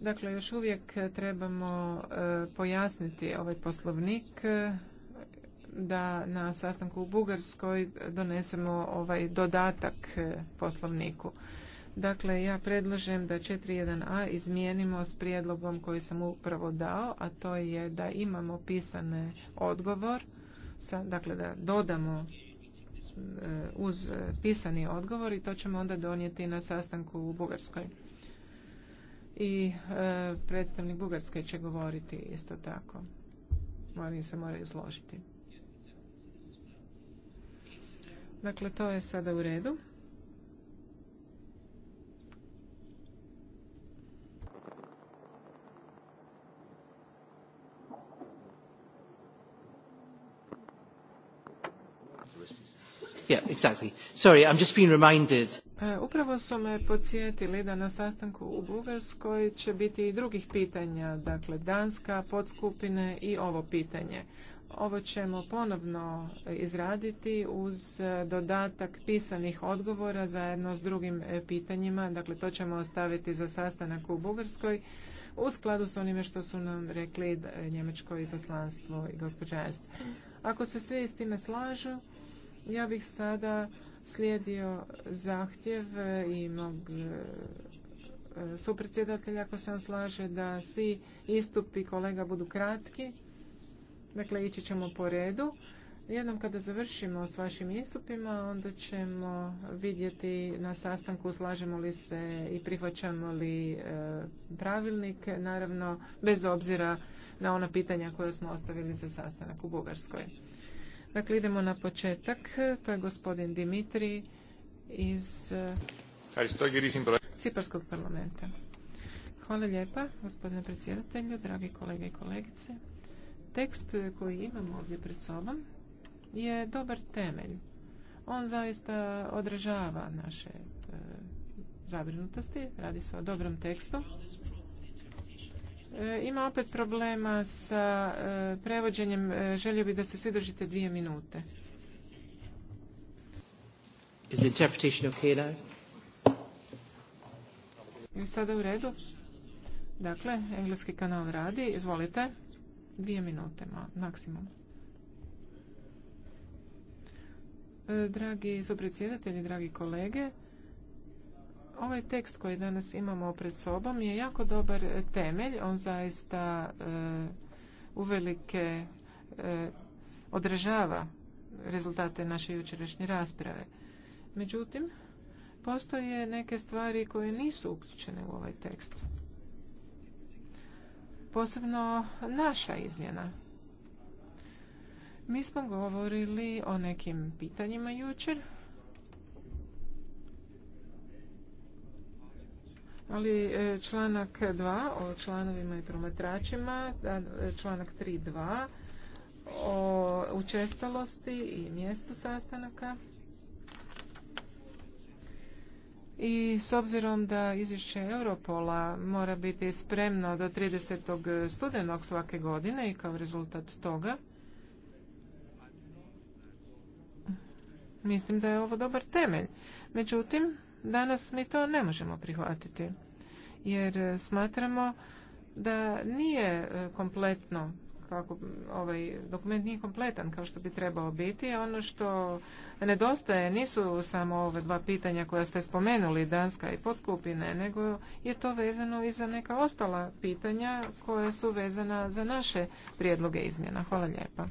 Dakle, još uvijek trebamo e, pojasniti ovaj poslovnik e, da na sastanku u Bugarskoj donesemo ovaj dodatak e, poslovniku. Dakle, ja predlažem da 4.1a izmijenimo s prijedlogom koji sam upravo dao, a to je da imamo pisane odgovor, sa, dakle da dodamo e, uz e, pisani odgovor i to ćemo onda donijeti na sastanku u Bugarskoj. I e, predstavnik Bugarske će govoriti isto tako. Oni se moraju izložiti. Dakle, to je sada u redu. E, upravo su me podsjetili da na sastanku u Bugarskoj će biti i drugih pitanja, dakle Danska, podskupine i ovo pitanje. Ovo ćemo ponovno izraditi uz e, dodatak pisanih odgovora zajedno s drugim e, pitanjima, dakle to ćemo ostaviti za sastanak u Bugarskoj u skladu s onime što su nam rekli njemačko izaslanstvo i gospodarstvo. Ako se svi s time slažu, ja bih sada slijedio zahtjev i mog e, supredsjedatelja ako se on slaže da svi istupi kolega budu kratki. Dakle, ići ćemo po redu. Jednom kada završimo s vašim istupima, onda ćemo vidjeti na sastanku slažemo li se i prihvaćamo li e, pravilnik, naravno bez obzira na ona pitanja koja smo ostavili za sastanak u Bugarskoj. Dakle, idemo na početak. To je gospodin Dimitri iz e, Ciparskog parlamenta. Hvala lijepa, gospodine predsjedatelju, dragi kolege i kolegice. Tekst koji imamo ovdje pred sobom je dobar temelj. On zaista odražava naše e, zabrinutosti. Radi se o dobrom tekstu E, ima opet problema sa e, prevođenjem. E, želio bih da se svi držite dvije minute. Is interpretation okay now? Je sada u redu? Dakle, engleski kanal radi. Izvolite. Dvije minute maksimum. Dragi supredsjedatelji, dragi kolege, Ovaj tekst koji danas imamo pred sobom je jako dobar temelj. On zaista e, uvelike održava e, odražava rezultate naše jučerašnje rasprave. Međutim, postoje neke stvari koje nisu uključene u ovaj tekst. Posebno naša izmjena. Mi smo govorili o nekim pitanjima jučer Ali e, članak 2 o članovima i promatračima, e, članak 3.2 o učestalosti i mjestu sastanaka. I s obzirom da izvješće Europola mora biti spremno do 30. studenog svake godine i kao rezultat toga, mislim da je ovo dobar temelj. Međutim, danas mi to ne možemo prihvatiti jer e, smatramo da nije e, kompletno kako ovaj dokument nije kompletan kao što bi trebao biti. Ono što nedostaje nisu samo ove dva pitanja koja ste spomenuli, Danska i podskupine, nego je to vezano i za neka ostala pitanja koja su vezana za naše prijedloge izmjena. Hvala lijepa.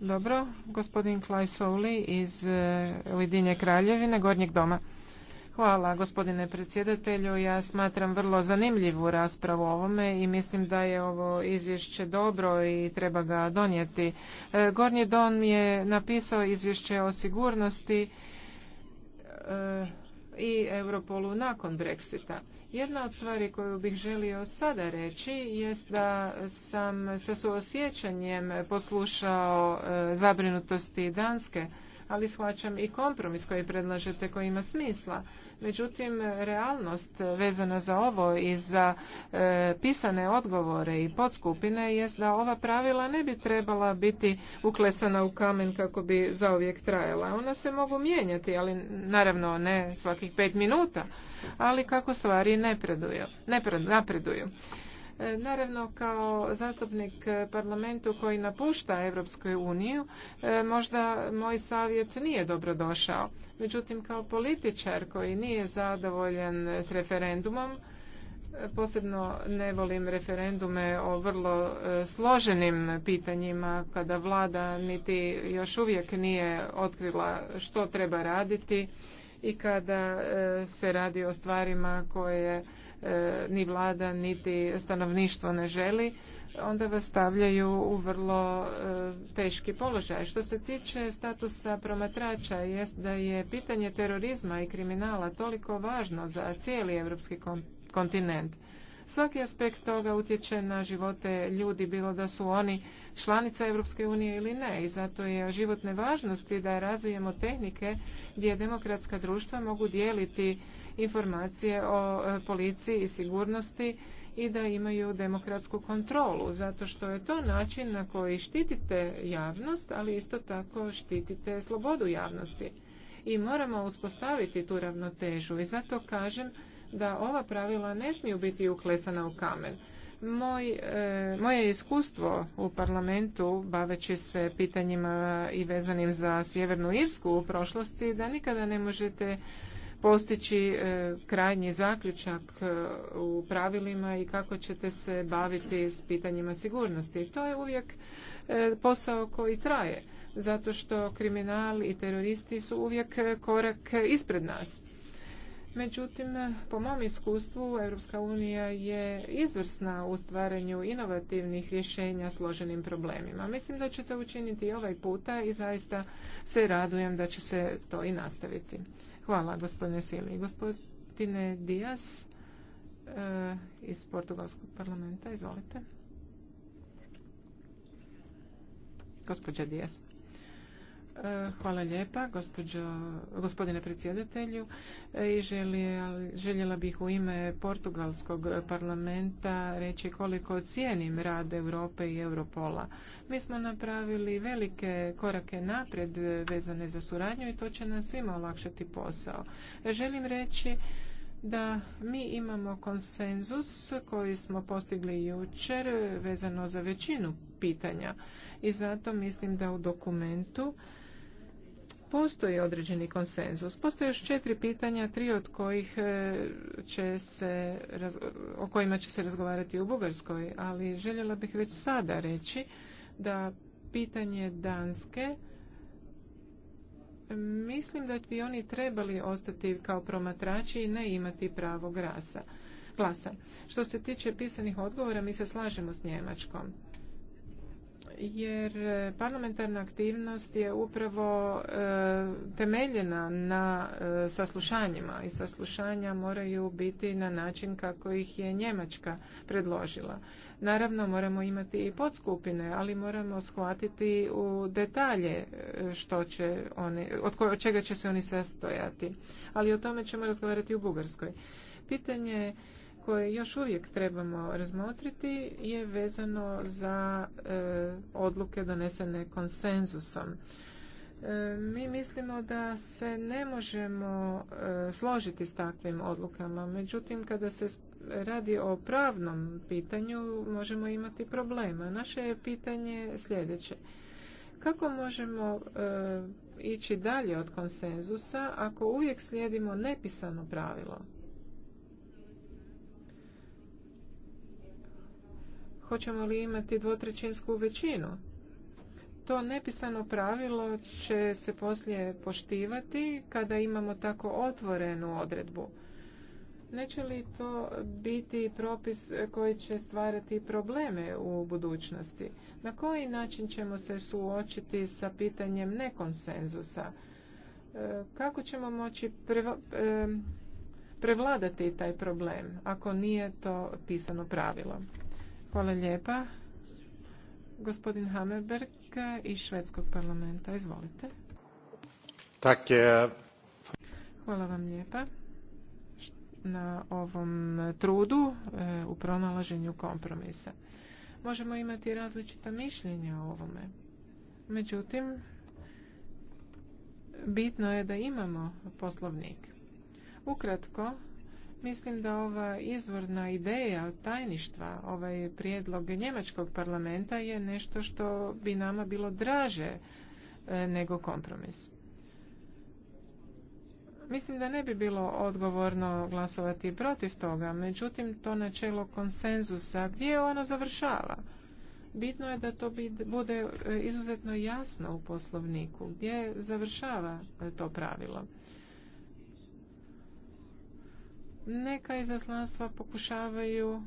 Dobro, gospodin Klaj iz Lidinje e, Kraljevine, Gornjeg doma. Hvala gospodine predsjedatelju. Ja smatram vrlo zanimljivu raspravu o ovome i mislim da je ovo izvješće dobro i treba ga donijeti. E, Gornji Don je napisao izvješće o sigurnosti e, i Europolu nakon Brexita. Jedna od stvari koju bih želio sada reći jest da sam sa suosjećanjem poslušao e, zabrinutosti Danske ali shvaćam i kompromis koji predlažete koji ima smisla. Međutim, realnost vezana za ovo i za e, pisane odgovore i podskupine jest da ova pravila ne bi trebala biti uklesana u kamen kako bi zauvijek trajala. Ona se mogu mijenjati, ali naravno ne svakih pet minuta, ali kako stvari ne, napreduju. E, naravno, kao zastupnik parlamentu koji napušta Europsku uniju, e, možda moj savjet nije došao. Međutim, kao političar koji nije zadovoljan s referendumom, e, posebno ne volim referendume o vrlo složenim pitanjima kada vlada niti još uvijek nije otkrila što treba raditi i kada se radi o stvarima koje E, ni vlada niti stanovništvo ne želi, onda vas stavljaju u vrlo e, teški položaj. Što se tiče statusa promatrača, jest da je pitanje terorizma i kriminala toliko važno za cijeli europski kontinent. Svaki aspekt toga utječe na živote ljudi, bilo da su oni članica Europske unije ili ne. I zato je životne važnosti da razvijemo tehnike gdje demokratska društva mogu dijeliti informacije o e, policiji i sigurnosti i da imaju demokratsku kontrolu, zato što je to način na koji štitite javnost, ali isto tako štitite slobodu javnosti. I moramo uspostaviti tu ravnotežu i zato kažem da ova pravila ne smiju biti uklesana u kamen. E, moje iskustvo u parlamentu baveći se pitanjima i vezanim za Sjevernu Irsku u prošlosti da nikada ne možete postići e, krajnji zaključak e, u pravilima i kako ćete se baviti s pitanjima sigurnosti. I to je uvijek e, posao koji traje, zato što kriminal i teroristi su uvijek korak ispred nas. Međutim, po mom iskustvu, Europska unija je izvrsna u stvaranju inovativnih rješenja složenim problemima. Mislim da će to učiniti i ovaj puta i zaista se radujem da će se to i nastaviti. Hvala gospodine Sili. Gospodine Dijas e, iz Portugalskog parlamenta, izvolite. gospodine Dias. E, hvala lijepa, gospođo, gospodine predsjedatelju. E, I željela bih u ime Portugalskog parlamenta reći koliko cijenim rad Europe i Europola. Mi smo napravili velike korake naprijed vezane za suradnju i to će nam svima olakšati posao. Želim reći da mi imamo konsenzus koji smo postigli jučer vezano za većinu pitanja i zato mislim da u dokumentu postoji određeni konsenzus. Postoje još četiri pitanja, tri od kojih e, će se, o kojima će se razgovarati u Bugarskoj, ali željela bih već sada reći da pitanje Danske mislim da bi oni trebali ostati kao promatrači i ne imati pravo Glasa. Što se tiče pisanih odgovora, mi se slažemo s Njemačkom jer e, parlamentarna aktivnost je upravo e, temeljena na e, saslušanjima i saslušanja moraju biti na način kako ih je Njemačka predložila. Naravno moramo imati i podskupine, ali moramo shvatiti u detalje što će oni, od, od čega će se oni sastojati. Ali o tome ćemo razgovarati u Bugarskoj. Pitanje koje još uvijek trebamo razmotriti je vezano za e, odluke donesene konsenzusom. E, mi mislimo da se ne možemo e, složiti s takvim odlukama, međutim kada se radi o pravnom pitanju možemo imati problema. Naše je pitanje sljedeće. Kako možemo ići dalje od konsenzusa ako uvijek slijedimo nepisano pravilo? hoćemo li imati dvotrećinsku većinu. To nepisano pravilo će se poslije poštivati kada imamo tako otvorenu odredbu. Neće li to biti propis koji će stvarati probleme u budućnosti? Na koji način ćemo se suočiti sa pitanjem nekonsenzusa? E, kako ćemo moći e, prevladati taj problem ako nije to pisano pravilo? Hvala lijepa. Gospodin Hammerberg iz Švedskog parlamenta. Izvolite. Tak je. Eh, Hvala vam lijepa na ovom trudu eh, u pronalaženju kompromisa. Možemo imati različita mišljenja o ovome. Međutim, bitno je da imamo poslovnik. Ukratko, Mislim da ova izvorna ideja tajništva, ovaj prijedlog njemačkog parlamenta je nešto što bi nama bilo draže e, nego kompromis. Mislim da ne bi bilo odgovorno glasovati protiv toga, međutim to načelo konsenzusa, gdje ono završava? Bitno je da to bude e, izuzetno jasno u poslovniku, gdje završava e, to pravilo. Neka izaslanstva pokušavaju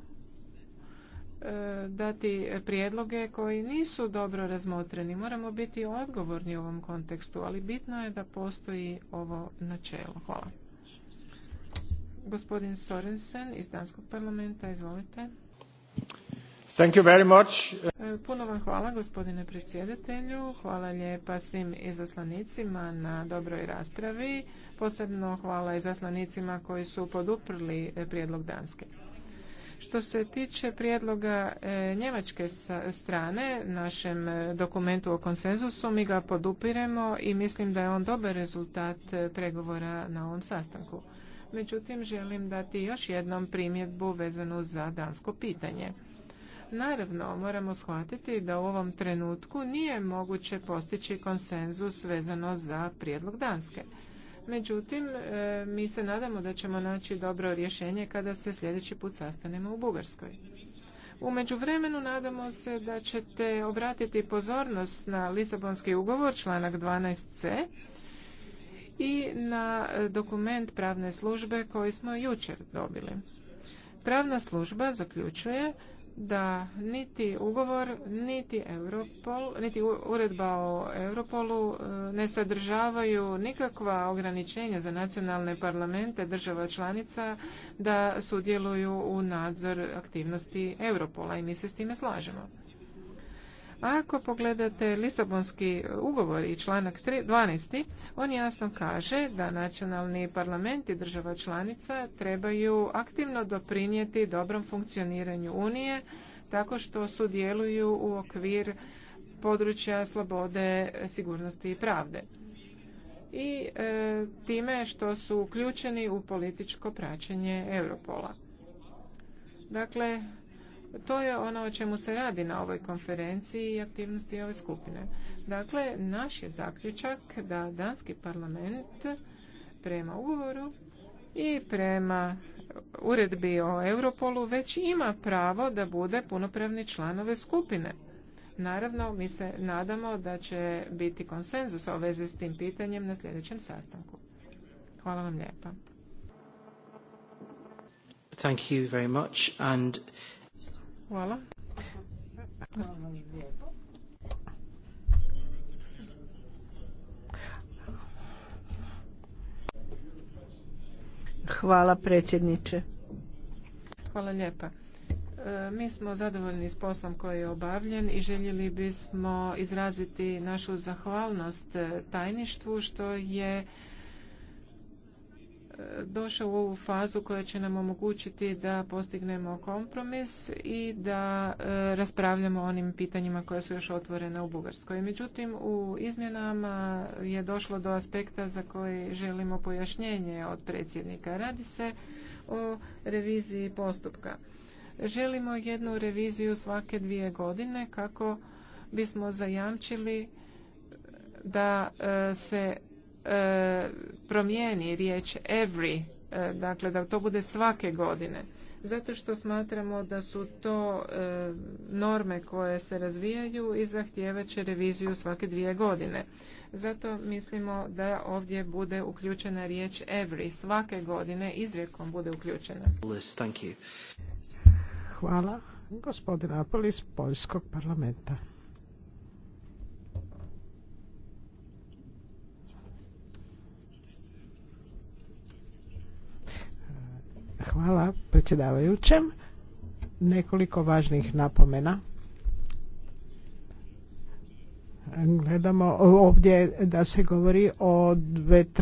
e, dati prijedloge koji nisu dobro razmotreni. Moramo biti odgovorni u ovom kontekstu, ali bitno je da postoji ovo načelo. Hvala. Gospodin Sorensen iz Danskog parlamenta, izvolite. Thank you very much. Puno vam hvala gospodine predsjedatelju, hvala lijepa svim izaslanicima na dobroj raspravi, posebno hvala izaslanicima koji su poduprli eh, prijedlog Danske. Što se tiče prijedloga eh, njemačke strane, našem eh, dokumentu o konsenzusu, mi ga podupiremo i mislim da je on dobar rezultat pregovora na ovom sastanku. Međutim, želim dati još jednom primjedbu vezanu za dansko pitanje. Naravno, moramo shvatiti da u ovom trenutku nije moguće postići konsenzus vezano za prijedlog Danske. Međutim, e, mi se nadamo da ćemo naći dobro rješenje kada se sljedeći put sastanemo u Bugarskoj. U međuvremenu nadamo se da ćete obratiti pozornost na Lisabonski ugovor, članak 12c, i na e, dokument pravne službe koji smo jučer dobili. Pravna služba zaključuje da niti ugovor, niti Europol, niti uredba o Europolu e, ne sadržavaju nikakva ograničenja za nacionalne parlamente država članica da sudjeluju u nadzor aktivnosti Europola i mi se s time slažemo. Ako pogledate Lisabonski ugovor i članak 12. on jasno kaže da nacionalni parlamenti država članica trebaju aktivno doprinijeti dobrom funkcioniranju Unije tako što sudjeluju u okvir područja slobode, sigurnosti i pravde i e, time što su uključeni u političko praćenje Europola. Dakle, to je ono o čemu se radi na ovoj konferenciji i aktivnosti ove skupine. Dakle, naš je zaključak da Danski parlament prema ugovoru i prema uredbi o Europolu već ima pravo da bude punopravni član ove skupine. Naravno, mi se nadamo da će biti konsenzus o vezi s tim pitanjem na sljedećem sastanku. Hvala vam lijepa. Thank you very much. And Hvala. Hvala predsjedniče. Hvala lijepa. E, mi smo zadovoljni s poslom koji je obavljen i željeli bismo izraziti našu zahvalnost e, tajništvu što je došao u ovu fazu koja će nam omogućiti da postignemo kompromis i da e, raspravljamo o onim pitanjima koja su još otvorena u Bugarskoj. Međutim, u izmjenama je došlo do aspekta za koji želimo pojašnjenje od predsjednika. Radi se o reviziji postupka. Želimo jednu reviziju svake dvije godine kako bismo zajamčili da e, se E, promijeni riječ every, e, dakle da to bude svake godine. Zato što smatramo da su to e, norme koje se razvijaju i će reviziju svake dvije godine. Zato mislimo da ovdje bude uključena riječ every, svake godine izrijekom bude uključena. Hvala. Gospodin Apolis Poljskog parlamenta. Hvala predsjedavajućem. Nekoliko važnih napomena. Gledamo ovdje da se govori o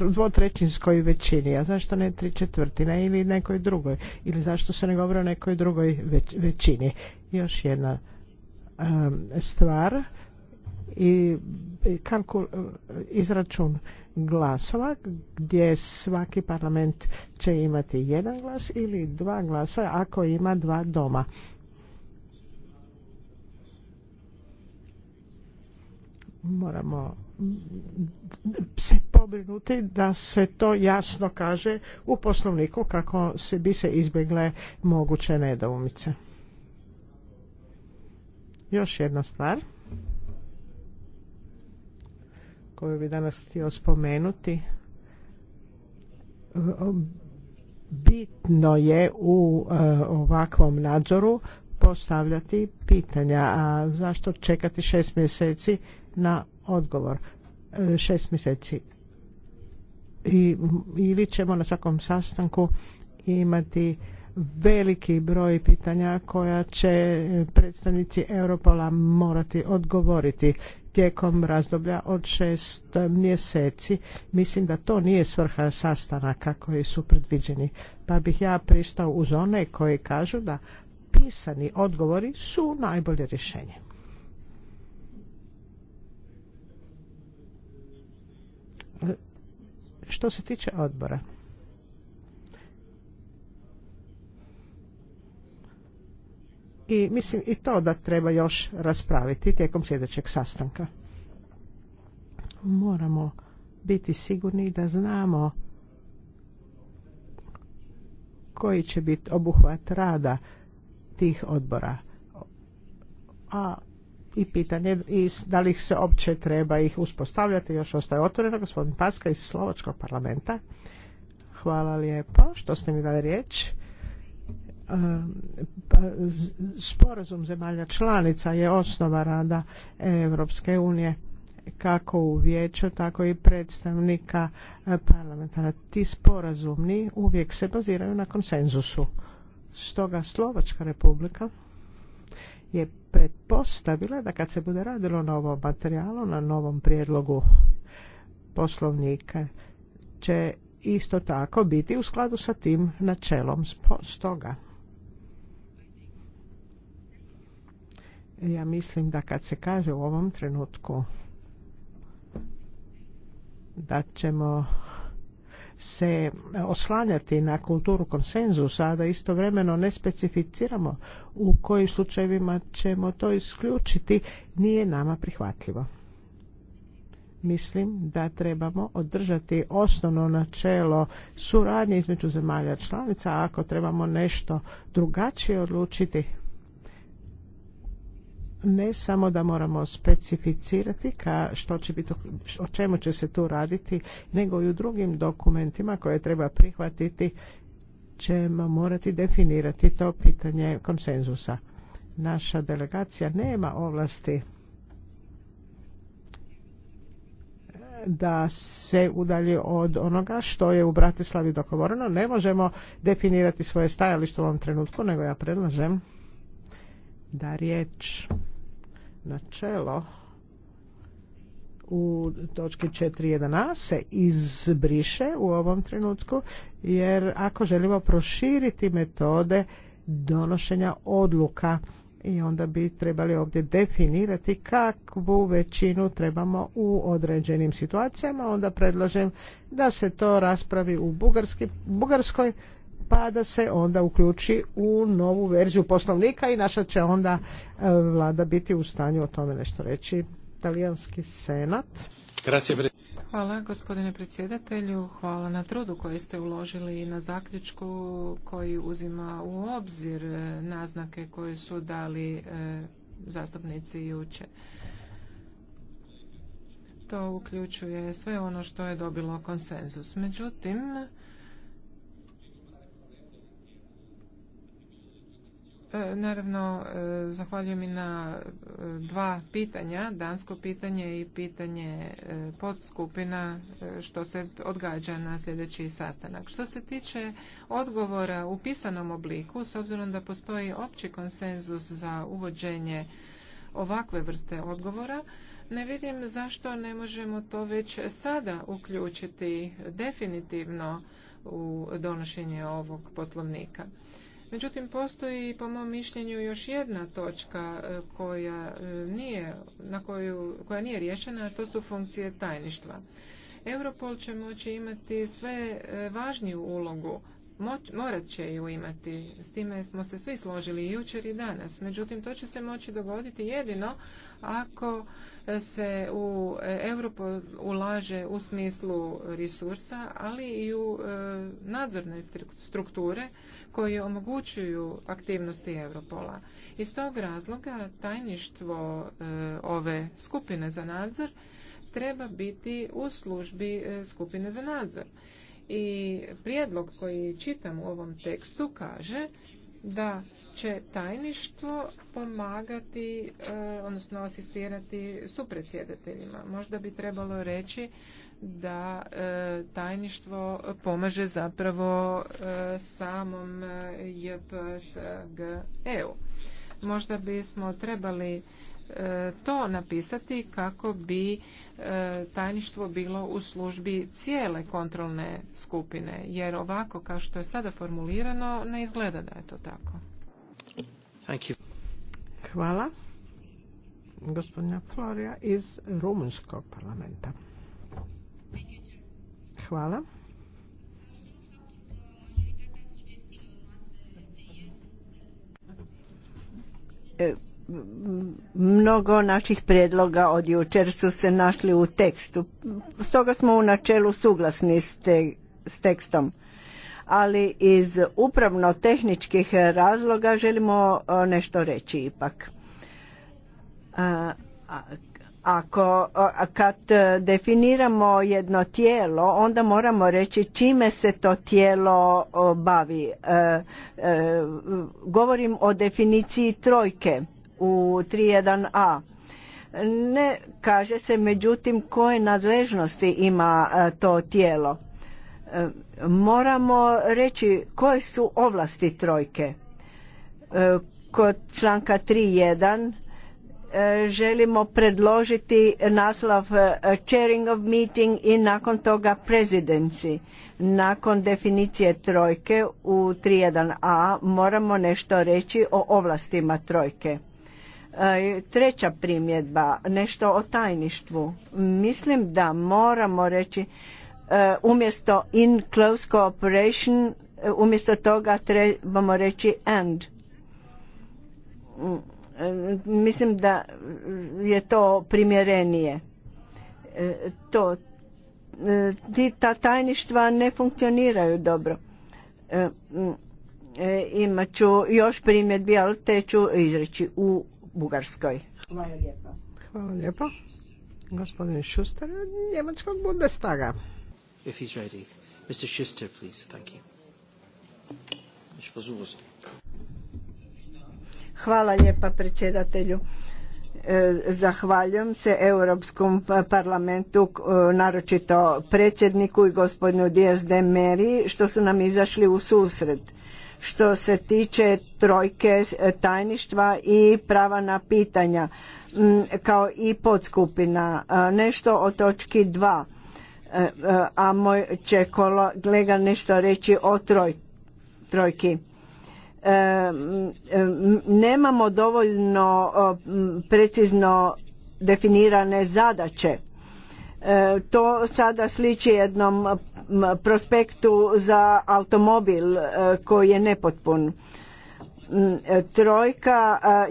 dvotrećinskoj većini, a zašto ne tri četvrtine ili nekoj drugoj? Ili zašto se ne govori o nekoj drugoj većini? Još jedna stvar i kalkul, e, izračun glasova gdje svaki parlament će imati jedan glas ili dva glasa ako ima dva doma. Moramo se pobrinuti da se to jasno kaže u poslovniku kako se bi se izbjegle moguće nedoumice. Još jedna stvar koju bi danas htio spomenuti bitno je u e, ovakvom nadzoru postavljati pitanja a zašto čekati šest mjeseci na odgovor e, šest mjeseci I, ili ćemo na svakom sastanku imati veliki broj pitanja koja će predstavnici Europola morati odgovoriti tijekom razdoblja od šest mjeseci. Mislim da to nije svrha sastanaka koji su predviđeni. Pa bih ja pristao uz one koji kažu da pisani odgovori su najbolje rješenje. E, što se tiče odbora, i mislim i to da treba još raspraviti tijekom sljedećeg sastanka. Moramo biti sigurni da znamo koji će biti obuhvat rada tih odbora. A i pitanje i da li ih se opće treba ih uspostavljati, još ostaje otvoreno. Gospodin Paska iz Slovačkog parlamenta. Hvala lijepo što ste mi dali riječ. Pa, sporazum zemalja članica je osnova rada Europske unije kako u vijeću, tako i predstavnika e, parlamentara. Ti sporazumni uvijek se baziraju na konsenzusu. Stoga Slovačka republika je pretpostavila da kad se bude radilo novo novom materijalu, na novom prijedlogu poslovnika, će isto tako biti u skladu sa tim načelom. Stoga Ja mislim da kad se kaže u ovom trenutku da ćemo se oslanjati na kulturu konsenzusa, a da istovremeno ne specificiramo u kojim slučajevima ćemo to isključiti, nije nama prihvatljivo. Mislim da trebamo održati osnovno načelo suradnje između zemalja članica, a ako trebamo nešto drugačije odlučiti, ne samo da moramo specificirati ka što će biti, o čemu će se tu raditi, nego i u drugim dokumentima koje treba prihvatiti ćemo morati definirati to pitanje konsenzusa. Naša delegacija nema ovlasti da se udalji od onoga što je u Bratislavi dogovoreno. Ne možemo definirati svoje stajalište u ovom trenutku, nego ja predlažem da riječ načelo u točki 4.1a se izbriše u ovom trenutku jer ako želimo proširiti metode donošenja odluka i onda bi trebali ovdje definirati kakvu većinu trebamo u određenim situacijama. Onda predlažem da se to raspravi u Bugarskoj pa da se onda uključi u novu verziju poslovnika i naša će onda e, vlada biti u stanju o tome nešto reći. Talijanski senat. Hvala gospodine predsjedatelju, hvala na trudu koji ste uložili i na zaključku koji uzima u obzir e, naznake koje su dali e, zastupnici juče. To uključuje sve ono što je dobilo konsenzus. Međutim, E, naravno, e, zahvaljujem i na e, dva pitanja, dansko pitanje i pitanje podskupina što se odgađa na sljedeći sastanak. Što se tiče odgovora u pisanom obliku, s obzirom da postoji opći konsenzus za uvođenje ovakve vrste odgovora, ne vidim zašto ne možemo to već sada uključiti definitivno u donošenje ovog poslovnika. Međutim, postoji po mom mišljenju još jedna točka e, koja e, nije, na koju, koja nije rješena, a to su funkcije tajništva. Europol će moći imati sve e, važniju ulogu morat će ju imati. S time smo se svi složili i jučer i danas. Međutim, to će se moći dogoditi jedino ako se u Europu ulaže u smislu resursa, ali i u e, nadzorne strukture koje omogućuju aktivnosti Europola. Iz tog razloga tajništvo e, ove skupine za nadzor treba biti u službi e, skupine za nadzor i prijedlog koji čitam u ovom tekstu kaže da će tajništvo pomagati, e, odnosno asistirati supredsjedateljima. Možda bi trebalo reći da e, tajništvo pomaže zapravo e, samom JPSG-EU. Možda bismo trebali E, to napisati kako bi e, tajništvo bilo u službi cijele kontrolne skupine, jer ovako kao što je sada formulirano ne izgleda da je to tako. Thank you. Hvala. Gospodina Florija iz Rumunjskog parlamenta. Hvala. E, mnogo naših predloga od jučer su se našli u tekstu. Stoga smo u načelu suglasni s, s tekstom. Ali iz upravno-tehničkih razloga želimo e, nešto reći ipak. ako kad definiramo jedno tijelo onda moramo reći čime se to tijelo e, bavi e, govorim o definiciji trojke u 31a. Ne kaže se međutim koje nadležnosti ima e, to tijelo. E, moramo reći koje su ovlasti trojke. E, kod članka 3.1 želimo predložiti naslov chairing of meeting i nakon toga presidency. Nakon definicije trojke u 3.1a moramo nešto reći o ovlastima trojke. E, treća primjedba, nešto o tajništvu. Mislim da moramo reći e, umjesto in close cooperation, e, umjesto toga trebamo reći and. Mm, mislim da je to primjerenije. To, ta tajništva ne funkcioniraju dobro. Mm, imat još primjedbi, ali te ću izreći u Bugarskoj. Hvala lijepo. Hvala lijepo. Gospodin Šuster, Njemačkog Bundestaga. If he's ready. Mr. Schuster, please. Thank you. Hvala lijepa predsjedatelju. E, zahvaljujem se Europskom parlamentu, e, naročito predsjedniku i gospodinu Diaz de Meri, što su nam izašli u susret što se tiče trojke e, tajništva i prava na pitanja kao i podskupina. E, nešto o točki dva, e, a moj će kolega nešto reći o troj, trojki. Nemamo dovoljno precizno definirane zadaće E, to sada sliči jednom prospektu za automobil e, koji je nepotpun. E, trojka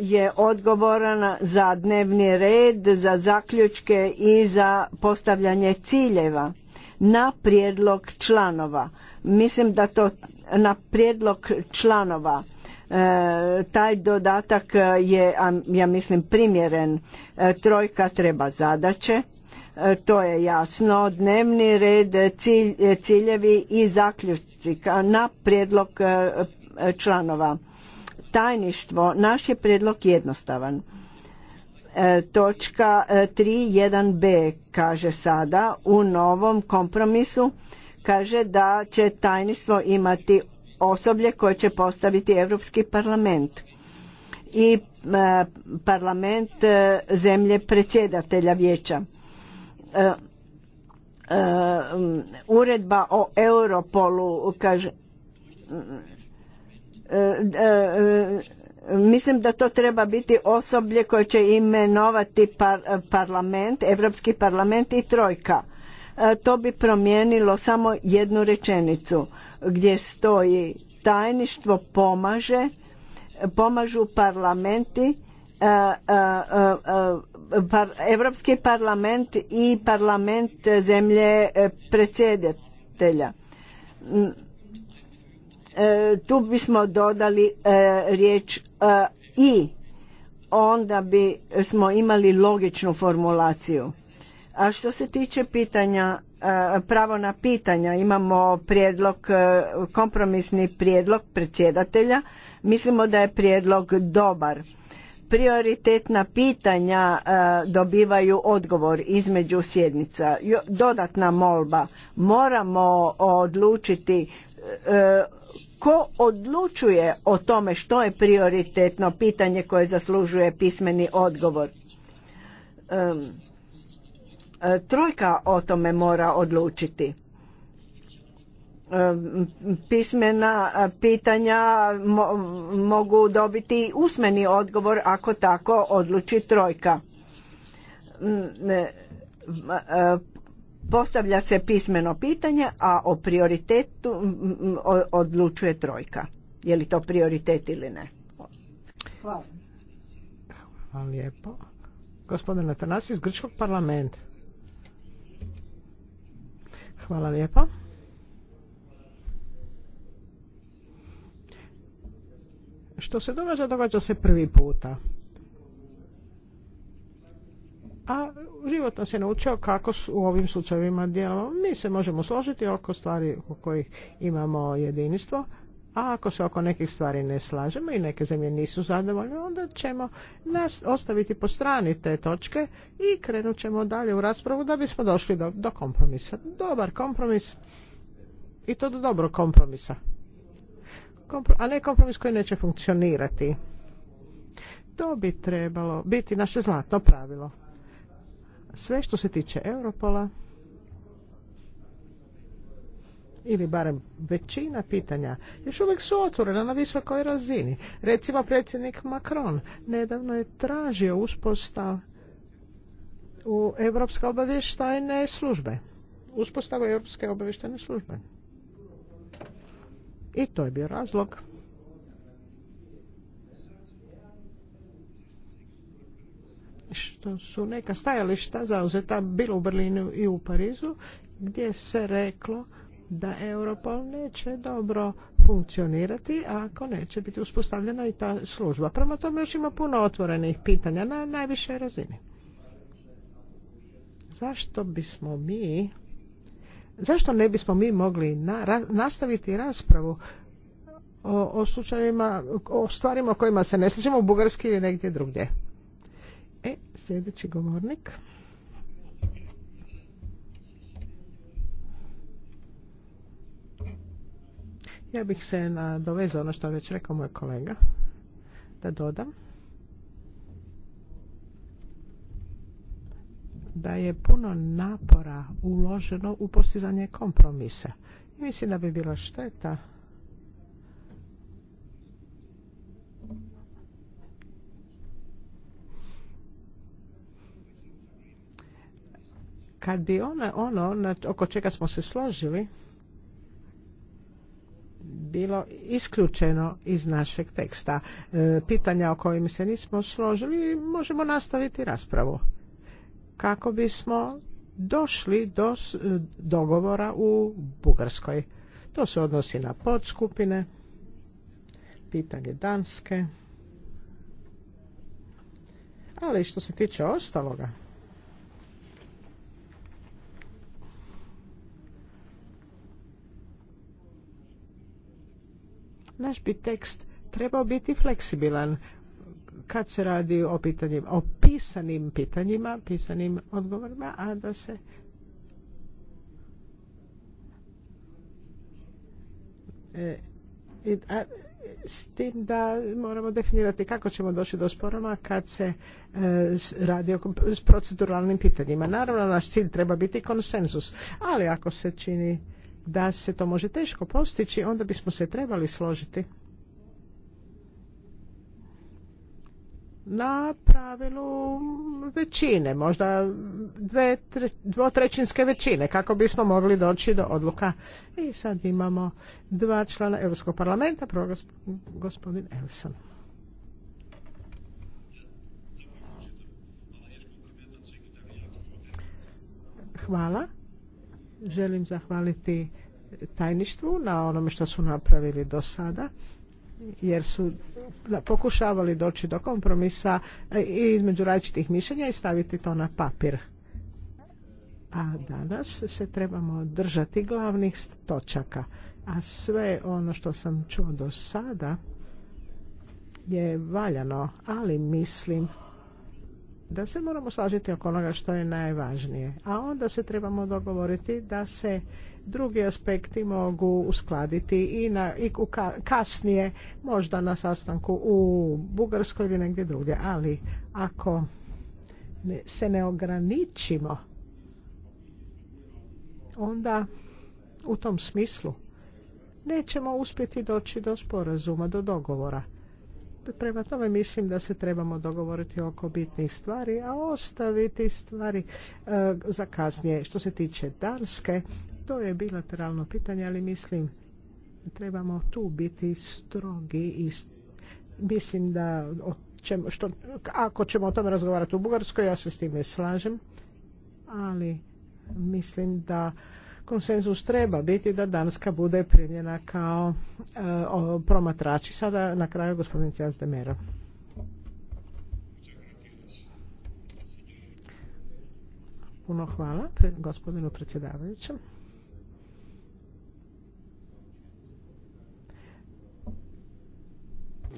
je odgovoran za dnevni red, za zaključke i za postavljanje ciljeva na prijedlog članova. Mislim da to na prijedlog članova. taj dodatak je, ja mislim, primjeren. trojka treba zadaće, E, to je jasno. Dnevni red, e, e, ciljevi i zaključci na prijedlog članova. Tajništvo, naš je prijedlog jednostavan. Točka 3.1b kaže sada u novom kompromisu kaže da će tajništvo imati osoblje koje će postaviti Europski parlament i parlament zemlje predsjedatelja vijeća E, e, uredba o Europolu kaže e, mislim da to treba biti osoblje koje će imenovati parlament, Europski parlament i trojka. To bi promijenilo samo jednu rečenicu gdje stoji tajništvo pomaže, pomažu parlamenti par, Evropski parlament i parlament zemlje e, predsjedatelja. E, tu bismo dodali e, riječ i onda bi smo imali logičnu formulaciju. A što se tiče pitanja, pravo na pitanja, imamo prijedlog, kompromisni prijedlog predsjedatelja. Mislimo da je prijedlog dobar prioritetna pitanja e, dobivaju odgovor između sjednica. Dodatna molba, moramo odlučiti e, ko odlučuje o tome što je prioritetno pitanje koje zaslužuje pismeni odgovor. E, trojka o tome mora odlučiti pismena pitanja mogu dobiti usmeni odgovor ako tako odluči trojka. Postavlja se pismeno pitanje, a o prioritetu odlučuje trojka. Je li to prioritet ili ne? Hvala. Hvala lijepo. Gospodin Atanas iz Grčkog parlamenta. Hvala lijepo. što se događa, događa se prvi puta. A život nas je naučio kako u ovim slučajevima djelamo. Mi se možemo složiti oko stvari u kojih imamo jedinstvo, a ako se oko nekih stvari ne slažemo i neke zemlje nisu zadovoljne, onda ćemo nas ostaviti po strani te točke i krenut ćemo dalje u raspravu da bismo došli do, do kompromisa. Dobar kompromis i to do dobrog kompromisa a ne kompromis koji neće funkcionirati. To bi trebalo biti naše zlatno pravilo. Sve što se tiče Europola ili barem većina pitanja još uvijek su otvorena na visokoj razini. Recimo predsjednik Macron nedavno je tražio uspostav u Europske obavještajne službe. Uspostavu Europske obavještajne službe. I to je bio razlog što su neka stajališta zauzeta bilo u Berlinu i u Parizu gdje se reklo da Europol neće dobro funkcionirati ako neće biti uspostavljena i ta služba. Prema tome još ima puno otvorenih pitanja na najvišoj razini. Zašto bismo mi zašto ne bismo mi mogli nastaviti raspravu o, slučajevima, o stvarima o kojima se ne sličimo u Bugarski ili negdje drugdje. E, sljedeći govornik. Ja bih se nadovezao ono što je već rekao moj kolega, da dodam. da je puno napora uloženo u postizanje kompromisa. I mislim da bi bilo šteta kad bi ono, ono oko čega smo se složili bilo isključeno iz našeg teksta. E, pitanja o kojim se nismo složili možemo nastaviti raspravu kako bismo došli do e, dogovora u Bugarskoj. To se odnosi na podskupine, pitanje Danske, ali što se tiče ostaloga, naš bi tekst trebao biti fleksibilan kad se radi o pitanjima, o pisanim pitanjima, pisanim odgovorima, a da se e, s tim da moramo definirati kako ćemo doći do sporoma kad se e, radi o s proceduralnim pitanjima. Naravno, naš cilj treba biti konsenzus, ali ako se čini da se to može teško postići, onda bismo se trebali složiti na pravilu većine, možda dve, tre, dvotrećinske većine, kako bismo mogli doći do odluka. I sad imamo dva člana Europskog parlamenta, prvo gospodin Elson. Hvala. Želim zahvaliti tajništvu na onome što su napravili do sada jer su pokušavali doći do kompromisa e, između različitih mišljenja i staviti to na papir. A danas se trebamo držati glavnih točaka. A sve ono što sam čuo do sada je valjano, ali mislim da se moramo slažiti oko onoga što je najvažnije. A onda se trebamo dogovoriti da se drugi aspekti mogu uskladiti i, na, i kasnije, možda na sastanku u Bugarskoj ili negdje drugdje, ali ako se ne ograničimo, onda u tom smislu nećemo uspjeti doći do sporazuma, do dogovora. Prema tome mislim da se trebamo dogovoriti oko bitnih stvari, a ostaviti stvari e, za kasnije. Što se tiče Danske, to je bilateralno pitanje, ali mislim trebamo tu biti strogi i mislim da ako ćemo o tome razgovarati u Bugarskoj, ja se s time slažem, ali mislim da konsenzus treba biti da Danska bude primljena kao eh, promatrači. Sada na kraju gospodin Cijas Demera. Puno hvala gospodinu predsjedavajućem.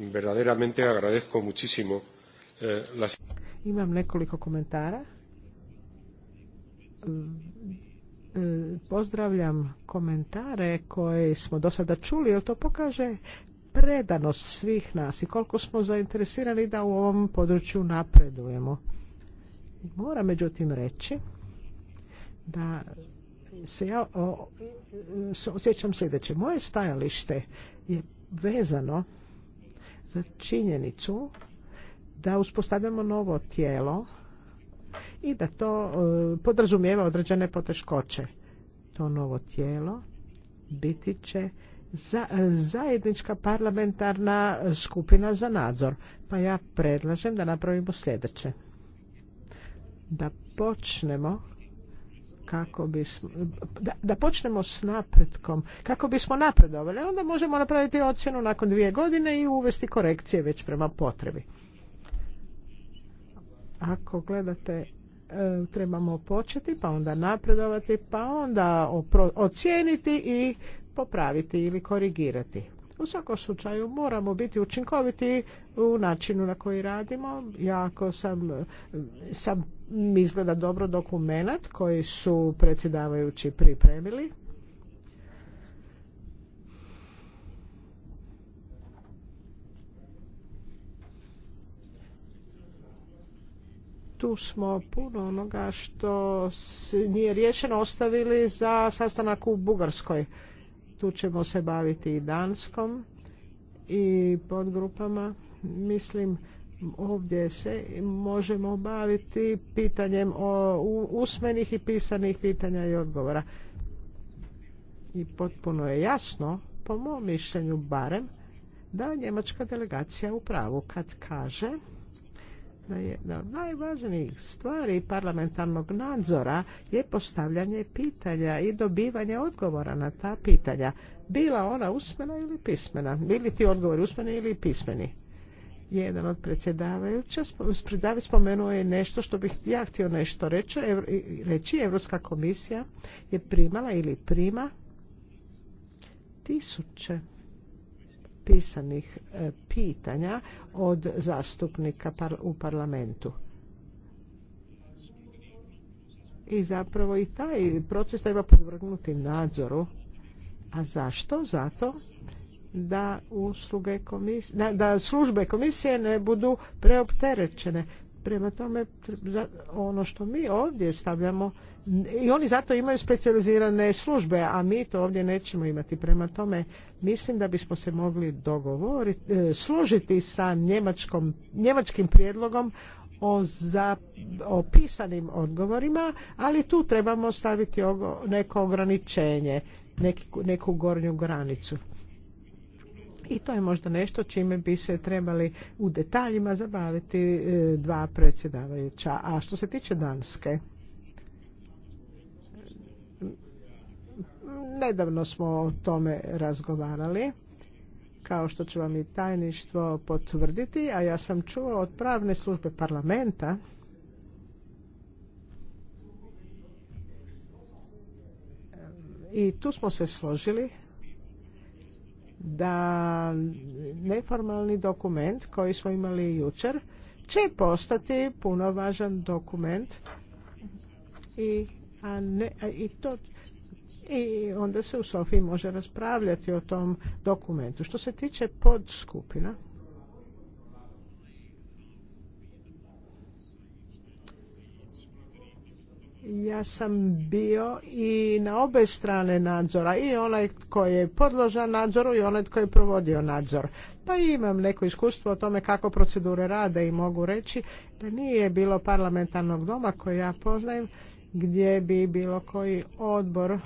verdaderamente agradezco muchísimo eh, Imam nekoliko komentara. Eh, pozdravljam komentare koje smo do sada čuli, jer to pokaže predanost svih nas i koliko smo zainteresirani da u ovom području napredujemo. Moram međutim reći da se ja osjećam sljedeće. Moje stajalište je vezano za činjenicu da uspostavljamo novo tijelo i da to e, podrazumijeva određene poteškoće. To novo tijelo biti će za, e, zajednička parlamentarna skupina za nadzor. Pa ja predlažem da napravimo sljedeće. Da počnemo kako bismo, da, počnemo s napretkom, kako bismo napredovali, onda možemo napraviti ocjenu nakon dvije godine i uvesti korekcije već prema potrebi. Ako gledate e, trebamo početi, pa onda napredovati, pa onda ocijeniti i popraviti ili korigirati. U svakom slučaju moramo biti učinkoviti u načinu na koji radimo. Jako sam, sam izgleda dobro dokumenat koji su predsjedavajući pripremili. tu smo puno onoga što nije riješeno ostavili za sastanak u Bugarskoj tu ćemo se baviti i Danskom i podgrupama. Mislim, ovdje se možemo baviti pitanjem o usmenih i pisanih pitanja i odgovora. I potpuno je jasno, po mom mišljenju barem, da njemačka delegacija u pravu kad kaže da jedna od najvažnijih stvari parlamentarnog nadzora je postavljanje pitanja i dobivanje odgovora na ta pitanja. Bila ona usmena ili pismena. Bili ti odgovori usmeni ili pismeni. Jedan od predsjedavajuća spredavi spomenuo je nešto što bih ja htio nešto reći. reći Evropska komisija je primala ili prima tisuće pisanih e, pitanja od zastupnika u parlamentu. I zapravo i taj proces treba podvrgnuti nadzoru. A zašto? Zato da usluge da službe komisije ne budu preopterećene. Prema tome, ono što mi ovdje stavljamo, i oni zato imaju specijalizirane službe, a mi to ovdje nećemo imati. Prema tome, mislim da bismo se mogli dogovoriti, e, služiti složiti sa njemačkom, njemačkim prijedlogom o, za, o pisanim odgovorima, ali tu trebamo staviti neko ograničenje, neku gornju granicu. I to je možda nešto čime bi se trebali u detaljima zabaviti e, dva predsjedavajuća. A što se tiče Danske, nedavno smo o tome razgovarali kao što će vam i tajništvo potvrditi, a ja sam čuo od pravne službe parlamenta i tu smo se složili da neformalni dokument koji smo imali jučer će postati puno važan dokument i, a ne, a i to i onda se u Sofiji može raspravljati o tom dokumentu. Što se tiče podskupina, Ja sam bio i na obe strane nadzora, i onaj koji je podložan nadzoru i onaj koji je provodio nadzor. Pa imam neko iskustvo o tome kako procedure rade i mogu reći da nije bilo parlamentarnog doma koji ja poznajem gdje bi bilo koji odbor e,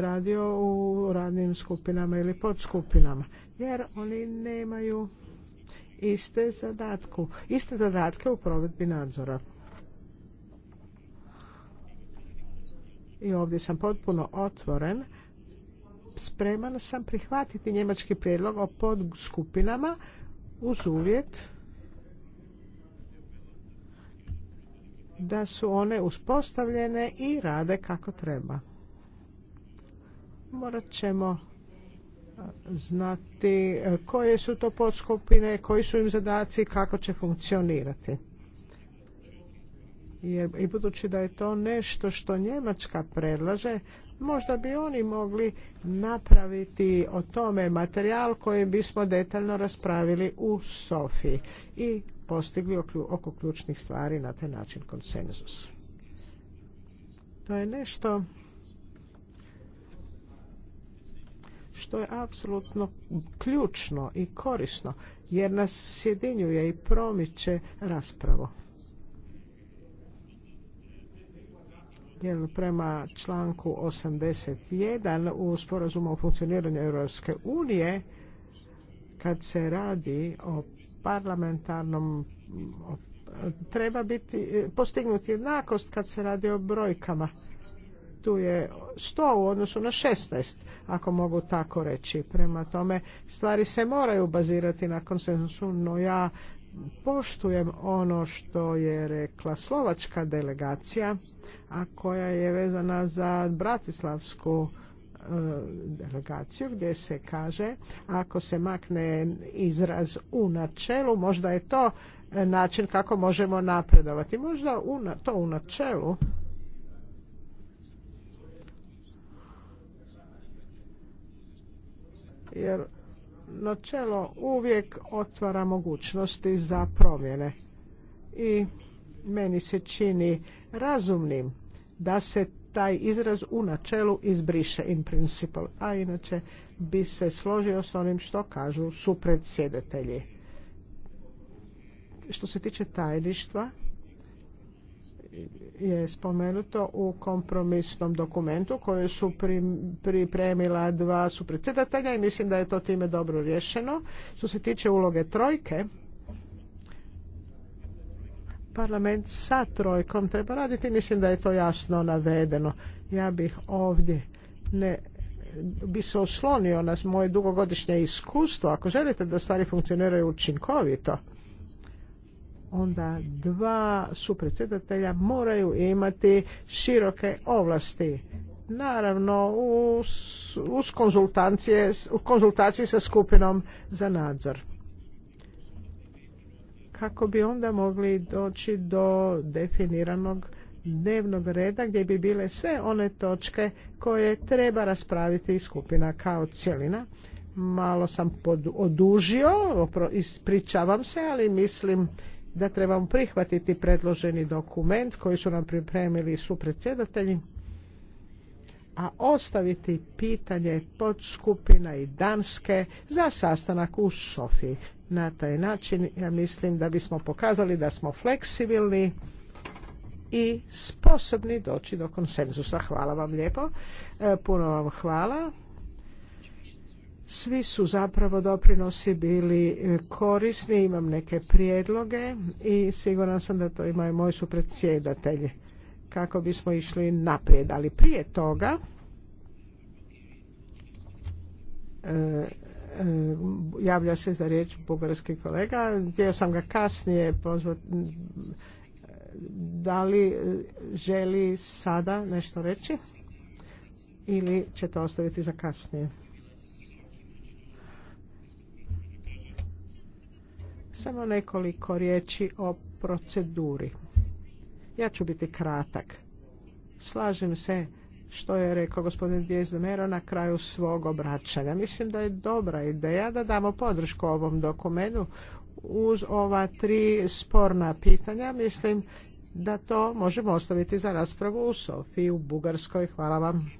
radio u radnim skupinama ili podskupinama jer oni nemaju iste zadatku, iste zadatke u provedbi nadzora. i ovdje sam potpuno otvoren, spreman sam prihvatiti njemački prijedlog o podskupinama uz uvjet da su one uspostavljene i rade kako treba. Morat ćemo znati e, koje su to podskupine, koji su im zadaci, kako će funkcionirati. Jer, I budući da je to nešto što Njemačka predlaže, možda bi oni mogli napraviti o tome materijal koji bismo detaljno raspravili u Sofiji i postigli oko ključnih stvari na taj način konsenzus. To je nešto što je apsolutno ključno i korisno jer nas sjedinjuje i promiče raspravu. jer prema članku 81 u sporazumu o funkcioniranju Europske unije kad se radi o parlamentarnom treba biti postignuti jednakost kad se radi o brojkama tu je 100 u odnosu na 16 ako mogu tako reći prema tome stvari se moraju bazirati na konsenzusu no ja poštujem ono što je rekla slovačka delegacija, a koja je vezana za bratislavsku e, delegaciju gdje se kaže ako se makne izraz u načelu možda je to način kako možemo napredovati možda to u načelu jer načelo uvijek otvara mogućnosti za promjene i meni se čini razumnim da se taj izraz u načelu izbriše in principle, a inače bi se složio s onim što kažu supredsjedatelji. Što se tiče tajništva, je spomenuto u kompromisnom dokumentu koje su pripremila dva su predsjedatelja i mislim da je to time dobro rješeno. Što se tiče uloge trojke, parlament sa trojkom treba raditi, mislim da je to jasno navedeno. Ja bih ovdje ne bi se oslonio na moje dugogodišnje iskustvo. Ako želite da stvari funkcioniraju učinkovito, onda dva supredsjedatelja moraju imati široke ovlasti. Naravno, uz, uz konzultacije, u konzultaciji sa skupinom za nadzor. Kako bi onda mogli doći do definiranog dnevnog reda gdje bi bile sve one točke koje treba raspraviti i skupina kao cjelina. Malo sam pod, odužio, ispričavam se, ali mislim da trebamo prihvatiti predloženi dokument koji su nam pripremili su predsjedatelji, a ostaviti pitanje podskupina i Danske za sastanak u Sofiji. Na taj način ja mislim da bismo pokazali da smo fleksibilni i sposobni doći do konsenzusa. Hvala vam lijepo. E, puno vam hvala. Svi su zapravo doprinosi bili e, korisni, imam neke prijedloge i siguran sam da to imaju moji su kako bismo išli naprijed. Ali prije toga e, e, javlja se za riječ bugarski kolega. Htio sam ga kasnije pozvati. Da li želi sada nešto reći ili će to ostaviti za kasnije? Samo nekoliko riječi o proceduri. Ja ću biti kratak. Slažem se što je rekao gospodin Dijez na kraju svog obraćanja. Mislim da je dobra ideja da damo podršku ovom dokumentu uz ova tri sporna pitanja. Mislim da to možemo ostaviti za raspravu u Sofiji, u Bugarskoj. Hvala vam.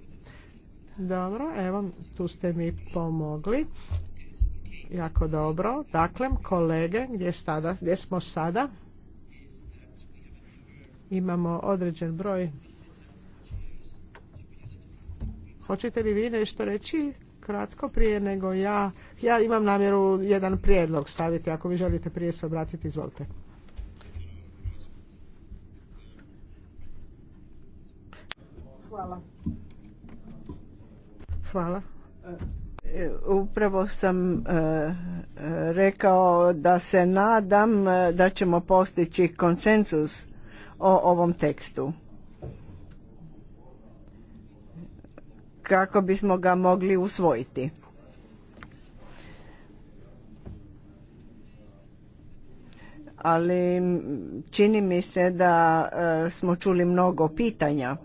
Dobro, evo, tu ste mi pomogli jako dobro. Dakle, kolege, gdje, sada, gdje smo sada? Imamo određen broj. Hoćete li vi nešto reći kratko prije nego ja? Ja imam namjeru jedan prijedlog staviti. Ako vi želite prije se obratiti, izvolite. Hvala. Hvala upravo sam e, e, rekao da se nadam e, da ćemo postići konsenzus o ovom tekstu. Kako bismo ga mogli usvojiti. Ali čini mi se da smo čuli mnogo pitanja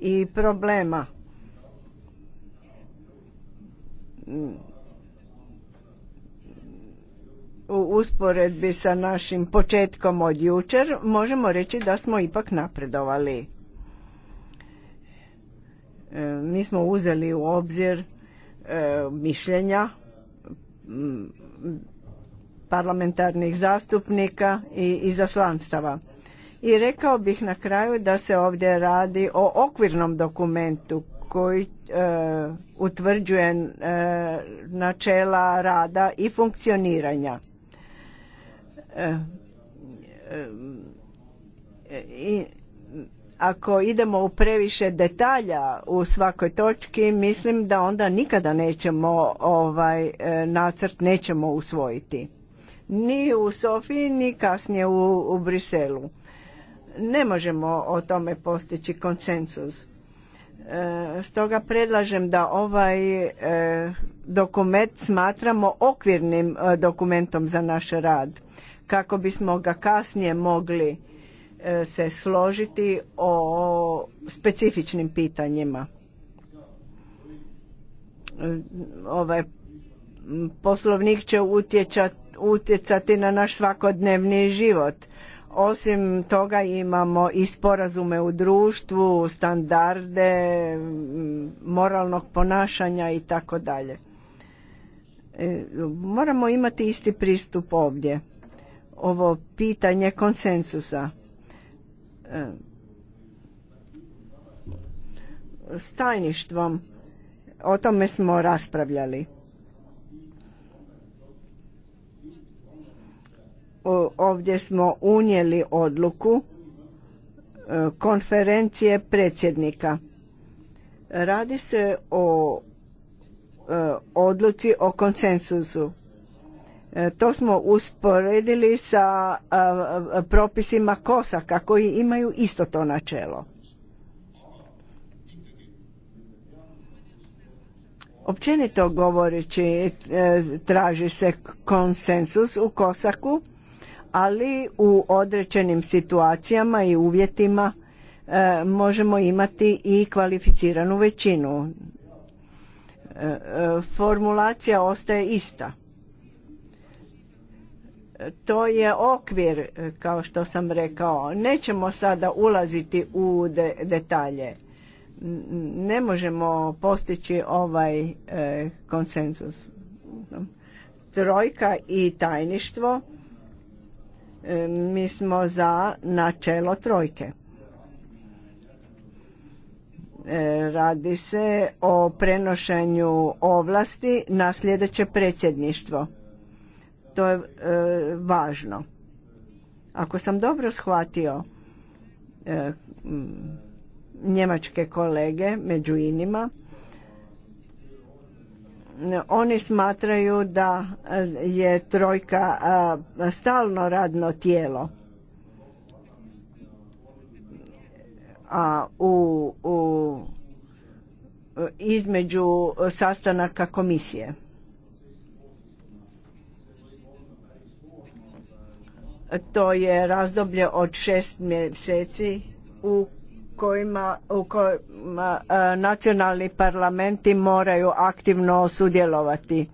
i problema u usporedbi sa našim početkom od jučer možemo reći da smo ipak napredovali. Mi e, smo uzeli u obzir e, mišljenja mm, parlamentarnih zastupnika i izaslanstava. I rekao bih na kraju da se ovdje radi o okvirnom dokumentu koji e, utvrđuje e, načela rada i funkcioniranja e, i ako idemo u previše detalja u svakoj točki mislim da onda nikada nećemo ovaj nacrt nećemo usvojiti ni u Sofiji ni kasnije u, u Briselu ne možemo o tome postići konsenzus E, stoga predlažem da ovaj e, dokument smatramo okvirnim e, dokumentom za naš rad kako bismo ga kasnije mogli se složiti o specifičnim pitanjima. Ovaj poslovnik će utjecati na naš svakodnevni život osim toga imamo i sporazume u društvu, standarde moralnog ponašanja i tako dalje. E, moramo imati isti pristup ovdje. Ovo pitanje konsensusa. E, s tajništvom o tome smo raspravljali. ovdje smo unijeli odluku e, konferencije predsjednika. Radi se o e, odluci o konsensusu. E, to smo usporedili sa propisima Kosaka koji imaju isto to načelo. Općenito govoreći traži se konsensus u Kosaku ali u određenim situacijama i uvjetima e, možemo imati i kvalificiranu većinu. E, e, formulacija ostaje ista. To je okvir, kao što sam rekao. Nećemo sada ulaziti u detalje. Ne možemo postići ovaj konsenzus. Trojka i tajništvo E, mi smo za načelo trojke. E, radi se o prenošenju ovlasti na sljedeće predsjedništvo. To je e, važno. Ako sam dobro shvatio njemačke kolege među inima, oni smatraju da je trojka stalno radno tijelo. A u, u između sastanaka komisije. To je razdoblje od šest mjeseci u kojima, u kojima e, nacionalni parlamenti moraju aktivno sudjelovati.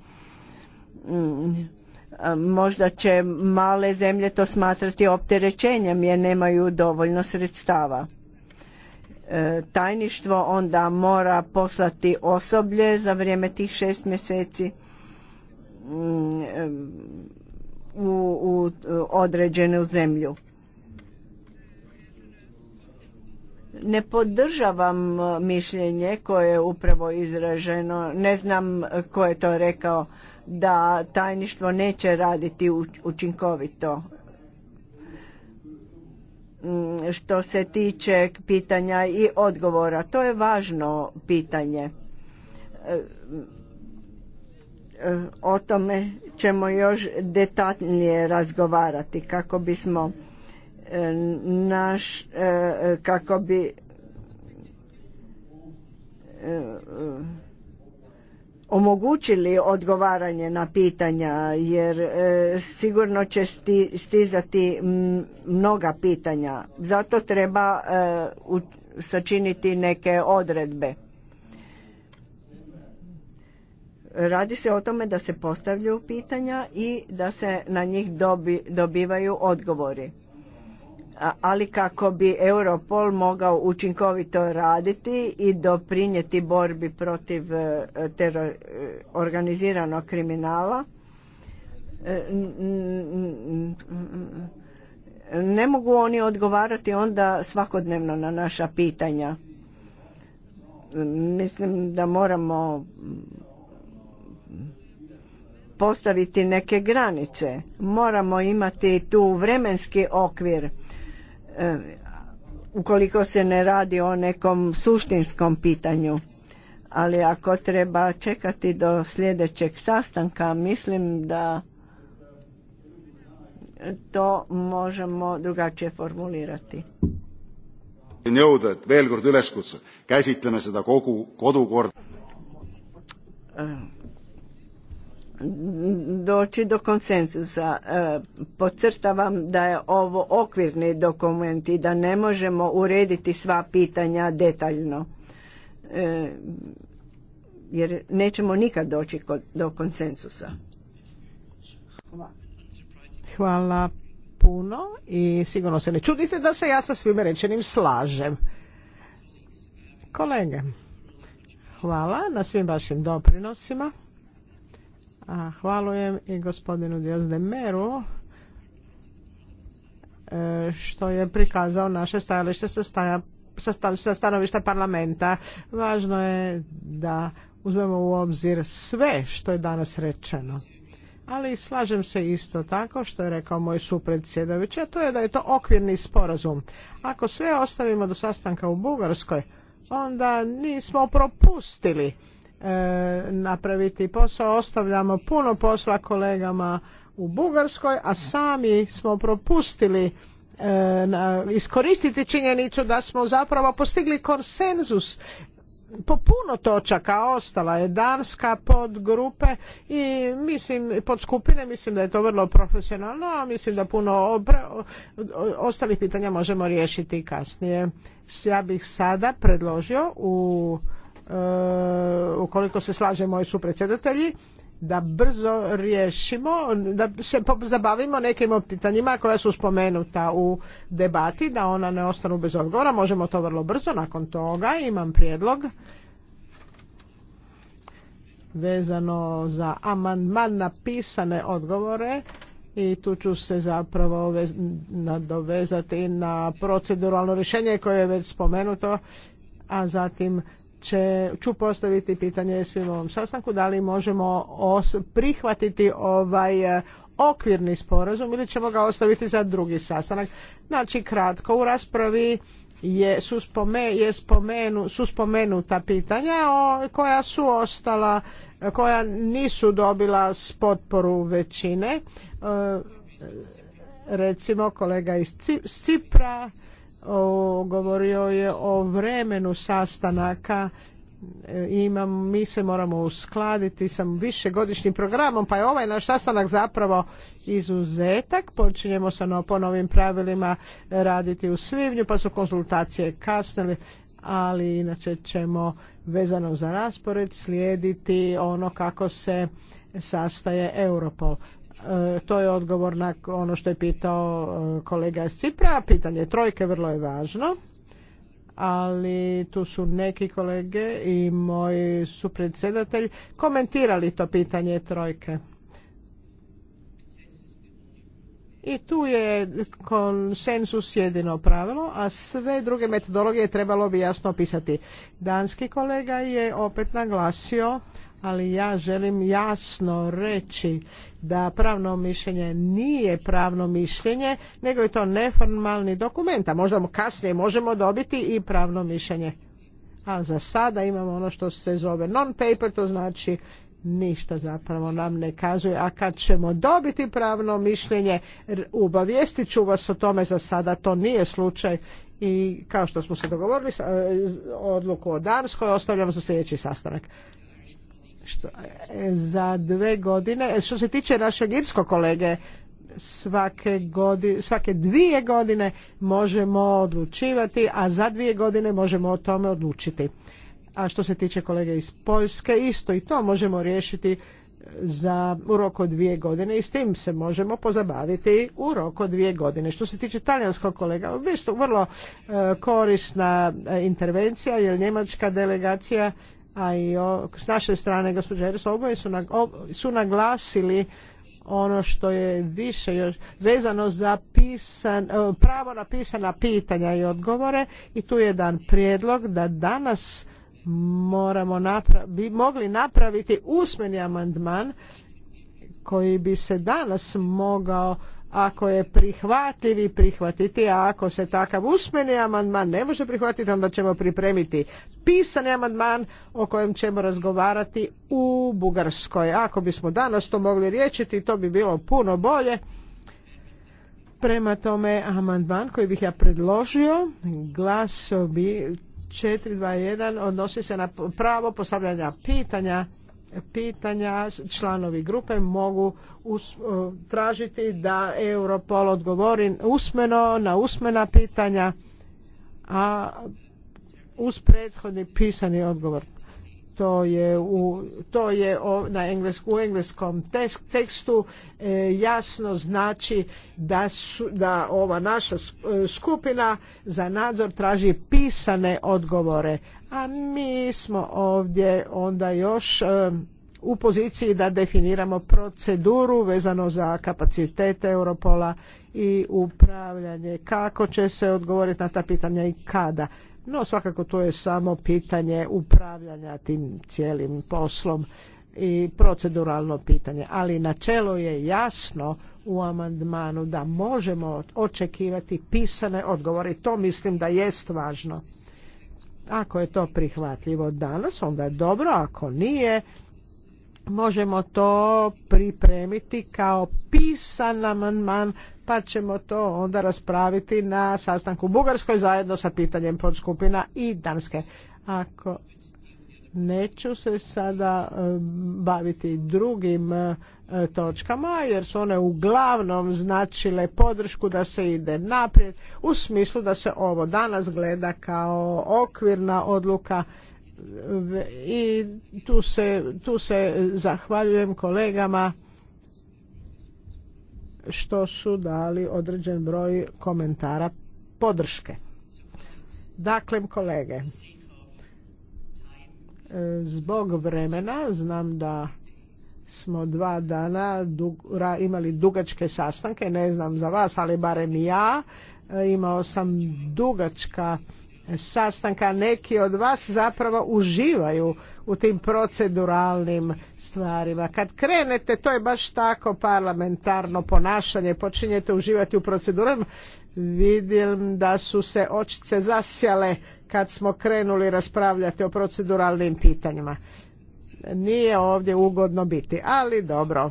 Mm. E, možda će male zemlje to smatrati opterećenjem jer nemaju dovoljno sredstava. E, tajništvo onda mora poslati osoblje za vrijeme tih šest mjeseci mm, u, u određenu zemlju ne podržavam e, mišljenje koje je upravo izraženo. Ne znam e, ko je to rekao da tajništvo neće raditi učinkovito. Mm, što se tiče pitanja i odgovora, to je važno pitanje. E, o tome ćemo još detaljnije razgovarati kako bismo naš e, kako bi e, omogućili odgovaranje na pitanja jer e, sigurno će stizati mnoga pitanja zato treba sačiniti neke odredbe radi se o tome da se postavljaju pitanja i da se na njih dobivaju odgovori ali kako bi Europol mogao učinkovito raditi i doprinijeti borbi protiv e, e, organiziranog kriminala e, ne mogu oni odgovarati onda svakodnevno na naša pitanja. Mislim da moramo postaviti neke granice. Moramo imati tu vremenski okvir E, ukoliko se ne radi o nekom suštinskom pitanju ali ako treba čekati do sljedećeg sastanka mislim da to možemo drugačije formulirati Hvala doći do konsenzusa. E, podcrtavam da je ovo okvirni dokument i da ne možemo urediti sva pitanja detaljno. E, jer nećemo nikad doći do konsenzusa. Hvala. Hvala puno i sigurno se ne čudite da se ja sa svime rečenim slažem. Kolege, hvala na svim vašim doprinosima. A hvalujem i gospodinu Meru e, što je prikazao naše stajalište sa, staja, sa stanovišta parlamenta. Važno je da uzmemo u obzir sve što je danas rečeno. Ali slažem se isto tako što je rekao moj supredsjedović, a to je da je to okvirni sporazum. Ako sve ostavimo do sastanka u Bugarskoj, onda nismo propustili E, napraviti posao. Ostavljamo puno posla kolegama u Bugarskoj, a sami smo propustili e, iskoristiti činjenicu da smo zapravo postigli konsenzus po puno točaka ostala je Danska pod grupe i mislim pod skupine mislim da je to vrlo profesionalno a mislim da puno ostalih pitanja možemo riješiti kasnije ja bih sada predložio u E, ukoliko se slaže moji predsjedatelji da brzo riješimo, da se zabavimo nekim pitanjima koja su spomenuta u debati, da ona ne ostanu bez odgovora. Možemo to vrlo brzo. Nakon toga imam prijedlog vezano za amandman na pisane odgovore i tu ću se zapravo nadovezati na proceduralno rješenje koje je već spomenuto, a zatim će, ću postaviti pitanje svim ovom sastanku da li možemo prihvatiti ovaj e, okvirni sporazum ili ćemo ga ostaviti za drugi sastanak. Znači kratko u raspravi je, su, je spomenu, su spomenuta pitanja koja su ostala, koja nisu dobila s potporu većine. E, recimo kolega iz Cipra o, govorio je o vremenu sastanaka e, imam, mi se moramo uskladiti sa višegodišnjim programom, pa je ovaj naš sastanak zapravo izuzetak. Počinjemo sa no, po novim pravilima raditi u svibnju, pa su konsultacije kasnili, ali inače ćemo vezano za raspored slijediti ono kako se sastaje Europol. E, to je odgovor na ono što je pitao e, kolega Sipra. Pitanje trojke vrlo je važno, ali tu su neki kolege i moj predsjedatelj komentirali to pitanje trojke. I tu je konsensus jedino pravilo, a sve druge metodologije trebalo bi jasno opisati. Danski kolega je opet naglasio ali ja želim jasno reći da pravno mišljenje nije pravno mišljenje, nego je to neformalni dokument, a možda kasnije možemo dobiti i pravno mišljenje. A za sada imamo ono što se zove non-paper, to znači ništa zapravo nam ne kazuje, a kad ćemo dobiti pravno mišljenje, obavijestit ću vas o tome za sada, to nije slučaj i kao što smo se dogovorili, e, odluku o Danskoj ostavljamo za sljedeći sastanak što, e, za dve godine. Što se tiče našeg irskog kolege, svake, godine, svake dvije godine možemo odlučivati, a za dvije godine možemo o tome odlučiti. A što se tiče kolege iz Poljske, isto i to možemo riješiti e, za u roku dvije godine i s tim se možemo pozabaviti u roku dvije godine. Što se tiče talijanskog kolega, vrlo e, korisna intervencija jer njemačka delegacija a i s naše strane gospođe Eres su, su naglasili ono što je više još vezano za pisan, e, pravo na pisana pitanja i odgovore i tu je jedan prijedlog da danas moramo napra bi mogli napraviti usmeni amandman koji bi se danas mogao ako je prihvatljiv i prihvatiti, a ako se takav usmeni amandman ne može prihvatiti, onda ćemo pripremiti pisani amandman o kojem ćemo razgovarati u Bugarskoj. Ako bismo danas to mogli riječiti, to bi bilo puno bolje. Prema tome, amandman koji bih ja predložio, glaso bi 421 odnosi se na pravo postavljanja pitanja pitanja članovi grupe mogu e, tražiti da Europol odgovori usmeno na usmena pitanja a uz prethodni pisani odgovor to je, u, to je na englesku, u engleskom tekstu e, jasno znači da, su, da ova naša e, skupina za nadzor traži pisane odgovore. A mi smo ovdje onda još e, u poziciji da definiramo proceduru vezano za kapacitete Europola i upravljanje, kako će se odgovoriti na ta pitanja i kada. No svakako to je samo pitanje upravljanja tim cijelim poslom i proceduralno pitanje. Ali načelo je jasno u amandmanu da možemo očekivati pisane odgovore. To mislim da jest važno. Ako je to prihvatljivo danas, onda je dobro. Ako nije, možemo to pripremiti kao pisan amandman pa ćemo to onda raspraviti na sastanku u Bugarskoj zajedno sa pitanjem podskupina i Danske. Ako neću se sada e, baviti drugim e, točkama jer su one uglavnom značile podršku da se ide naprijed u smislu da se ovo danas gleda kao okvirna odluka e, i tu se, tu se zahvaljujem kolegama što su dali određen broj komentara podrške. Dakle, kolege, e, zbog vremena znam da smo dva dana imali dugačke sastanke, ne znam za vas, ali barem ja. E, imao sam dugačka sastanka, neki od vas zapravo uživaju u tim proceduralnim stvarima. Kad krenete, to je baš tako parlamentarno ponašanje, počinjete uživati u procedurama. Vidim da su se očice zasjale kad smo krenuli raspravljati o proceduralnim pitanjima. Nije ovdje ugodno biti, ali dobro.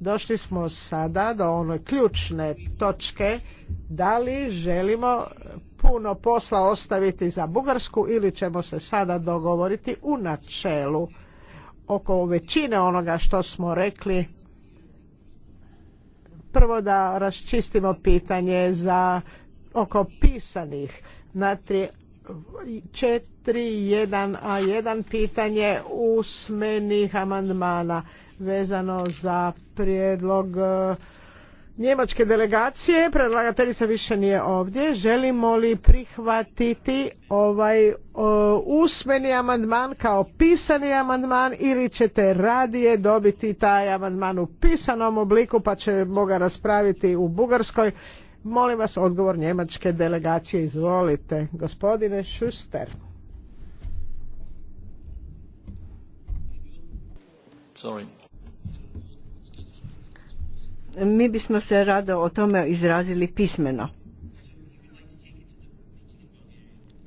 Došli smo sada do one ključne točke da li želimo puno posla ostaviti za Bugarsku ili ćemo se sada dogovoriti u načelu oko većine onoga što smo rekli prvo da raščistimo pitanje za oko pisanih na tri, a 1 pitanje usmenih amandmana vezano za prijedlog njemačke delegacije, predlagateljica više nije ovdje, želimo li prihvatiti ovaj e, usmeni amandman kao pisani amandman ili ćete radije dobiti taj amandman u pisanom obliku pa ćemo ga raspraviti u Bugarskoj. Molim vas odgovor njemačke delegacije, izvolite. Gospodine Schuster. Sorry mi bismo se rado o tome izrazili pismeno.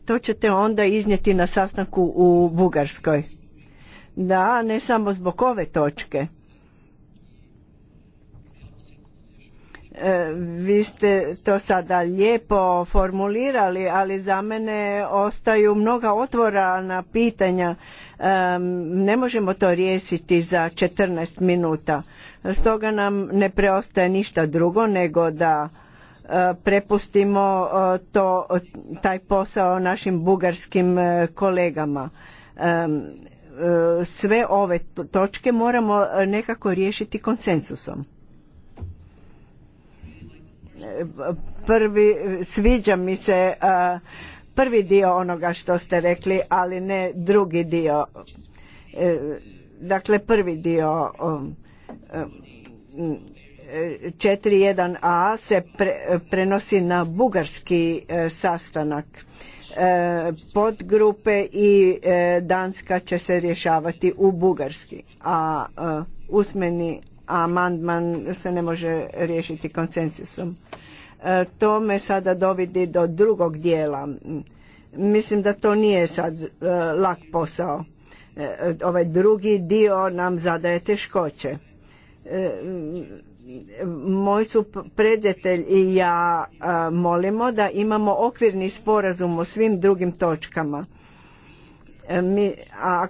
To ćete onda iznijeti na sastanku u Bugarskoj. Da, ne samo zbog ove točke E, vi ste to sada lijepo formulirali, ali za mene ostaju mnoga otvorena pitanja. E, ne možemo to riješiti za 14 minuta. Stoga nam ne preostaje ništa drugo nego da e, prepustimo to, taj posao našim bugarskim kolegama. Sve ove točke moramo nekako riješiti konsensusom prvi sviđa mi se prvi dio onoga što ste rekli ali ne drugi dio e, dakle prvi dio 41a um, um, se prenosi na bugarski e, sastanak e, podgrupe i Danska će se rješavati u bugarski a usmeni amandman se ne može riješiti konsenzusom. E, to me sada dovidi do drugog dijela. Mislim da to nije sad e, lak posao. E, ovaj drugi dio nam zadaje teškoće. Moj su predjetelj i ja molimo da imamo okvirni sporazum o svim drugim točkama. Mi a,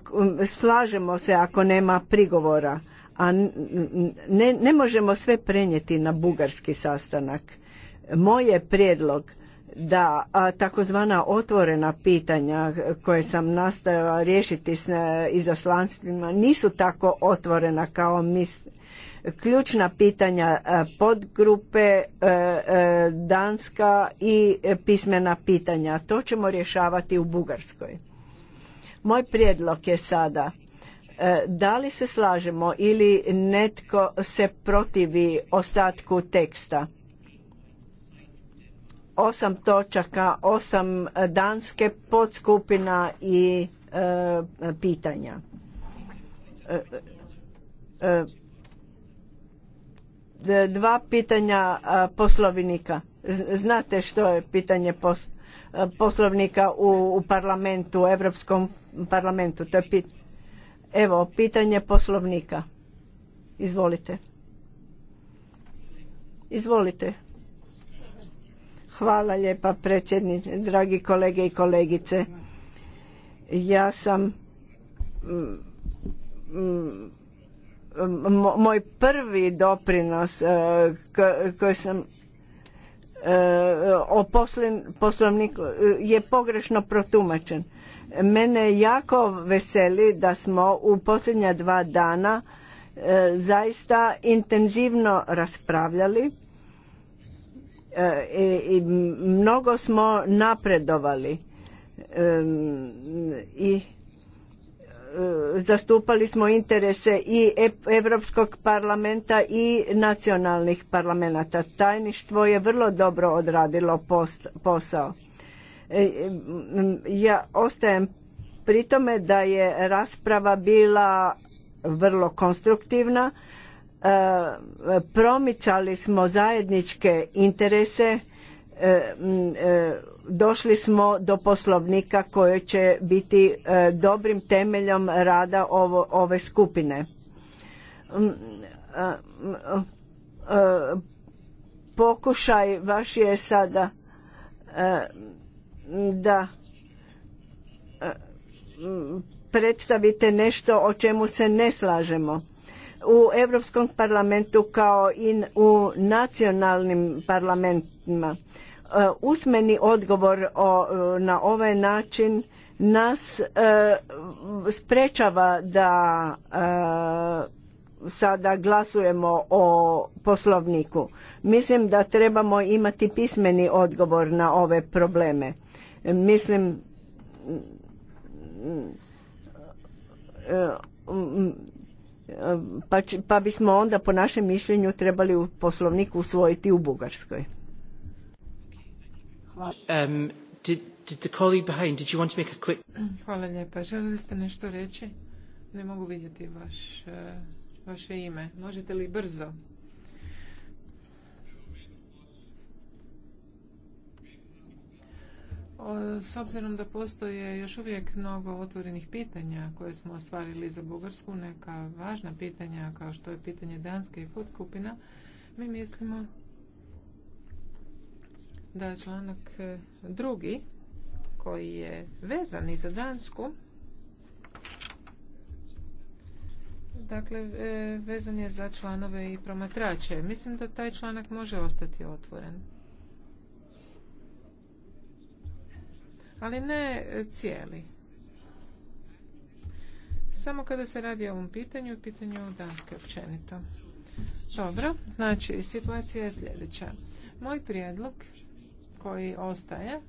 slažemo se ako nema prigovora a ne, ne možemo sve prenijeti na bugarski sastanak. Moj je prijedlog da takozvana otvorena pitanja koje sam nastojala riješiti s e, izaslanstvima nisu tako otvorena kao mi ključna pitanja e, podgrupe e, Danska i pismena pitanja. To ćemo rješavati u Bugarskoj. Moj prijedlog je sada E, da li se slažemo ili netko se protivi ostatku teksta? Osam točaka, osam danske podskupina i e, pitanja. E, e, dva pitanja poslovnika. Znate što je pitanje e, poslovnika u, parlamentu, u Europskom parlamentu? To je pitanje Evo, pitanje poslovnika. Izvolite. Izvolite. Hvala lijepa predsjedniče, dragi kolege i kolegice. Ja sam mm, mm, moj prvi doprinos e, koji sam e, o poslovniku e, je pogrešno protumačen Mene jako veseli da smo u posljednja dva dana e, zaista intenzivno raspravljali e, i mnogo smo napredovali e, i zastupali smo interese i Europskog parlamenta i nacionalnih parlamenta. Tajništvo je vrlo dobro odradilo posao E, ja ostajem pri tome da je rasprava bila vrlo konstruktivna. E, promicali smo zajedničke interese, e, došli smo do poslovnika koji će biti dobrim temeljom rada ove skupine pokušaj vaš je sada da e, predstavite nešto o čemu se ne slažemo. U Europskom parlamentu kao i u nacionalnim parlamentima e, usmeni odgovor o, e, na ovaj način nas e, sprečava da sada glasujemo o poslovniku. Mislim da trebamo imati pismeni odgovor na ove probleme. Mislim pa, pa bismo onda po našem mišljenju trebali u poslovniku usvojiti u Bugarskoj. Hvala. lijepa. Želili ste nešto reći? Ne mogu vidjeti vaš, vaše ime. Možete li brzo S obzirom da postoje još uvijek mnogo otvorenih pitanja koje smo ostvarili za Bugarsku, neka važna pitanja kao što je pitanje Danske i skupina, mi mislimo da članak e, drugi koji je vezan i za Dansku dakle e, vezan je za članove i promatrače. Mislim da taj članak može ostati otvoren. ali ne cijeli. Samo kada se radi o ovom pitanju, pitanju Danske općenito. Dobro, znači situacija je sljedeća. Moj prijedlog koji ostaje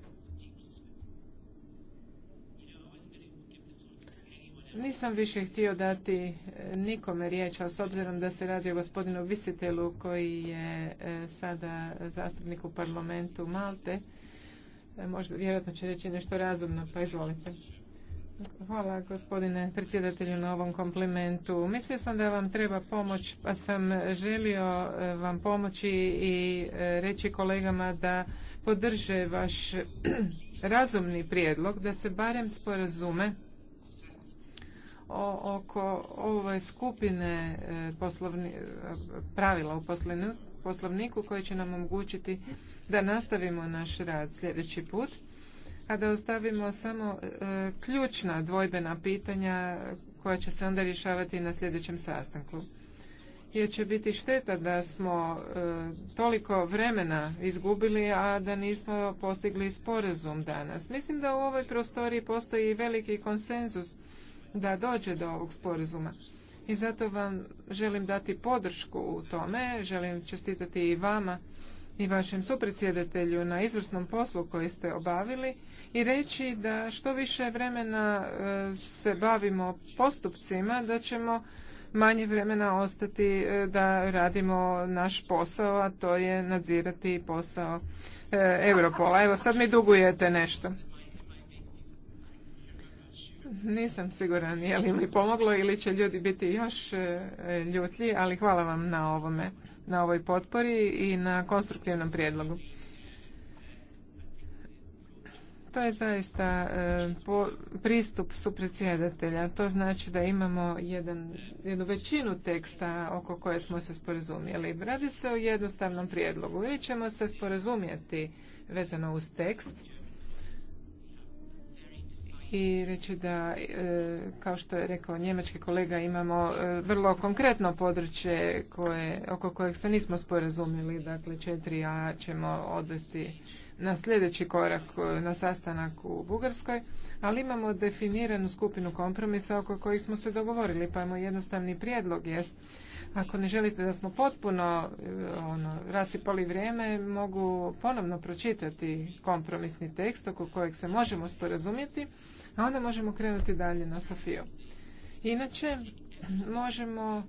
Nisam više htio dati e, nikome riječ, ali s obzirom da se radi o gospodinu Visitelu koji je e, sada zastupnik u parlamentu Malte, E, možda vjerojatno će reći nešto razumno, pa izvolite. Hvala gospodine predsjedatelju na ovom komplimentu. Mislio sam da vam treba pomoć, pa sam želio e, vam pomoći i e, reći kolegama da podrže vaš (clears throat) razumni prijedlog, da se barem sporazume oko ove skupine poslovni, pravila u poslovnu poslovniku koji će nam omogućiti da nastavimo naš rad sljedeći put, a da ostavimo samo e, ključna dvojbena pitanja koja će se onda rješavati na sljedećem sastanku. Jer će biti šteta da smo e, toliko vremena izgubili, a da nismo postigli sporazum danas. Mislim da u ovoj prostoriji postoji veliki konsenzus da dođe do ovog sporazuma i zato vam želim dati podršku u tome. Želim čestitati i vama i vašem supredsjedatelju na izvrsnom poslu koji ste obavili i reći da što više vremena e, se bavimo postupcima, da ćemo manje vremena ostati e, da radimo naš posao, a to je nadzirati posao e, Europola. Evo sad mi dugujete nešto. Nisam siguran je li mi pomoglo ili će ljudi biti još e, ljutlji, ali hvala vam na ovome, na ovoj potpori i na konstruktivnom prijedlogu. To je zaista e, pristup pristup supredsjedatelja. To znači da imamo jedan, jednu većinu teksta oko koje smo se sporazumjeli. Radi se o jednostavnom prijedlogu i ćemo se sporazumjeti vezano uz tekst i reći da, e, kao što je rekao njemački kolega, imamo e, vrlo konkretno područje koje, oko kojeg se nismo sporazumili, dakle četiri a ćemo odvesti na sljedeći korak e, na sastanak u Bugarskoj, ali imamo definiranu skupinu kompromisa oko kojih smo se dogovorili, pa imamo jednostavni prijedlog jest ako ne želite da smo potpuno ono, rasipali vrijeme, mogu ponovno pročitati kompromisni tekst oko kojeg se možemo sporazumjeti a onda možemo krenuti dalje na Sofiju. Inače, možemo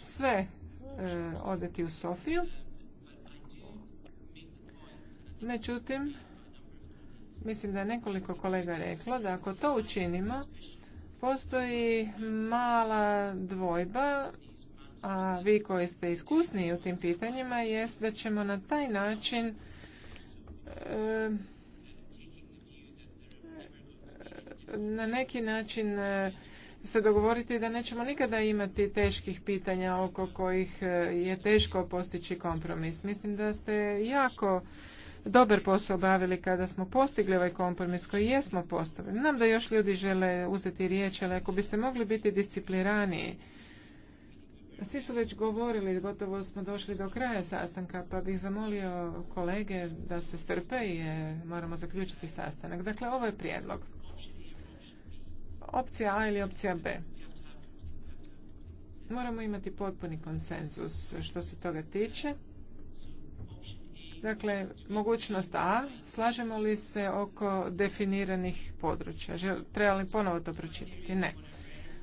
sve e, odeti u Sofiju. Međutim, mislim da je nekoliko kolega reklo da ako to učinimo, postoji mala dvojba, a vi koji ste iskusniji u tim pitanjima, jest da ćemo na taj način e, na neki način e, se dogovoriti da nećemo nikada imati teških pitanja oko kojih e, je teško postići kompromis. Mislim da ste jako dobar posao obavili kada smo postigli ovaj kompromis koji jesmo postavili. Nam da još ljudi žele uzeti riječ, ali ako biste mogli biti disciplirani, svi su već govorili, gotovo smo došli do kraja sastanka, pa bih zamolio kolege da se strpe i e, moramo zaključiti sastanak. Dakle, ovo je prijedlog opcija A ili opcija B. Moramo imati potpuni konsenzus što se toga tiče. Dakle, mogućnost A, slažemo li se oko definiranih područja? Treba li ponovo to pročitati? Ne.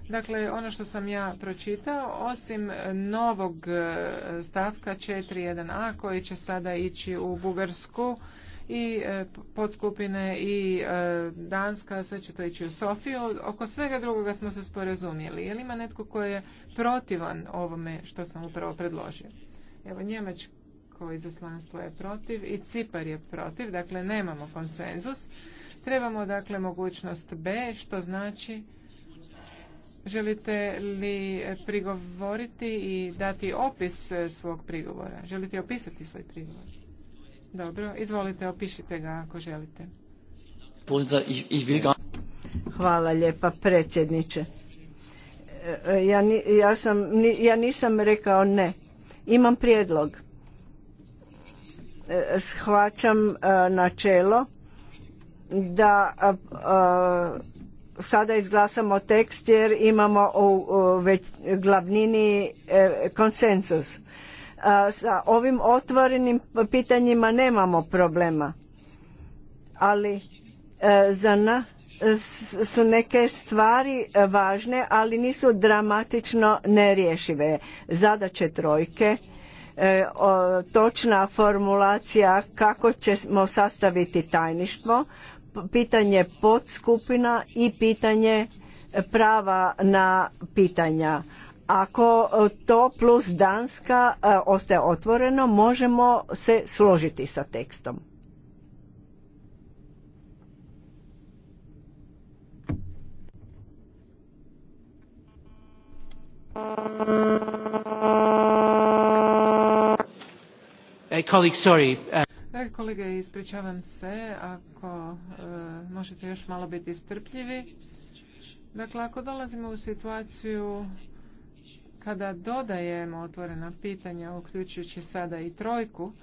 Dakle, ono što sam ja pročitao, osim novog e, stavka 4.1a koji će sada ići u Bugarsku, i e, podskupine i e, Danska, sve će to ići u Sofiju. Oko svega drugoga smo se sporazumjeli. Je li ima netko koji je protivan ovome što sam upravo predložio? Evo, Njemačko izaslanstvo je protiv i Cipar je protiv, dakle nemamo konsenzus. Trebamo dakle mogućnost B, što znači Želite li prigovoriti i dati opis e, svog prigovora? Želite opisati svoj prigovor? Dobro, izvolite, opišite ga ako želite. Hvala lijepa predsjedniče. E, e, ja, ja, sam, ja nisam rekao ne. Imam prijedlog. E, shvaćam načelo da sada izglasamo tekst jer imamo u, u već glavnini konsenzus sa ovim otvorenim pitanjima nemamo problema. Ali e, za nas su neke stvari važne, ali nisu dramatično nerješive. Zadaće trojke, e, točna formulacija kako ćemo sastaviti tajništvo, pitanje podskupina i pitanje prava na pitanja ako e, to plus Danska e, ostaje otvoreno, možemo se složiti sa tekstom. Hey, uh, ispričavam se ako e, možete još malo biti strpljivi. Dakle, ako dolazimo u situaciju kada dodajemo otvorena pitanja, uključujući sada i trojku,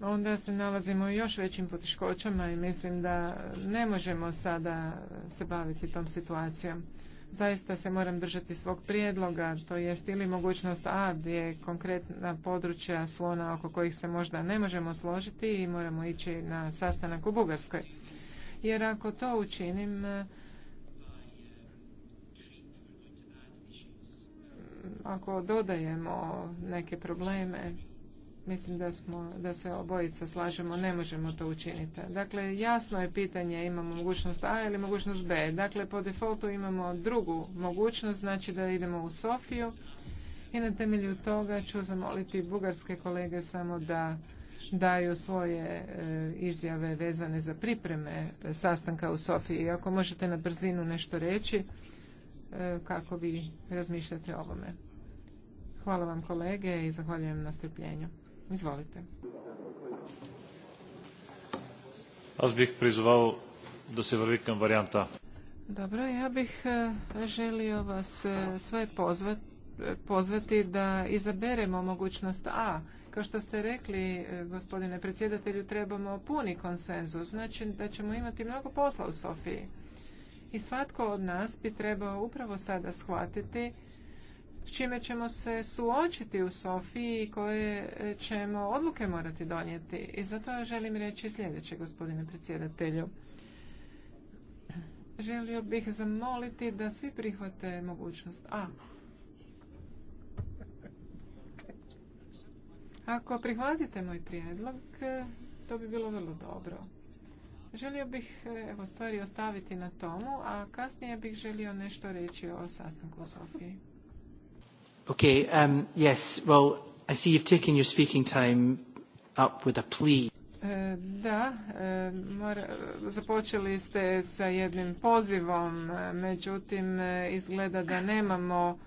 onda se nalazimo u još većim poteškoćama i mislim da ne možemo sada se baviti tom situacijom. Zaista se moram držati svog prijedloga, to jest ili mogućnost A gdje konkretna područja slona oko kojih se možda ne možemo složiti i moramo ići na sastanak u Bugarskoj. Jer ako to učinim, ako dodajemo neke probleme, mislim da, smo, da se obojica slažemo, ne možemo to učiniti. Dakle, jasno je pitanje imamo mogućnost A ili mogućnost B. Dakle, po defaultu imamo drugu mogućnost, znači da idemo u Sofiju i na temelju toga ću zamoliti bugarske kolege samo da daju svoje e, izjave vezane za pripreme e, sastanka u Sofiji. Ako možete na brzinu nešto reći, E, kako vi razmišljate o ovome. Hvala vam kolege i zahvaljujem na strpljenju. Izvolite. bih Dobro, ja bih želio vas sve pozvati da izaberemo mogućnost A. Kao što ste rekli, gospodine predsjedatelju, trebamo puni konsenzus. Znači da ćemo imati mnogo posla u Sofiji. I svatko od nas bi trebao upravo sada shvatiti s čime ćemo se suočiti u Sofiji i koje ćemo odluke morati donijeti. I zato ja želim reći sljedeće, gospodine predsjedatelju. Želio bih zamoliti da svi prihvate mogućnost A. Ako prihvatite moj prijedlog, to bi bilo vrlo dobro. Želio bih e, evo, stvari ostaviti na tomu, a kasnije bih želio nešto reći o sastanku u ok um, yes, well, I see you've taken your speaking time up with a plea. E, da, e, započeli ste sa jednim pozivom, međutim izgleda da nemamo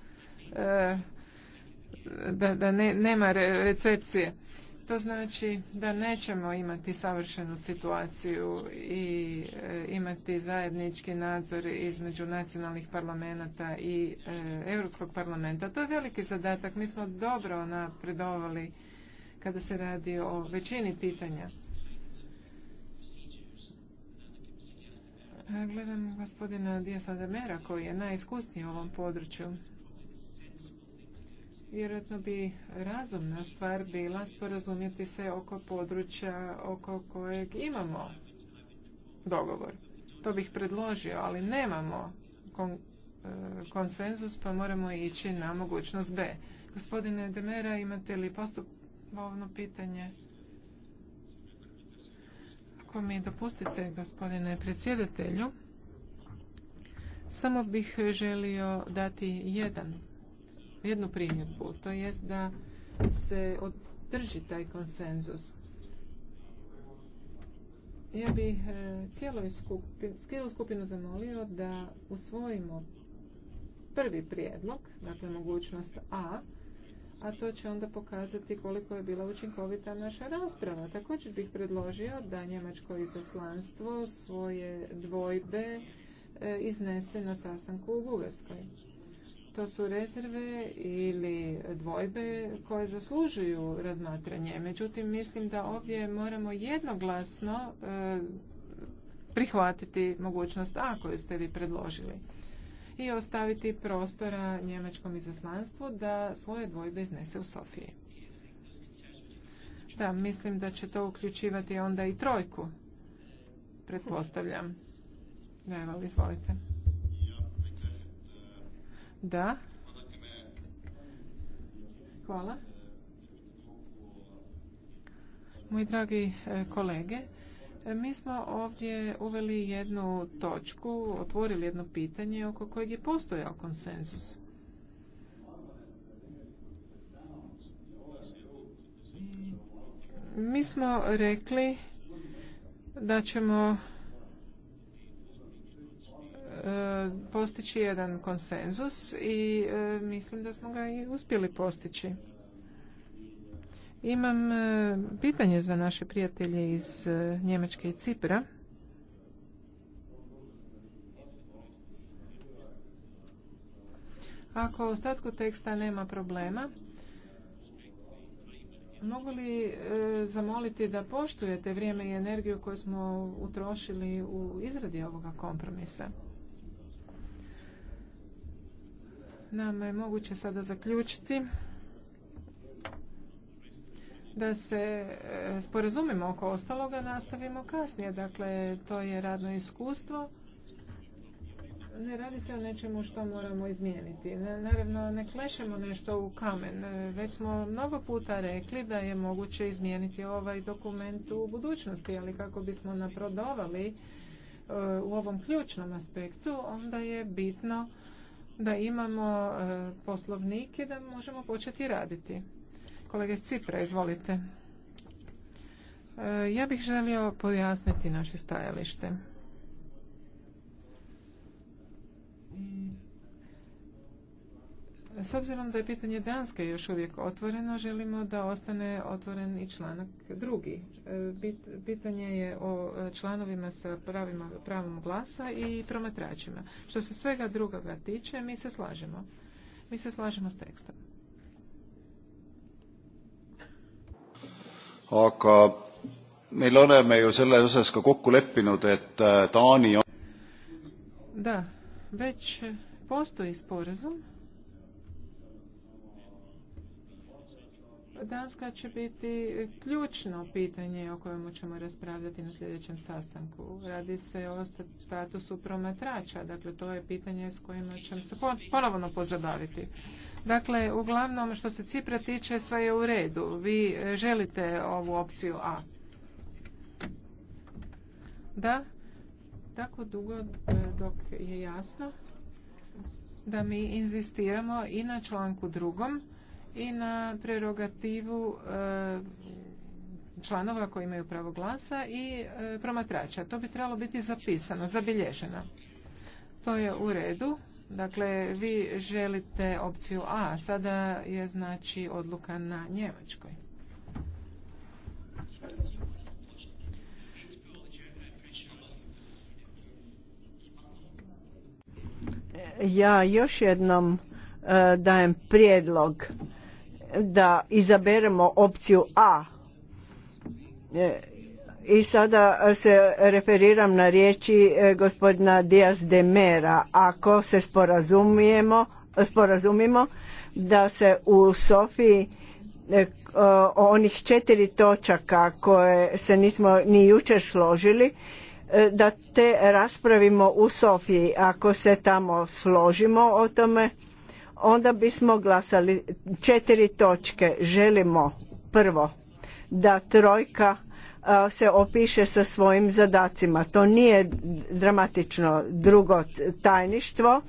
da, da ne, nema recepcije. To znači da nećemo imati savršenu situaciju i e, imati zajednički nadzor između nacionalnih parlamenta i e, Europskog parlamenta. To je veliki zadatak. Mi smo dobro napredovali kada se radi o većini pitanja. Gledam gospodina de Mera koji je najiskusniji u ovom području. Vjerojatno bi razumna stvar bila sporazumjeti se oko područja oko kojeg imamo dogovor. To bih predložio, ali nemamo e, konsenzus pa moramo ići na mogućnost B. Gospodine Demera, imate li postupovno pitanje? Ako mi dopustite, gospodine predsjedatelju, samo bih želio dati jedan jednu primjedbu, to jest da se održi taj konsenzus. Ja bih e, cijelu skupinu, zamolio da usvojimo prvi prijedlog, dakle mogućnost A, a to će onda pokazati koliko je bila učinkovita naša rasprava. Također bih predložio da njemačko izaslanstvo svoje dvojbe e, iznese na sastanku u Bugarskoj. To su rezerve ili dvojbe koje zaslužuju razmatranje. Međutim, mislim da ovdje moramo jednoglasno e, prihvatiti mogućnost A koju ste vi predložili i ostaviti prostora njemačkom izaslanstvu da svoje dvojbe iznese u Sofiji. Da, mislim da će to uključivati onda i trojku, pretpostavljam. Da, evo, izvolite. Da. Hvala. Moji dragi e, kolege, e, mi smo ovdje uveli jednu točku, otvorili jedno pitanje oko kojeg je postojao konsenzus. Mi smo rekli da ćemo E, postići jedan konsenzus i e, mislim da smo ga i uspjeli postići. Imam e, pitanje za naše prijatelje iz Njemačke i Cipra. Ako u ostatku teksta nema problema, mogu li zamoliti da poštujete vrijeme i energiju koju smo utrošili u izradi ovoga kompromisa? nama je moguće sada zaključiti da se e, sporazumimo oko ostaloga, nastavimo kasnije. Dakle, to je radno iskustvo. Ne radi se o nečemu što moramo izmijeniti. Naravno, ne klešemo nešto u kamen. E, već smo mnogo puta rekli da je moguće izmijeniti ovaj dokument u budućnosti, ali kako bismo naprodovali e, u ovom ključnom aspektu, onda je bitno da imamo e, poslovnike da možemo početi raditi. Kolege iz Cipra, izvolite. E, ja bih želio pojasniti naše stajalište. S obzirom da je pitanje Danske još uvijek otvoreno, želimo da ostane otvoren i članak drugi. E, pitanje je o e, članovima sa pravima, pravom glasa i promatračima. Što se svega drugoga tiče, mi se slažemo. Mi se slažemo s tekstom. Aga meil oleme ju selle osas ka kokku leppinud, et e, Taani Da, već postoji sporazum Danska će biti ključno pitanje o kojemu ćemo raspravljati na sljedećem sastanku. Radi se o statusu promatrača, dakle to je pitanje s kojima ćemo se ponovno pozabaviti. Dakle, uglavnom što se Cipra tiče sve je u redu. Vi e, želite ovu opciju A. Da, tako dugo e, dok je jasno da mi inzistiramo i na članku drugom i na prerogativu e, članova koji imaju pravo glasa i e, promatrača. To bi trebalo biti zapisano, zabilježeno. To je u redu. Dakle, vi želite opciju A. Sada je znači odluka na Njemačkoj. Ja još jednom e, dajem prijedlog da izaberemo opciju A e, i sada se referiram na riječi e, gospodina Dias de Mera. Ako se sporazumijemo, sporazumimo da se u Sofiji e, onih četiri točaka koje se nismo ni jučer složili, da te raspravimo u Sofiji. Ako se tamo složimo o tome, onda bismo glasali četiri točke. Želimo prvo da trojka se opiše sa svojim zadacima. To nije dramatično. Drugo, tajništvo.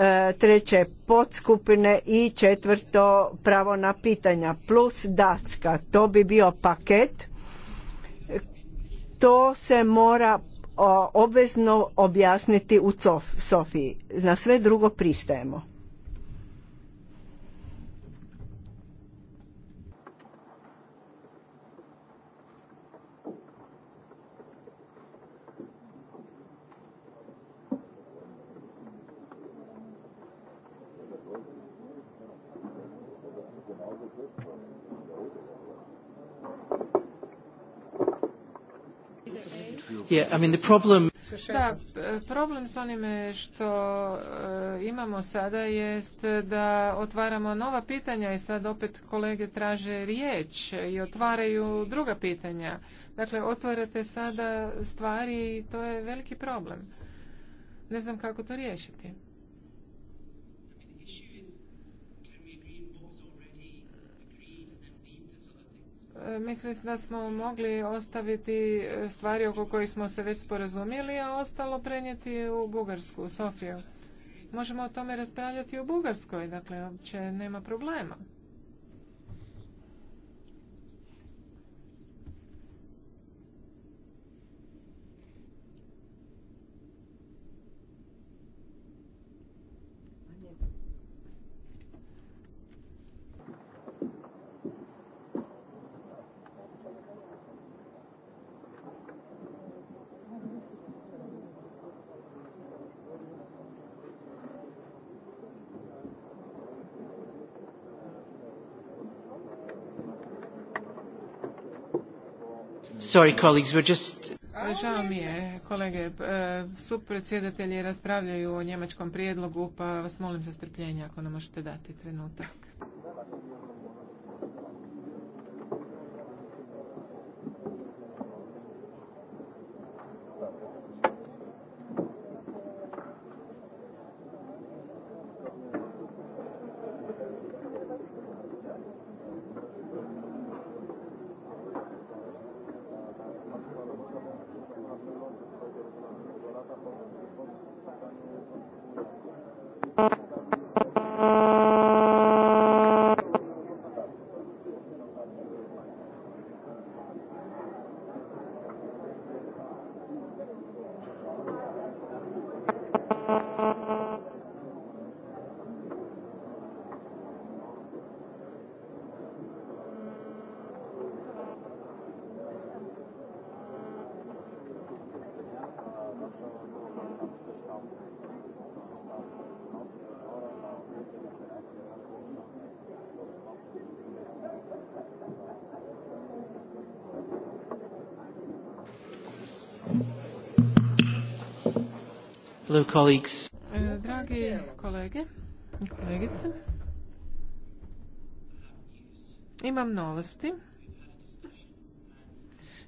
E, treće, podskupine i četvrto, pravo na pitanja plus Dacka. To bi bio paket. To se mora obvezno objasniti u Sofiji. Na sve drugo pristajemo. problem... Da, problem s onime što e, imamo sada jest da otvaramo nova pitanja i sad opet kolege traže riječ i otvaraju druga pitanja. Dakle, otvarate sada stvari i to je veliki problem. Ne znam kako to riješiti. mislim da smo mogli ostaviti e, stvari oko kojih smo se već sporazumjeli, a ostalo prenijeti u Bugarsku, u Sofiju. Možemo o tome raspravljati u Bugarskoj, dakle, uopće nema problema. Sorry, Žao mi je, kolege, e, supredsjedatelji raspravljaju o njemačkom prijedlogu, pa vas molim za strpljenje ako nam možete dati trenutak. E, dragi kolege kolegice, imam novosti.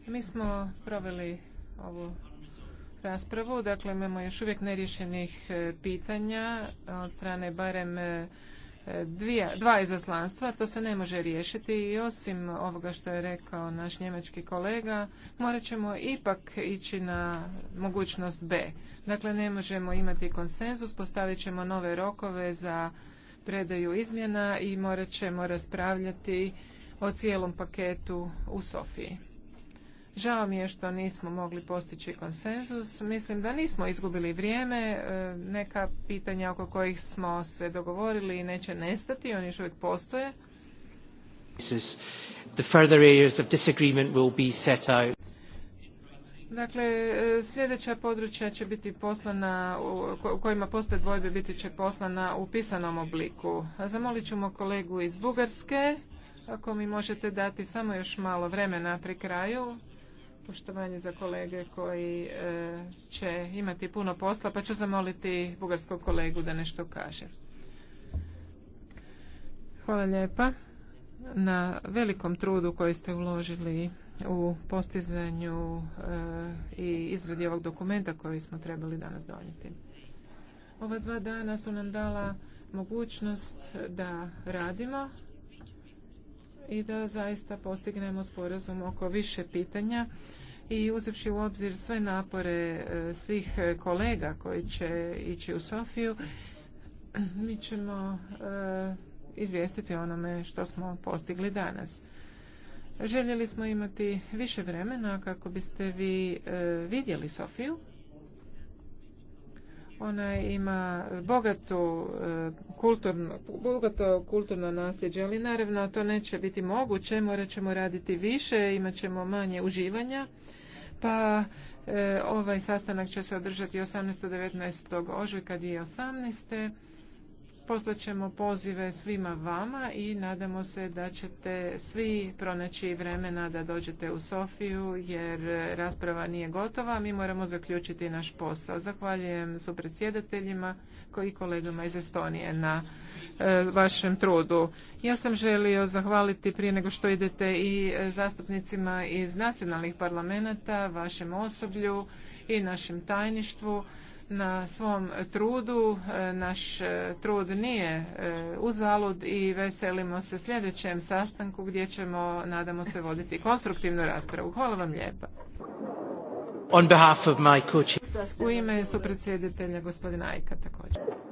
Mi smo proveli ovu raspravu, dakle imamo još uvijek nerješenih e, pitanja od strane barem e, dvije, dva izaslanstva, to se ne može riješiti i osim ovoga što je rekao naš njemački kolega, morat ćemo ipak ići na mogućnost B. Dakle, ne možemo imati konsenzus, postavit ćemo nove rokove za predaju izmjena i morat ćemo raspravljati o cijelom paketu u Sofiji. Žao mi je što nismo mogli postići konsenzus. Mislim da nismo izgubili vrijeme. E, neka pitanja oko kojih smo se dogovorili neće nestati, oni još uvijek postoje. Dakle, sljedeća područja će biti poslana, u kojima postoje dvojbe, biti će poslana u pisanom obliku. Zamolit ćemo kolegu iz Bugarske, ako mi možete dati samo još malo vremena pri kraju poštovanje za kolege koji e, će imati puno posla, pa ću zamoliti bugarskog kolegu da nešto kaže. Hvala lijepa na velikom trudu koji ste uložili u postizanju e, i izradi ovog dokumenta koji smo trebali danas donijeti. Ova dva dana su nam dala mogućnost da radimo i da zaista postignemo sporazum oko više pitanja i uzevši u obzir sve napore e, svih kolega koji će ići u Sofiju, (clears throat) mi ćemo e, izvijestiti onome što smo postigli danas. Željeli smo imati više vremena kako biste vi e, vidjeli Sofiju ona ima bogato e, kulturno, bogato kulturno nasljeđe, ali naravno to neće biti moguće, morat ćemo raditi više, imat ćemo manje uživanja. Pa e, ovaj sastanak će se održati 18. 19. ožujka 2018. Poslaćemo pozive svima vama i nadamo se da ćete svi pronaći vremena da dođete u Sofiju jer rasprava nije gotova, mi moramo zaključiti naš posao. Zahvaljujem su predsjedateljima i kolegama iz Estonije na e, vašem trudu. Ja sam želio zahvaliti prije nego što idete i zastupnicima iz nacionalnih parlamenta, vašem osoblju i našem tajništvu na svom trudu. E, naš e, trud nije e, uzalud i veselimo se sljedećem sastanku gdje ćemo, nadamo se, voditi konstruktivnu raspravu. Hvala vam lijepa. On U ime su gospodina Ajka također.